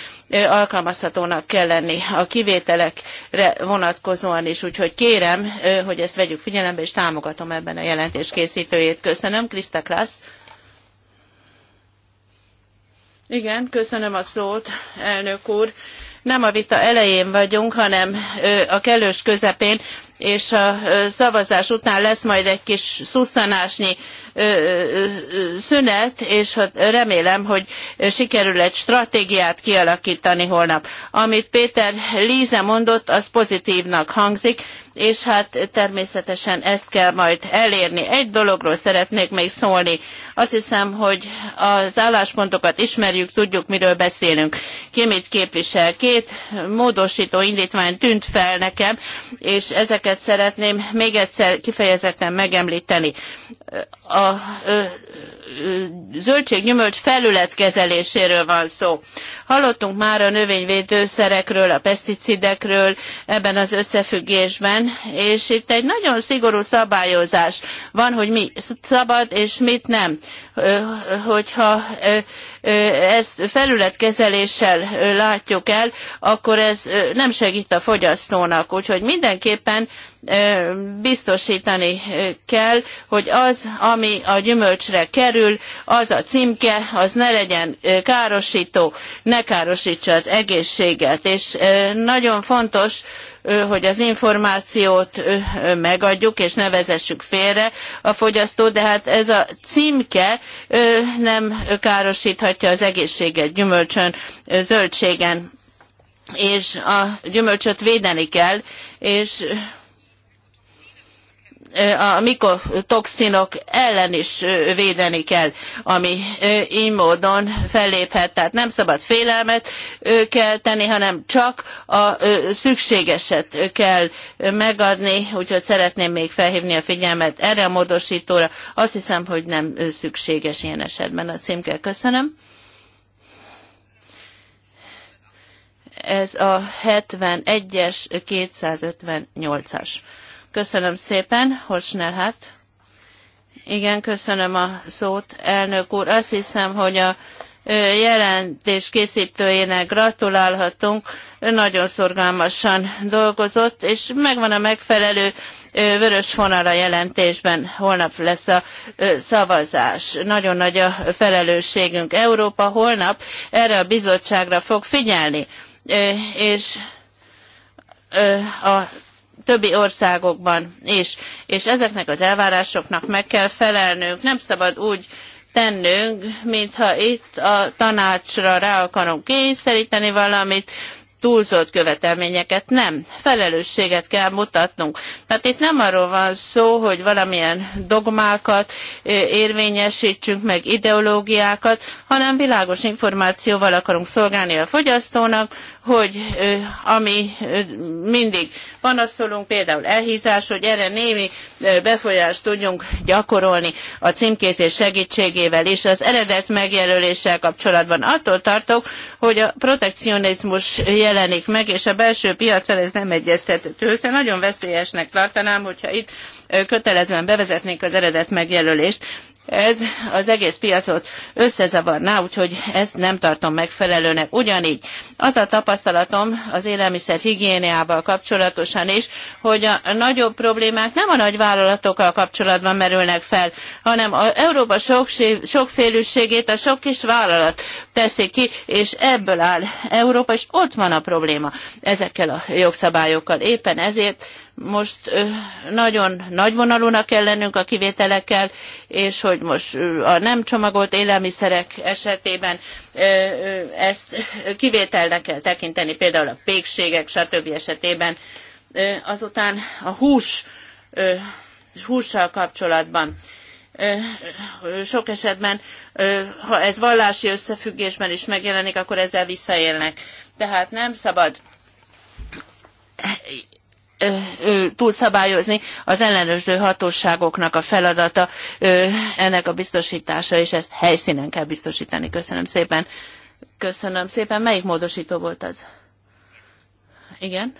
alkalmazhatónak kell lenni a kivételekre vonatkozóan is. Úgyhogy kérem, hogy ezt vegyük figyelembe, és támogatom ebben a jelentés készítőjét. Köszönöm, Krista Klassz. Igen, köszönöm a szót, elnök úr. Nem a vita elején vagyunk, hanem a kellős közepén, és a szavazás után lesz majd egy kis szusszanásnyi szünet, és remélem, hogy sikerül egy stratégiát kialakítani holnap. Amit Péter Líze mondott, az pozitívnak hangzik és hát természetesen ezt kell majd elérni. Egy dologról szeretnék még szólni. Azt hiszem, hogy az álláspontokat ismerjük, tudjuk, miről beszélünk. Ki mit képvisel. Két módosító indítvány tűnt fel nekem, és ezeket szeretném még egyszer kifejezetten megemlíteni. A, a, zöldséggyümölcs felületkezeléséről van szó. Hallottunk már a növényvédőszerekről, a peszticidekről ebben az összefüggésben, és itt egy nagyon szigorú szabályozás van, hogy mi szabad és mit nem. Hogyha ezt felületkezeléssel látjuk el, akkor ez nem segít a fogyasztónak. Úgyhogy mindenképpen biztosítani kell, hogy az, ami a gyümölcsre kerül, az a címke, az ne legyen károsító, ne károsítsa az egészséget. És nagyon fontos, hogy az információt megadjuk, és ne vezessük félre a fogyasztót, de hát ez a címke nem károsíthatja az egészséget gyümölcsön, zöldségen, és a gyümölcsöt védeni kell, és a mikotoxinok ellen is védeni kell, ami így módon felléphet. Tehát nem szabad félelmet kell tenni, hanem csak a szükségeset kell megadni, úgyhogy szeretném még felhívni a figyelmet erre a módosítóra. Azt hiszem, hogy nem szükséges ilyen esetben a címke. Köszönöm. Ez a 71-es 258-as. Köszönöm szépen, Horsnerhát. Igen, köszönöm a szót, elnök úr. Azt hiszem, hogy a jelentés készítőjének gratulálhatunk, nagyon szorgalmasan dolgozott, és megvan a megfelelő vörös vonal a jelentésben, holnap lesz a szavazás. Nagyon nagy a felelősségünk. Európa holnap erre a bizottságra fog figyelni, és a többi országokban is, és ezeknek az elvárásoknak meg kell felelnünk. Nem szabad úgy tennünk, mintha itt a tanácsra rá akarunk kényszeríteni valamit, túlzott követelményeket nem. Felelősséget kell mutatnunk. Tehát itt nem arról van szó, hogy valamilyen dogmákat érvényesítsünk meg ideológiákat, hanem világos információval akarunk szolgálni a fogyasztónak, hogy ami mindig panaszolunk, például elhízás, hogy erre némi befolyást tudjunk gyakorolni a címkézés segítségével és az eredet megjelöléssel kapcsolatban. Attól tartok, hogy a protekcionizmus jelenik meg, és a belső piac ez nem egyeztethető, hiszen nagyon veszélyesnek tartanám, hogyha itt kötelezően bevezetnénk az eredet megjelölést, ez az egész piacot összezavarná, úgyhogy ezt nem tartom megfelelőnek. Ugyanígy az a tapasztalatom az élelmiszer higiéniával kapcsolatosan is, hogy a nagyobb problémák nem a nagy vállalatokkal kapcsolatban merülnek fel, hanem a Európa sokfélűségét a sok kis vállalat teszi ki, és ebből áll Európa, és ott van a probléma ezekkel a jogszabályokkal. Éppen ezért most nagyon nagyvonalúnak kell lennünk a kivételekkel, és hogy most a nem csomagolt élelmiszerek esetében ezt kivételnek kell tekinteni, például a pékségek, stb. esetében. Azután a hús, hússal kapcsolatban sok esetben, ha ez vallási összefüggésben is megjelenik, akkor ezzel visszaélnek. Tehát nem szabad túlszabályozni, az ellenőrző hatóságoknak a feladata ennek a biztosítása, és ezt helyszínen kell biztosítani. Köszönöm szépen. Köszönöm szépen. Melyik módosító volt az? Igen?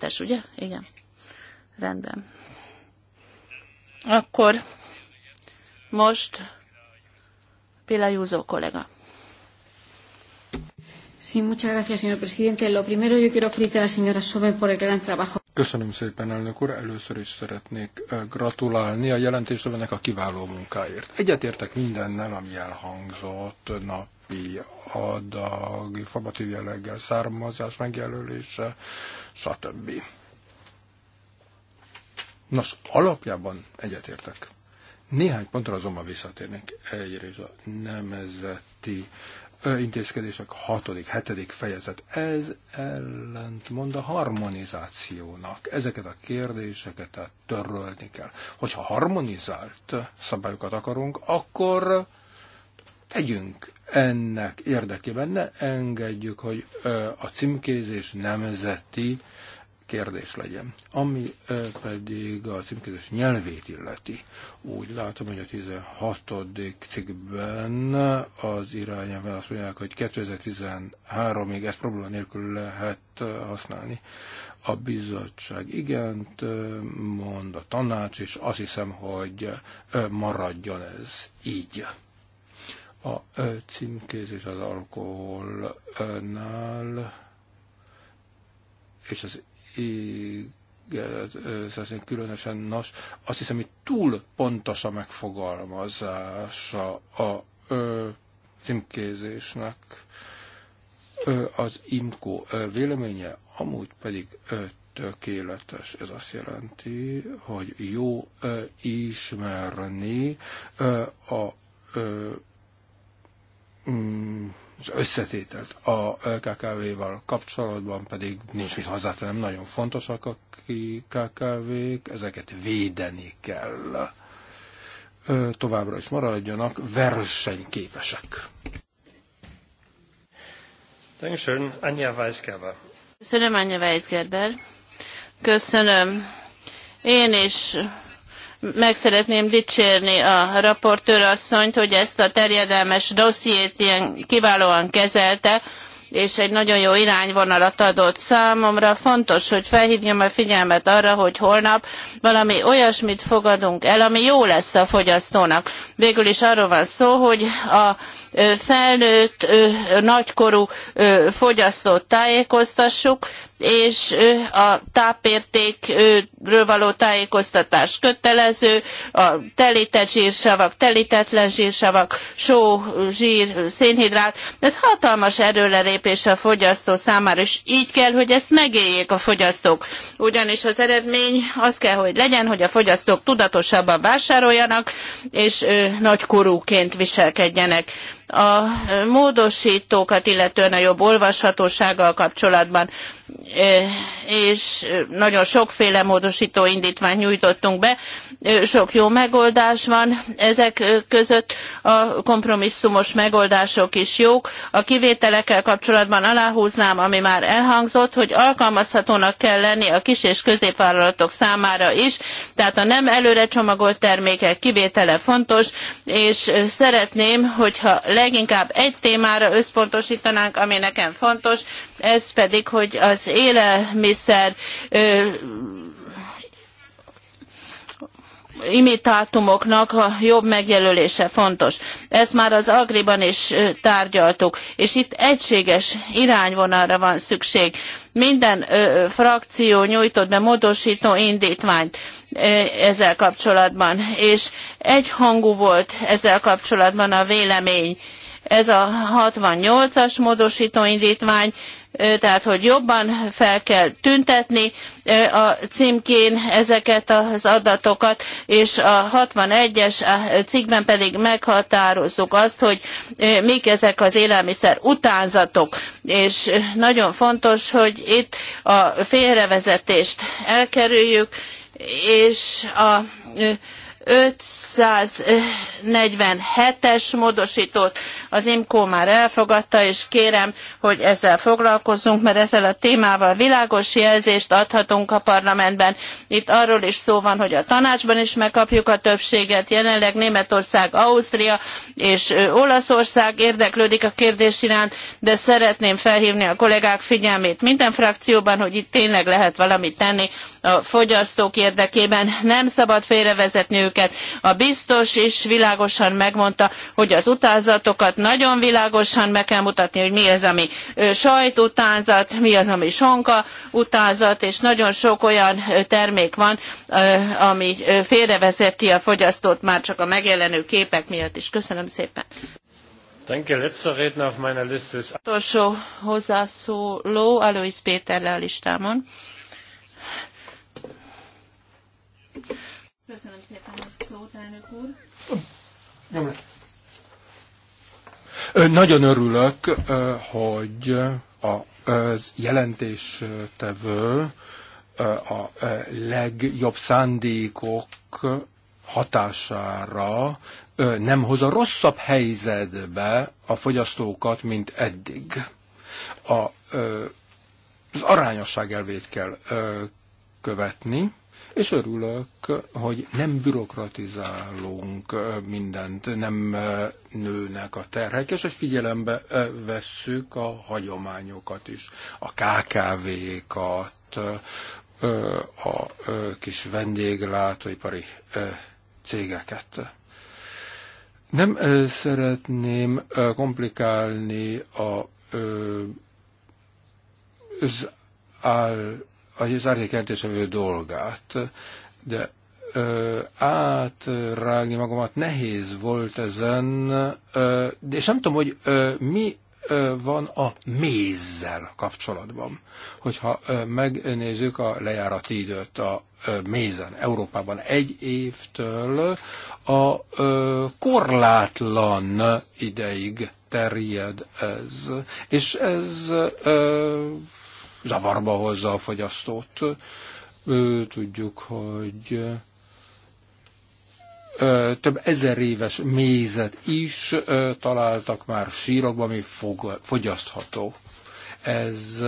es ugye? Igen. Rendben. Akkor most Pila Júzó kollega. Sí, muchas gracias, señor presidente. Lo primero yo quiero felicitar a señora Sobe por el gran trabajo. Köszönöm szépen, elnök úr. Először is szeretnék eh, gratulálni a jelentéstevőnek a kiváló munkáért. Egyetértek mindennel, ami elhangzott napi adag, informatív jelleggel, származás megjelölése, stb. Nos, alapjában egyetértek. Néhány pontra azonban visszatérnek. Egyrészt a nemzeti intézkedések, hatodik, hetedik fejezet. Ez ellentmond a harmonizációnak. Ezeket a kérdéseket törölni kell. Hogyha harmonizált szabályokat akarunk, akkor tegyünk ennek érdekében, ne engedjük, hogy a címkézés nemzeti kérdés legyen. Ami pedig a címkézés nyelvét illeti, úgy látom, hogy a 16. cikkben az irányában azt mondják, hogy 2013-ig ezt probléma nélkül lehet használni. A bizottság igent mond, a tanács, és azt hiszem, hogy maradjon ez így a címkézés az alkoholnál és az ígéret, különösen nos, azt hiszem, hogy túl pontos a megfogalmazása a ö, címkézésnek. Ö, az imkó véleménye amúgy pedig ö, tökéletes. Ez azt jelenti, hogy jó ö, ismerni ö, a ö, mm, az összetételt a KKV-val kapcsolatban pedig nincs mit hozzátenem, nagyon fontosak a KKV-k, ezeket védeni kell. Továbbra is maradjanak versenyképesek. Anja Köszönöm, Anja Weisgerber. Köszönöm. Én is meg szeretném dicsérni a raportőr asszonyt, hogy ezt a terjedelmes dossziét ilyen kiválóan kezelte, és egy nagyon jó irányvonalat adott számomra. Fontos, hogy felhívjam a figyelmet arra, hogy holnap valami olyasmit fogadunk el, ami jó lesz a fogyasztónak. Végül is arról van szó, hogy a felnőtt nagykorú fogyasztót tájékoztassuk, és a tápértékről való tájékoztatás kötelező, a telített zsírsavak, telítetlen zsírsavak, só, zsír, szénhidrát. Ez hatalmas erőlerépés a fogyasztó számára, és így kell, hogy ezt megéljék a fogyasztók. Ugyanis az eredmény az kell, hogy legyen, hogy a fogyasztók tudatosabban vásároljanak, és nagykorúként viselkedjenek a módosítókat, illetően a jobb olvashatósággal kapcsolatban, e, és nagyon sokféle módosító indítványt nyújtottunk be, e, sok jó megoldás van, ezek között a kompromisszumos megoldások is jók. A kivételekkel kapcsolatban aláhúznám, ami már elhangzott, hogy alkalmazhatónak kell lenni a kis és középvállalatok számára is, tehát a nem előre csomagolt termékek kivétele fontos, és szeretném, hogyha le leginkább egy témára összpontosítanánk, ami nekem fontos, ez pedig, hogy az élelmiszer imitátumoknak a jobb megjelölése fontos. Ezt már az Agriban is tárgyaltuk, és itt egységes irányvonalra van szükség. Minden ö, frakció nyújtott be módosító indítványt ö, ezzel kapcsolatban, és egyhangú volt ezzel kapcsolatban a vélemény. Ez a 68-as módosító indítvány, tehát hogy jobban fel kell tüntetni a címkén ezeket az adatokat, és a 61-es cikkben pedig meghatározzuk azt, hogy mik ezek az élelmiszer utánzatok, és nagyon fontos, hogy itt a félrevezetést elkerüljük, és a 547-es módosítót az IMKO már elfogadta, és kérem, hogy ezzel foglalkozzunk, mert ezzel a témával világos jelzést adhatunk a parlamentben. Itt arról is szó van, hogy a tanácsban is megkapjuk a többséget. Jelenleg Németország, Ausztria és Olaszország érdeklődik a kérdés iránt, de szeretném felhívni a kollégák figyelmét minden frakcióban, hogy itt tényleg lehet valamit tenni a fogyasztók érdekében. Nem szabad félrevezetni őket. A biztos is világosan megmondta, hogy az utázatokat nagyon világosan meg kell mutatni, hogy mi az, ami sajtutánzat, mi az, ami sonka utázat, és nagyon sok olyan termék van, ami félrevezeti a fogyasztót már csak a megjelenő képek miatt is. Köszönöm szépen. Danke, letzter Redner auf meiner Liste ist... Utolsó hozzászóló, Alois Péter a listámon. Köszönöm szépen a szót, elnök úr. Nyom le. Nagyon örülök, hogy az jelentéstevő a legjobb szándékok hatására nem hoz a rosszabb helyzetbe a fogyasztókat, mint eddig. A, az arányosság elvét kell követni és örülök, hogy nem bürokratizálunk mindent, nem nőnek a terhek, és hogy figyelembe vesszük a hagyományokat is, a KKV-kat, a kis vendéglátóipari cégeket. Nem szeretném komplikálni a, az áll az árnyékjelentés ő dolgát, de ö, átrágni magamat nehéz volt ezen, ö, és nem tudom, hogy ö, mi ö, van a mézzel kapcsolatban. Hogyha ö, megnézzük a lejárati időt a ö, mézen Európában egy évtől a ö, korlátlan ideig terjed ez. És ez ö, zavarba hozza a fogyasztót. Tudjuk, hogy több ezer éves mézet is találtak már sírokban, ami fogyasztható. Ez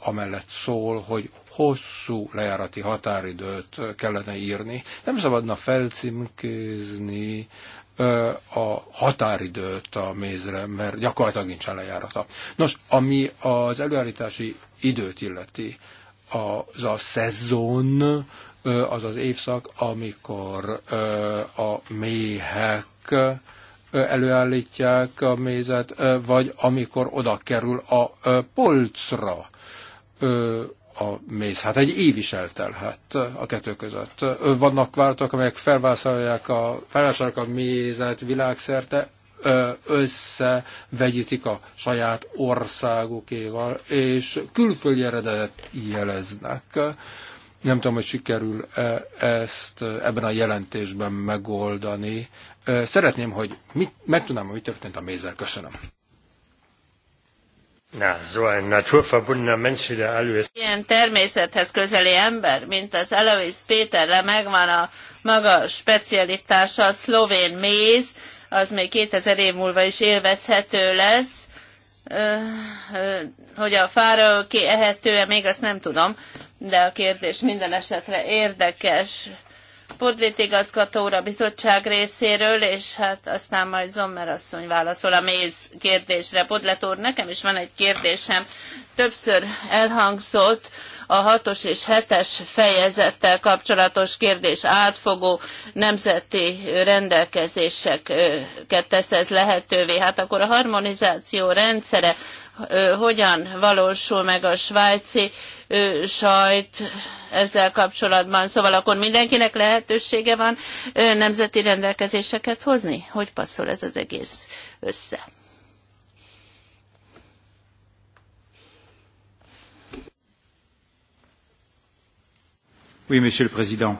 amellett szól, hogy hosszú lejárati határidőt kellene írni. Nem szabadna felcímkézni a határidőt a mézre, mert gyakorlatilag nincsen lejárata. Nos, ami az előállítási időt illeti, az a szezon, az az évszak, amikor a méhek előállítják a mézet, vagy amikor oda kerül a polcra a méz. Hát egy év is eltelhet a kettő között. Vannak váltok, amelyek felvásárolják a, felvásárolják a mézet világszerte, összevegyítik a saját országukéval, és külföldi eredetet jeleznek. Nem tudom, hogy sikerül -e ezt ebben a jelentésben megoldani. Szeretném, hogy mit, megtudnám, hogy mi történt a mézzel. Köszönöm. Na, so ein naturverbundener Mensch wie der Alois. Ilyen természethez közeli ember, mint az Alois Péterre megvan a maga specialitása, a szlovén méz, az még 2000 év múlva is élvezhető lesz. Hogy a fára ki ehető-e, még azt nem tudom, de a kérdés minden esetre érdekes podlétigazgató úr a bizottság részéről, és hát aztán majd Zommer asszony válaszol a méz kérdésre. Podlet úr, nekem is van egy kérdésem. Többször elhangzott a hatos és hetes fejezettel kapcsolatos kérdés átfogó nemzeti rendelkezéseket tesz ez lehetővé. Hát akkor a harmonizáció rendszere hogyan valósul meg a svájci sajt ezzel kapcsolatban. Szóval akkor mindenkinek lehetősége van nemzeti rendelkezéseket hozni? Hogy passzol ez az egész össze? Oui, monsieur le président.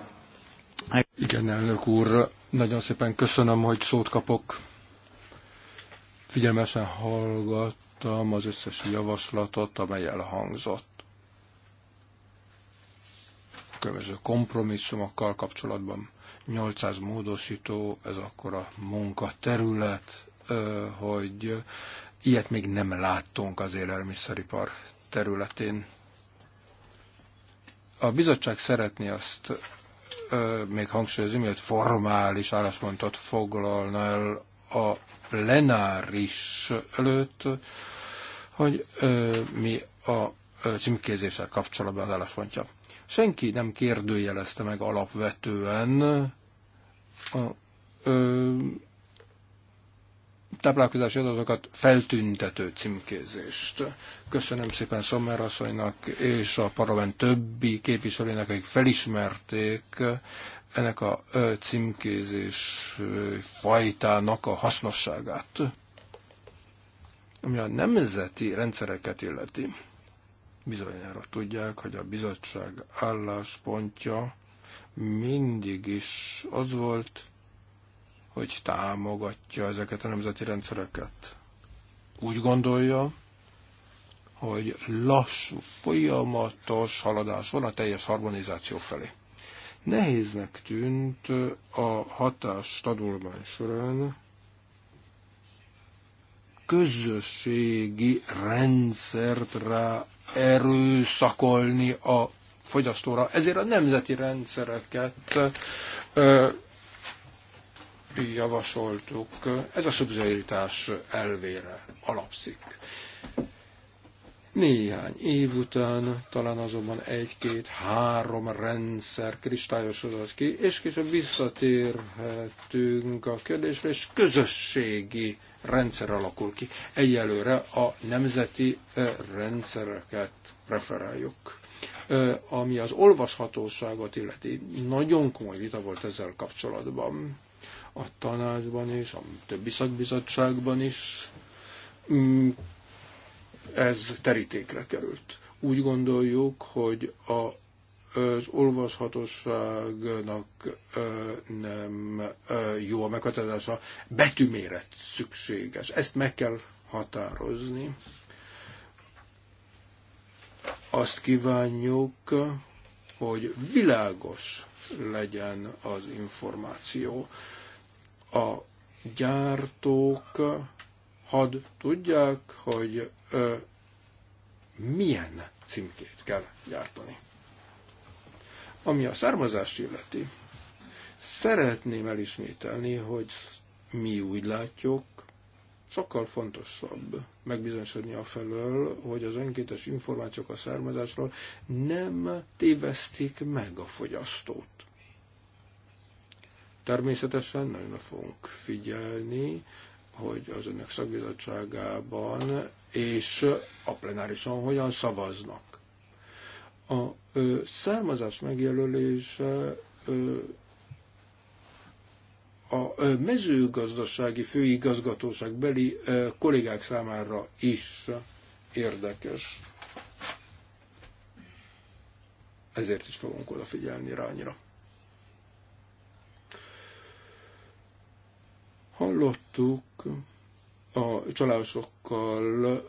Igen, elnök úr, nagyon szépen köszönöm, hogy szót kapok. Figyelmesen hallgat elfogadtam az összes javaslatot, amely elhangzott. következő kompromisszumokkal kapcsolatban 800 módosító, ez akkor a munkaterület, hogy ilyet még nem láttunk az élelmiszeripar területén. A bizottság szeretné azt még hangsúlyozni, hogy formális álláspontot foglalna el a plenáris előtt, hogy ö, mi a címkézéssel kapcsolatban az állásfontja. Senki nem kérdőjelezte meg alapvetően a ö, táplálkozási adatokat feltüntető címkézést. Köszönöm szépen Szomer asszonynak és a parlament többi képviselőnek, akik felismerték ennek a címkézés fajtának a hasznosságát, ami a nemzeti rendszereket illeti. Bizonyára tudják, hogy a bizottság álláspontja mindig is az volt, hogy támogatja ezeket a nemzeti rendszereket. Úgy gondolja, hogy lassú, folyamatos haladás van a teljes harmonizáció felé. Nehéznek tűnt a hatás tanulmány során közösségi rendszert rá erőszakolni a fogyasztóra. Ezért a nemzeti rendszereket ö, javasoltuk. Ez a szubzairitás elvére alapszik. Néhány év után talán azonban egy-két-három rendszer kristályosodott ki, és később visszatérhetünk a kérdésre, és közösségi rendszer alakul ki. Egyelőre a nemzeti eh, rendszereket preferáljuk. Eh, ami az olvashatóságot illeti, nagyon komoly vita volt ezzel kapcsolatban. A tanácsban is, a többi szakbizottságban is mm, ez terítékre került. Úgy gondoljuk, hogy a, az olvashatóságnak nem jó a meghatározása, betűméret szükséges. Ezt meg kell határozni. Azt kívánjuk, hogy világos legyen az információ. A gyártók hadd tudják, hogy ö, milyen címkét kell gyártani. Ami a származást illeti, szeretném elismételni, hogy mi úgy látjuk, sokkal fontosabb megbizonyosodni a felől, hogy az önkéntes információk a származásról nem tévesztik meg a fogyasztót. Természetesen nagyon fogunk figyelni hogy az önök szakbizottságában és a plenárison hogyan szavaznak. A ö, származás megjelölése ö, a mezőgazdasági főigazgatóság beli kollégák számára is érdekes. Ezért is fogunk odafigyelni rá annyira. Hallottuk a csalásokkal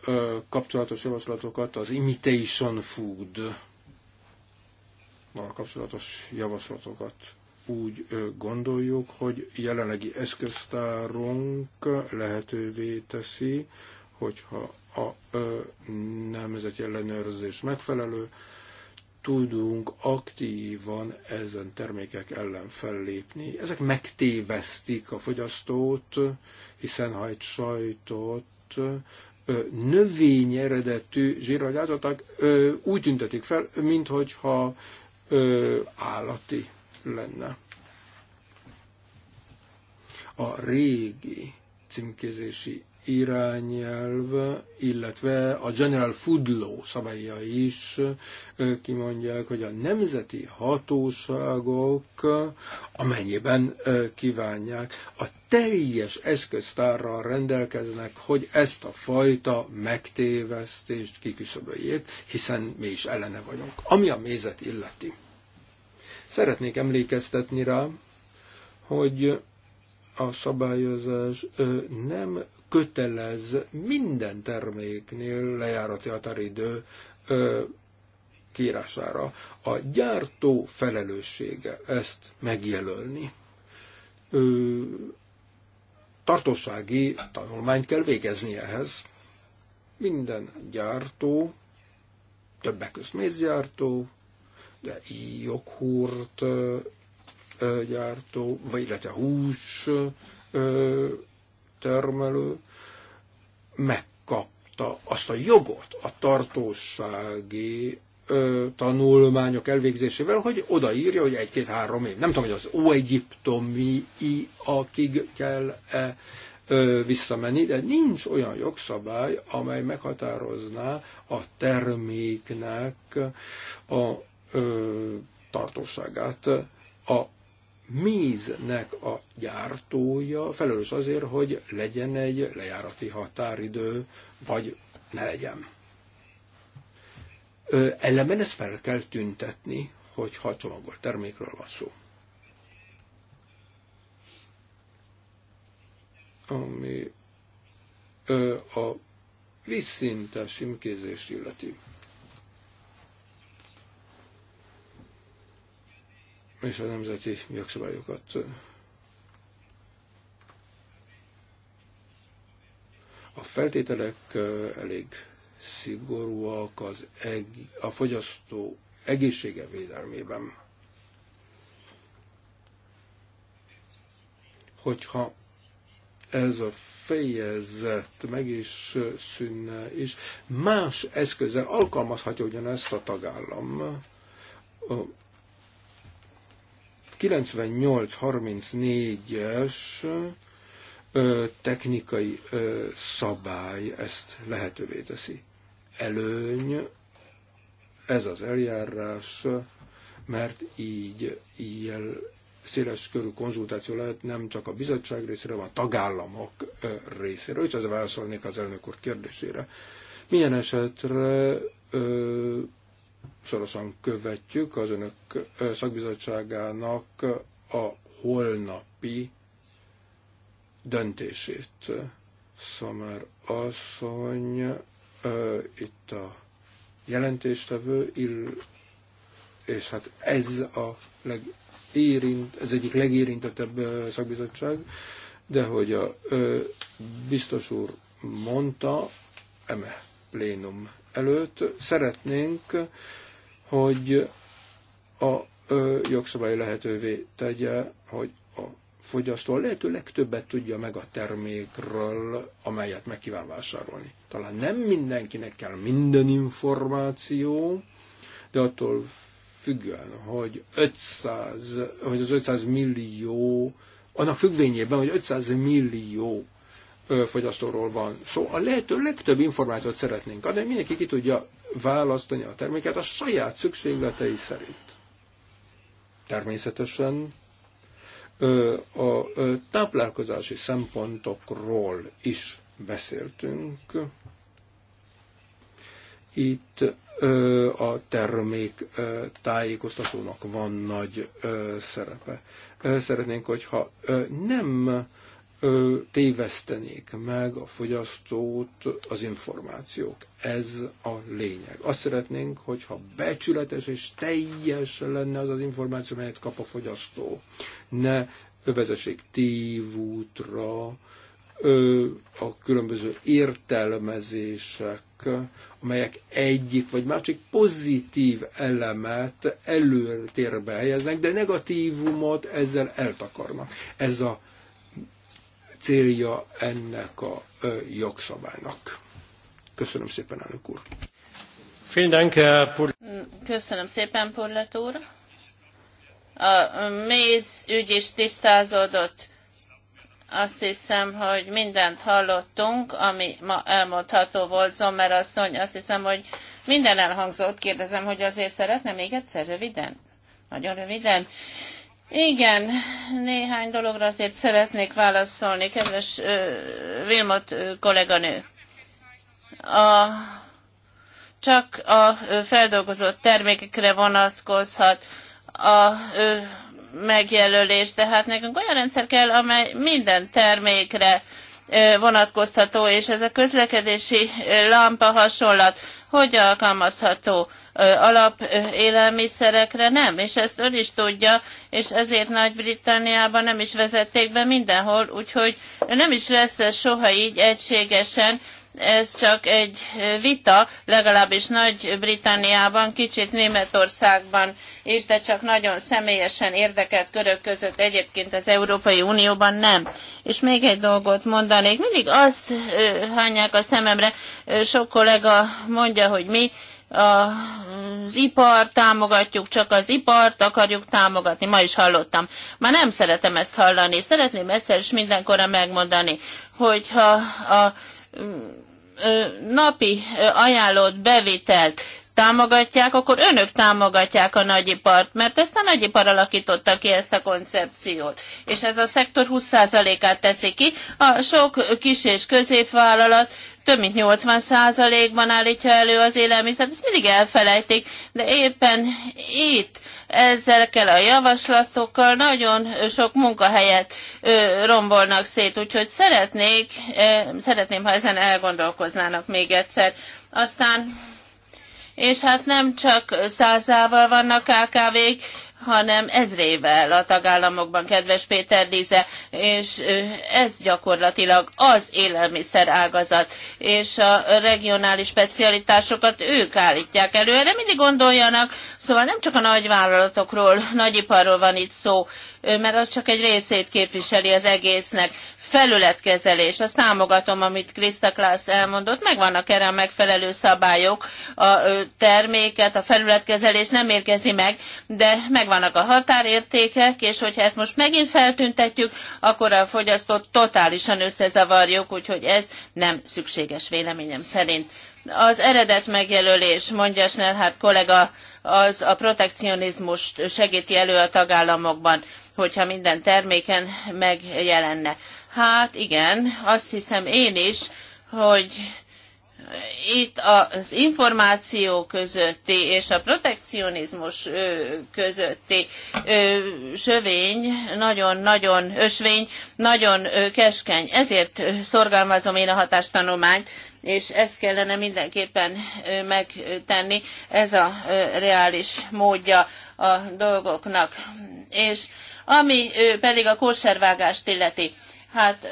kapcsolatos javaslatokat, az imitation food kapcsolatos javaslatokat úgy gondoljuk, hogy jelenlegi eszköztárunk lehetővé teszi, hogyha a nemzeti ellenőrzés megfelelő, tudunk aktívan ezen termékek ellen fellépni. Ezek megtévesztik a fogyasztót, hiszen ha egy sajtot növény eredetű zsírhagyázatok úgy tüntetik fel, minthogyha állati lenne. A régi címkézési irányelv, illetve a General Food Law szabálya is kimondják, hogy a nemzeti hatóságok, amennyiben kívánják, a teljes eszköztárral rendelkeznek, hogy ezt a fajta megtévesztést kiküszöböljék, hiszen mi is ellene vagyunk. Ami a mézet illeti. Szeretnék emlékeztetni rá, hogy a szabályozás nem kötelez minden terméknél lejárati határidő ö, kírására a gyártó felelőssége ezt megjelölni. Ö, tartósági tanulmányt kell végezni ehhez. Minden gyártó, többek között mézgyártó, de joghurt gyártó, vagy illetve hús termelő megkapta azt a jogot a tartósági ö, tanulmányok elvégzésével, hogy odaírja, hogy egy-két-három év. Nem tudom, hogy az óegyiptomi akig kell -e, ö, visszamenni, de nincs olyan jogszabály, amely meghatározná a terméknek a ö, tartóságát a méznek a gyártója felelős azért, hogy legyen egy lejárati határidő, vagy ne legyen. ellenben ezt fel kell tüntetni, hogyha csomagolt termékről van szó. Ami a vízszintes simkézést illeti. és a nemzeti jogszabályokat. A feltételek elég szigorúak az eg- a fogyasztó egészsége védelmében. Hogyha ez a fejezet meg is szűnne, és más eszközzel alkalmazhatja ugyanezt a tagállam 98-34-es technikai ö, szabály ezt lehetővé teszi. Előny ez az eljárás, mert így ilyen széles körű konzultáció lehet nem csak a bizottság részére, hanem a tagállamok részéről, és ezzel válaszolnék az elnök úr kérdésére. Milyen esetre ö, szorosan követjük az önök szakbizottságának a holnapi döntését. Szamár asszony, itt a jelentéstevő, ill, és hát ez a legérint, ez egyik legérintettebb szakbizottság, de hogy a ö, biztos úr mondta, eme plénum előtt szeretnénk, hogy a jogszabály lehetővé tegye, hogy a fogyasztó lehető legtöbbet tudja meg a termékről, amelyet meg kíván vásárolni. Talán nem mindenkinek kell minden információ, de attól függően, hogy 500, hogy az 500 millió, annak függvényében, hogy 500 millió fogyasztóról van szó. Szóval a lehető legtöbb információt szeretnénk adni, hogy mindenki ki tudja választani a terméket a saját szükségletei szerint. Természetesen a táplálkozási szempontokról is beszéltünk. Itt a termék tájékoztatónak van nagy szerepe. Szeretnénk, hogyha nem ö, tévesztenék meg a fogyasztót az információk. Ez a lényeg. Azt szeretnénk, hogyha becsületes és teljes lenne az az információ, melyet kap a fogyasztó. Ne övezessék tévútra, ö, a különböző értelmezések, amelyek egyik vagy másik pozitív elemet előtérbe helyeznek, de negatívumot ezzel eltakarnak. Ez a célja ennek a jogszabálynak. Köszönöm szépen, elnök úr. Köszönöm szépen, Purlet úr. A méz ügy is tisztázódott. Azt hiszem, hogy mindent hallottunk, ami ma elmondható volt Zomer asszony. Azt hiszem, hogy minden elhangzott. Kérdezem, hogy azért szeretne még egyszer röviden? Nagyon röviden. Igen, néhány dologra azért szeretnék válaszolni, kedves Vilmot kolléganő. A, csak a feldolgozott termékekre vonatkozhat a megjelölés, tehát nekünk olyan rendszer kell, amely minden termékre vonatkozható vonatkoztató, és ez a közlekedési lámpa hasonlat hogy alkalmazható alapélelmiszerekre nem, és ezt ön is tudja, és ezért Nagy-Britanniában nem is vezették be mindenhol, úgyhogy nem is lesz ez soha így egységesen, ez csak egy vita, legalábbis Nagy-Britanniában, kicsit Németországban is, de csak nagyon személyesen érdekelt körök között egyébként az Európai Unióban nem. És még egy dolgot mondanék, mindig azt hányják a szememre, sok kollega mondja, hogy mi az ipar támogatjuk, csak az ipart akarjuk támogatni. Ma is hallottam. Már nem szeretem ezt hallani. Szeretném egyszer is mindenkorra megmondani, hogyha a napi ajánlott bevitelt támogatják, akkor önök támogatják a nagyipart, mert ezt a nagyipar alakította ki ezt a koncepciót. És ez a szektor 20%-át teszi ki. A sok kis és középvállalat több mint 80%-ban állítja elő az élelmiszert, ezt mindig elfelejtik, de éppen itt ezekkel a javaslatokkal nagyon sok munkahelyet rombolnak szét, úgyhogy szeretnék, szeretném, ha ezen elgondolkoznának még egyszer. Aztán és hát nem csak százával vannak KKV-k, hanem ezrével a tagállamokban, kedves Péter Lize, és ez gyakorlatilag az élelmiszer ágazat, és a regionális specialitásokat ők állítják elő. Erre mindig gondoljanak, szóval nem csak a nagyvállalatokról, nagyiparról van itt szó, mert az csak egy részét képviseli az egésznek felületkezelés. Azt támogatom, amit Krista Klász elmondott, megvannak erre a megfelelő szabályok. A terméket, a felületkezelés nem érkezi meg, de megvannak a határértékek, és hogyha ezt most megint feltüntetjük, akkor a fogyasztót totálisan összezavarjuk, úgyhogy ez nem szükséges véleményem szerint. Az eredet megjelölés, mondja Snellhardt kollega, az a protekcionizmust segíti elő a tagállamokban, hogyha minden terméken megjelenne. Hát igen, azt hiszem én is, hogy itt az információ közötti és a protekcionizmus közötti sövény, nagyon-nagyon ösvény, nagyon keskeny. Ezért szorgalmazom én a hatástanulmányt, és ezt kellene mindenképpen megtenni. Ez a reális módja a dolgoknak. És ami pedig a kóservágást illeti hát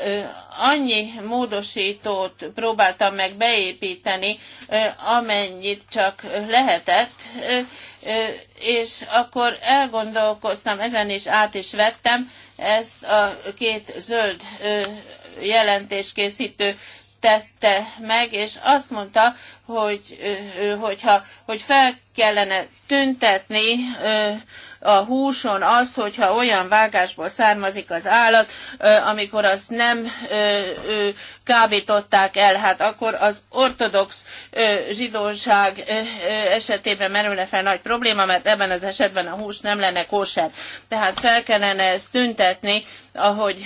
annyi módosítót próbáltam meg beépíteni, amennyit csak lehetett, és akkor elgondolkoztam ezen, és át is vettem ezt a két zöld jelentéskészítő tette meg, és azt mondta, hogy, hogyha, hogy fel kellene tüntetni a húson azt, hogyha olyan vágásból származik az állat, amikor azt nem kábították el, hát akkor az ortodox zsidóság esetében merülne fel nagy probléma, mert ebben az esetben a hús nem lenne kóser. Tehát fel kellene ezt tüntetni, ahogy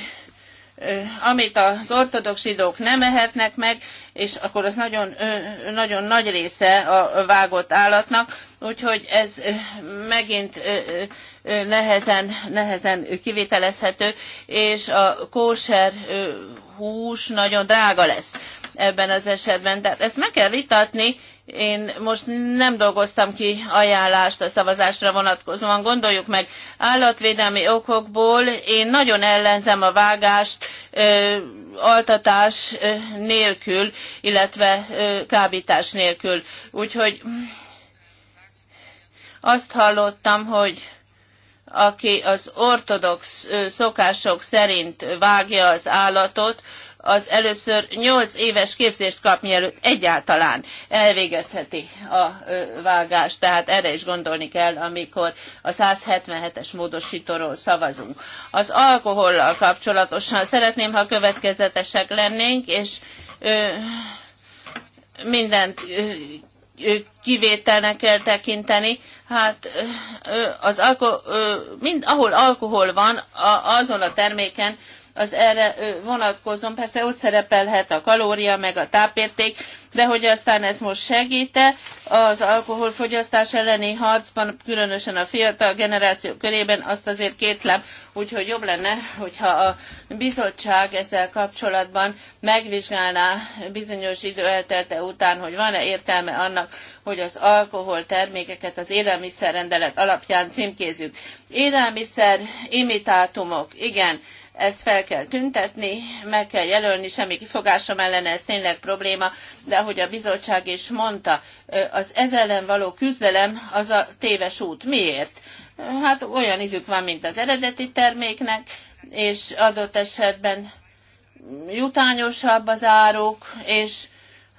amit az ortodox zsidók nem ehetnek meg, és akkor az nagyon, nagyon nagy része a vágott állatnak, úgyhogy ez megint nehezen, nehezen kivitelezhető, és a kóser hús nagyon drága lesz ebben az esetben. Tehát ezt meg kell vitatni, én most nem dolgoztam ki ajánlást a szavazásra vonatkozóan. Gondoljuk meg, állatvédelmi okokból én nagyon ellenzem a vágást ö, altatás nélkül, illetve ö, kábítás nélkül. Úgyhogy azt hallottam, hogy aki az ortodox szokások szerint vágja az állatot, az először 8 éves képzést kap, mielőtt egyáltalán elvégezheti a vágást. Tehát erre is gondolni kell, amikor a 177-es módosítóról szavazunk. Az alkohollal kapcsolatosan szeretném, ha következetesek lennénk, és ö, mindent kivételnek kell tekinteni. Hát az alko- mind, ahol alkohol van, azon a terméken az erre vonatkozom, persze ott szerepelhet a kalória, meg a tápérték, de hogy aztán ez most segíte az alkoholfogyasztás elleni harcban, különösen a fiatal generáció körében, azt azért kétlem, úgyhogy jobb lenne, hogyha a bizottság ezzel kapcsolatban megvizsgálná bizonyos idő eltelte után, hogy van-e értelme annak, hogy az alkohol termékeket az élelmiszerrendelet alapján címkézzük. Élelmiszer imitátumok, igen, ezt fel kell tüntetni, meg kell jelölni, semmi kifogásom ellene, ez tényleg probléma, de ahogy a bizottság is mondta, az ez ellen való küzdelem az a téves út. Miért? Hát olyan ízük van, mint az eredeti terméknek, és adott esetben jutányosabb az áruk, és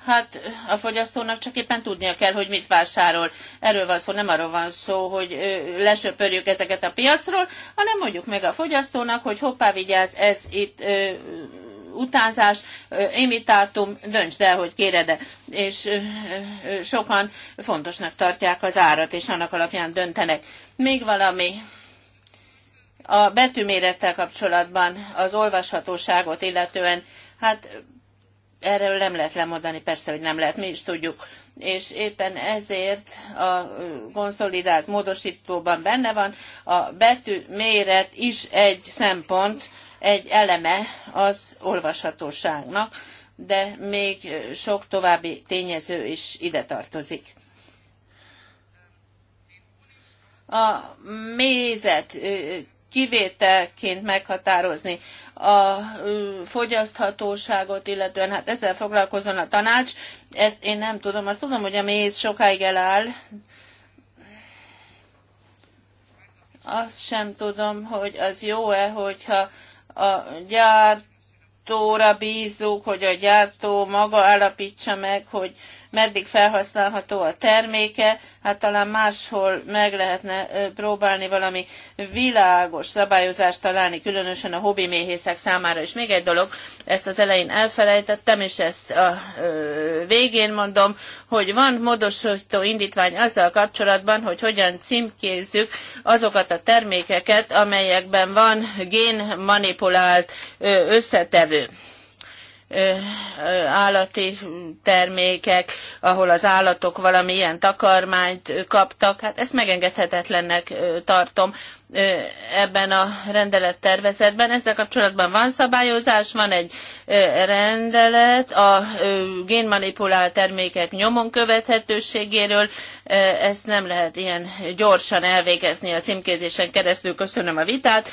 Hát a fogyasztónak csak éppen tudnia kell, hogy mit vásárol. Erről van szó, nem arról van szó, hogy lesöpörjük ezeket a piacról, hanem mondjuk meg a fogyasztónak, hogy hoppá, vigyázz, ez itt ö, utánzás, imitátum, döntsd el, hogy kéred-e. És sokan fontosnak tartják az árat, és annak alapján döntenek. Még valami a betűmérettel kapcsolatban az olvashatóságot illetően, hát erről nem lehet lemondani, persze, hogy nem lehet, mi is tudjuk. És éppen ezért a konszolidált módosítóban benne van, a betű méret is egy szempont, egy eleme az olvashatóságnak, de még sok további tényező is ide tartozik. A mézet kivételként meghatározni a fogyaszthatóságot, illetően hát ezzel foglalkozon a tanács. Ezt én nem tudom, azt tudom, hogy a méz sokáig eláll. Azt sem tudom, hogy az jó-e, hogyha a gyártóra bízzuk, hogy a gyártó maga állapítsa meg, hogy meddig felhasználható a terméke, hát talán máshol meg lehetne próbálni valami világos szabályozást találni, különösen a hobbi méhészek számára. És még egy dolog, ezt az elején elfelejtettem, és ezt a végén mondom, hogy van módosító indítvány azzal kapcsolatban, hogy hogyan címkézzük azokat a termékeket, amelyekben van génmanipulált összetevő állati termékek, ahol az állatok valamilyen takarmányt kaptak, hát ezt megengedhetetlennek tartom ebben a rendelettervezetben. Ezzel kapcsolatban van szabályozás, van egy rendelet a génmanipulált termékek nyomon követhetőségéről. Ezt nem lehet ilyen gyorsan elvégezni a címkézésen keresztül. Köszönöm a vitát,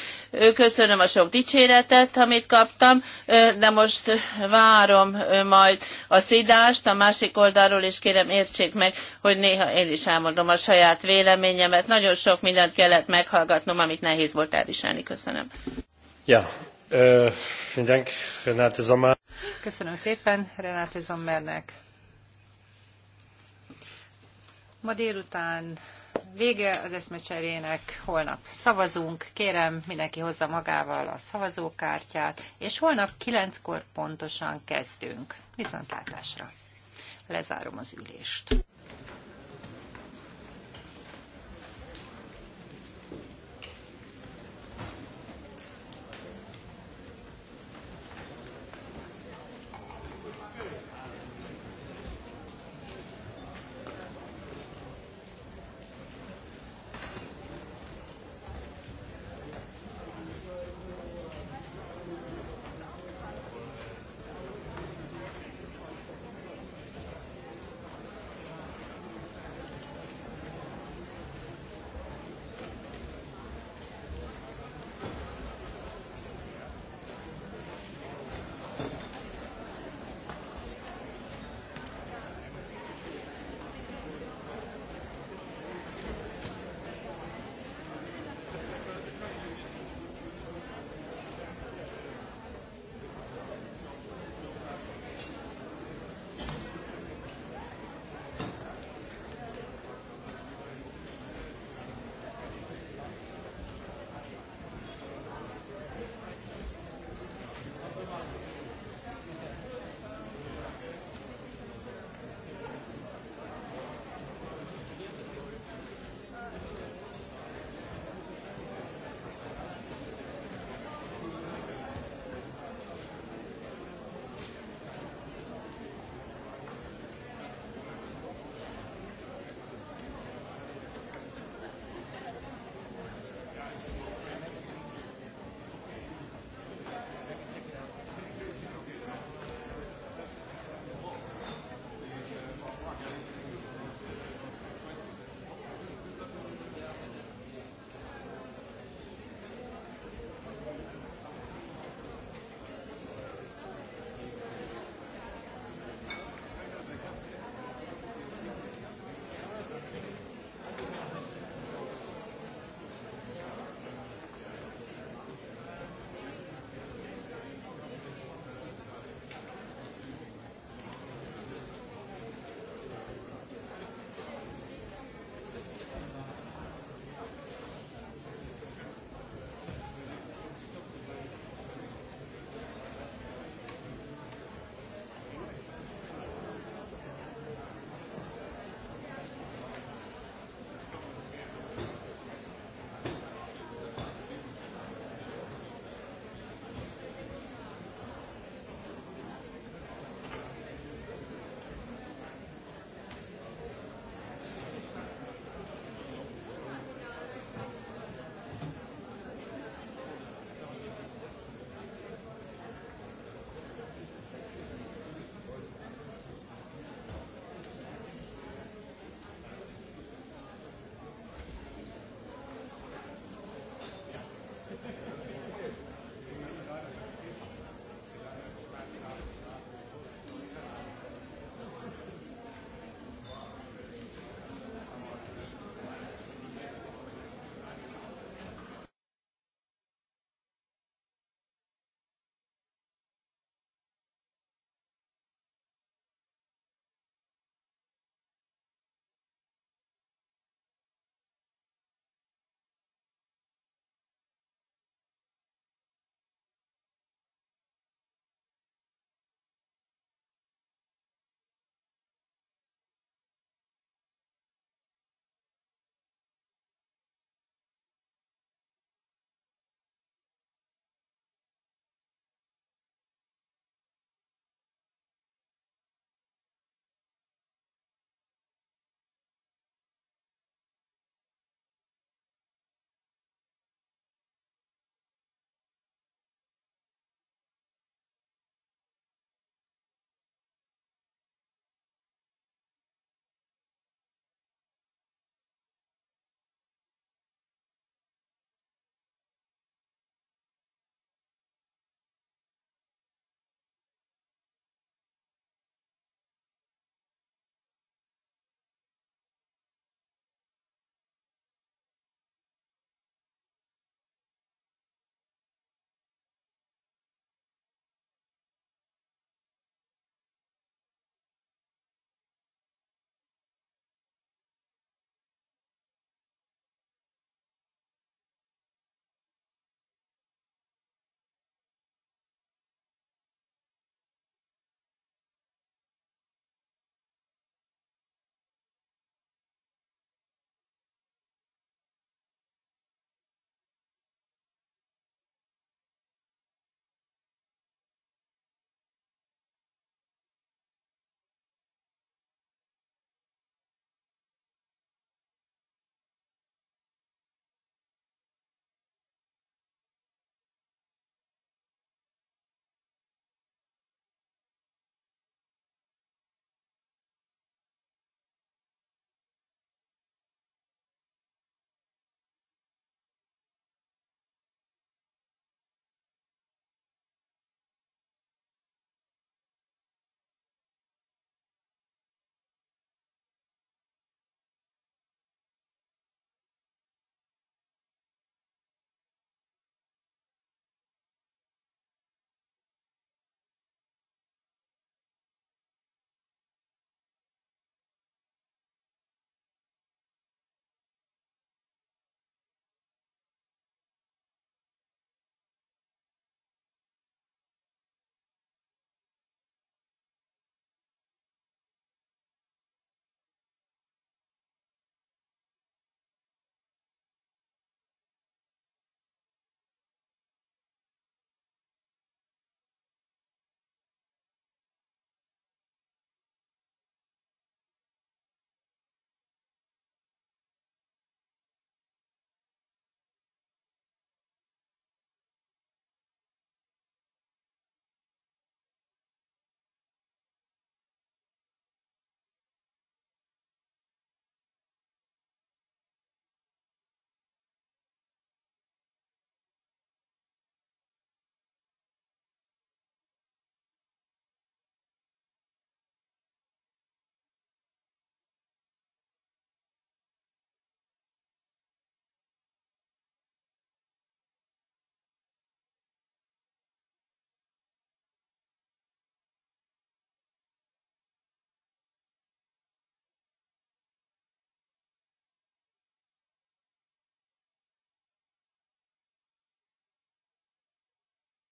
köszönöm a sok dicséretet, amit kaptam, de most várom majd a szidást a másik oldalról, és kérem értsék meg, hogy néha én is elmondom a saját véleményemet. Nagyon sok mindent kellett meghallgatni bemutatnom, amit nehéz volt elviselni. Köszönöm. Ja, Renate Köszönöm szépen Renate Zommernek. Ma délután vége az eszmecserének, holnap szavazunk, kérem mindenki hozza magával a szavazókártyát, és holnap kilenckor pontosan kezdünk. Viszontlátásra! Lezárom az ülést.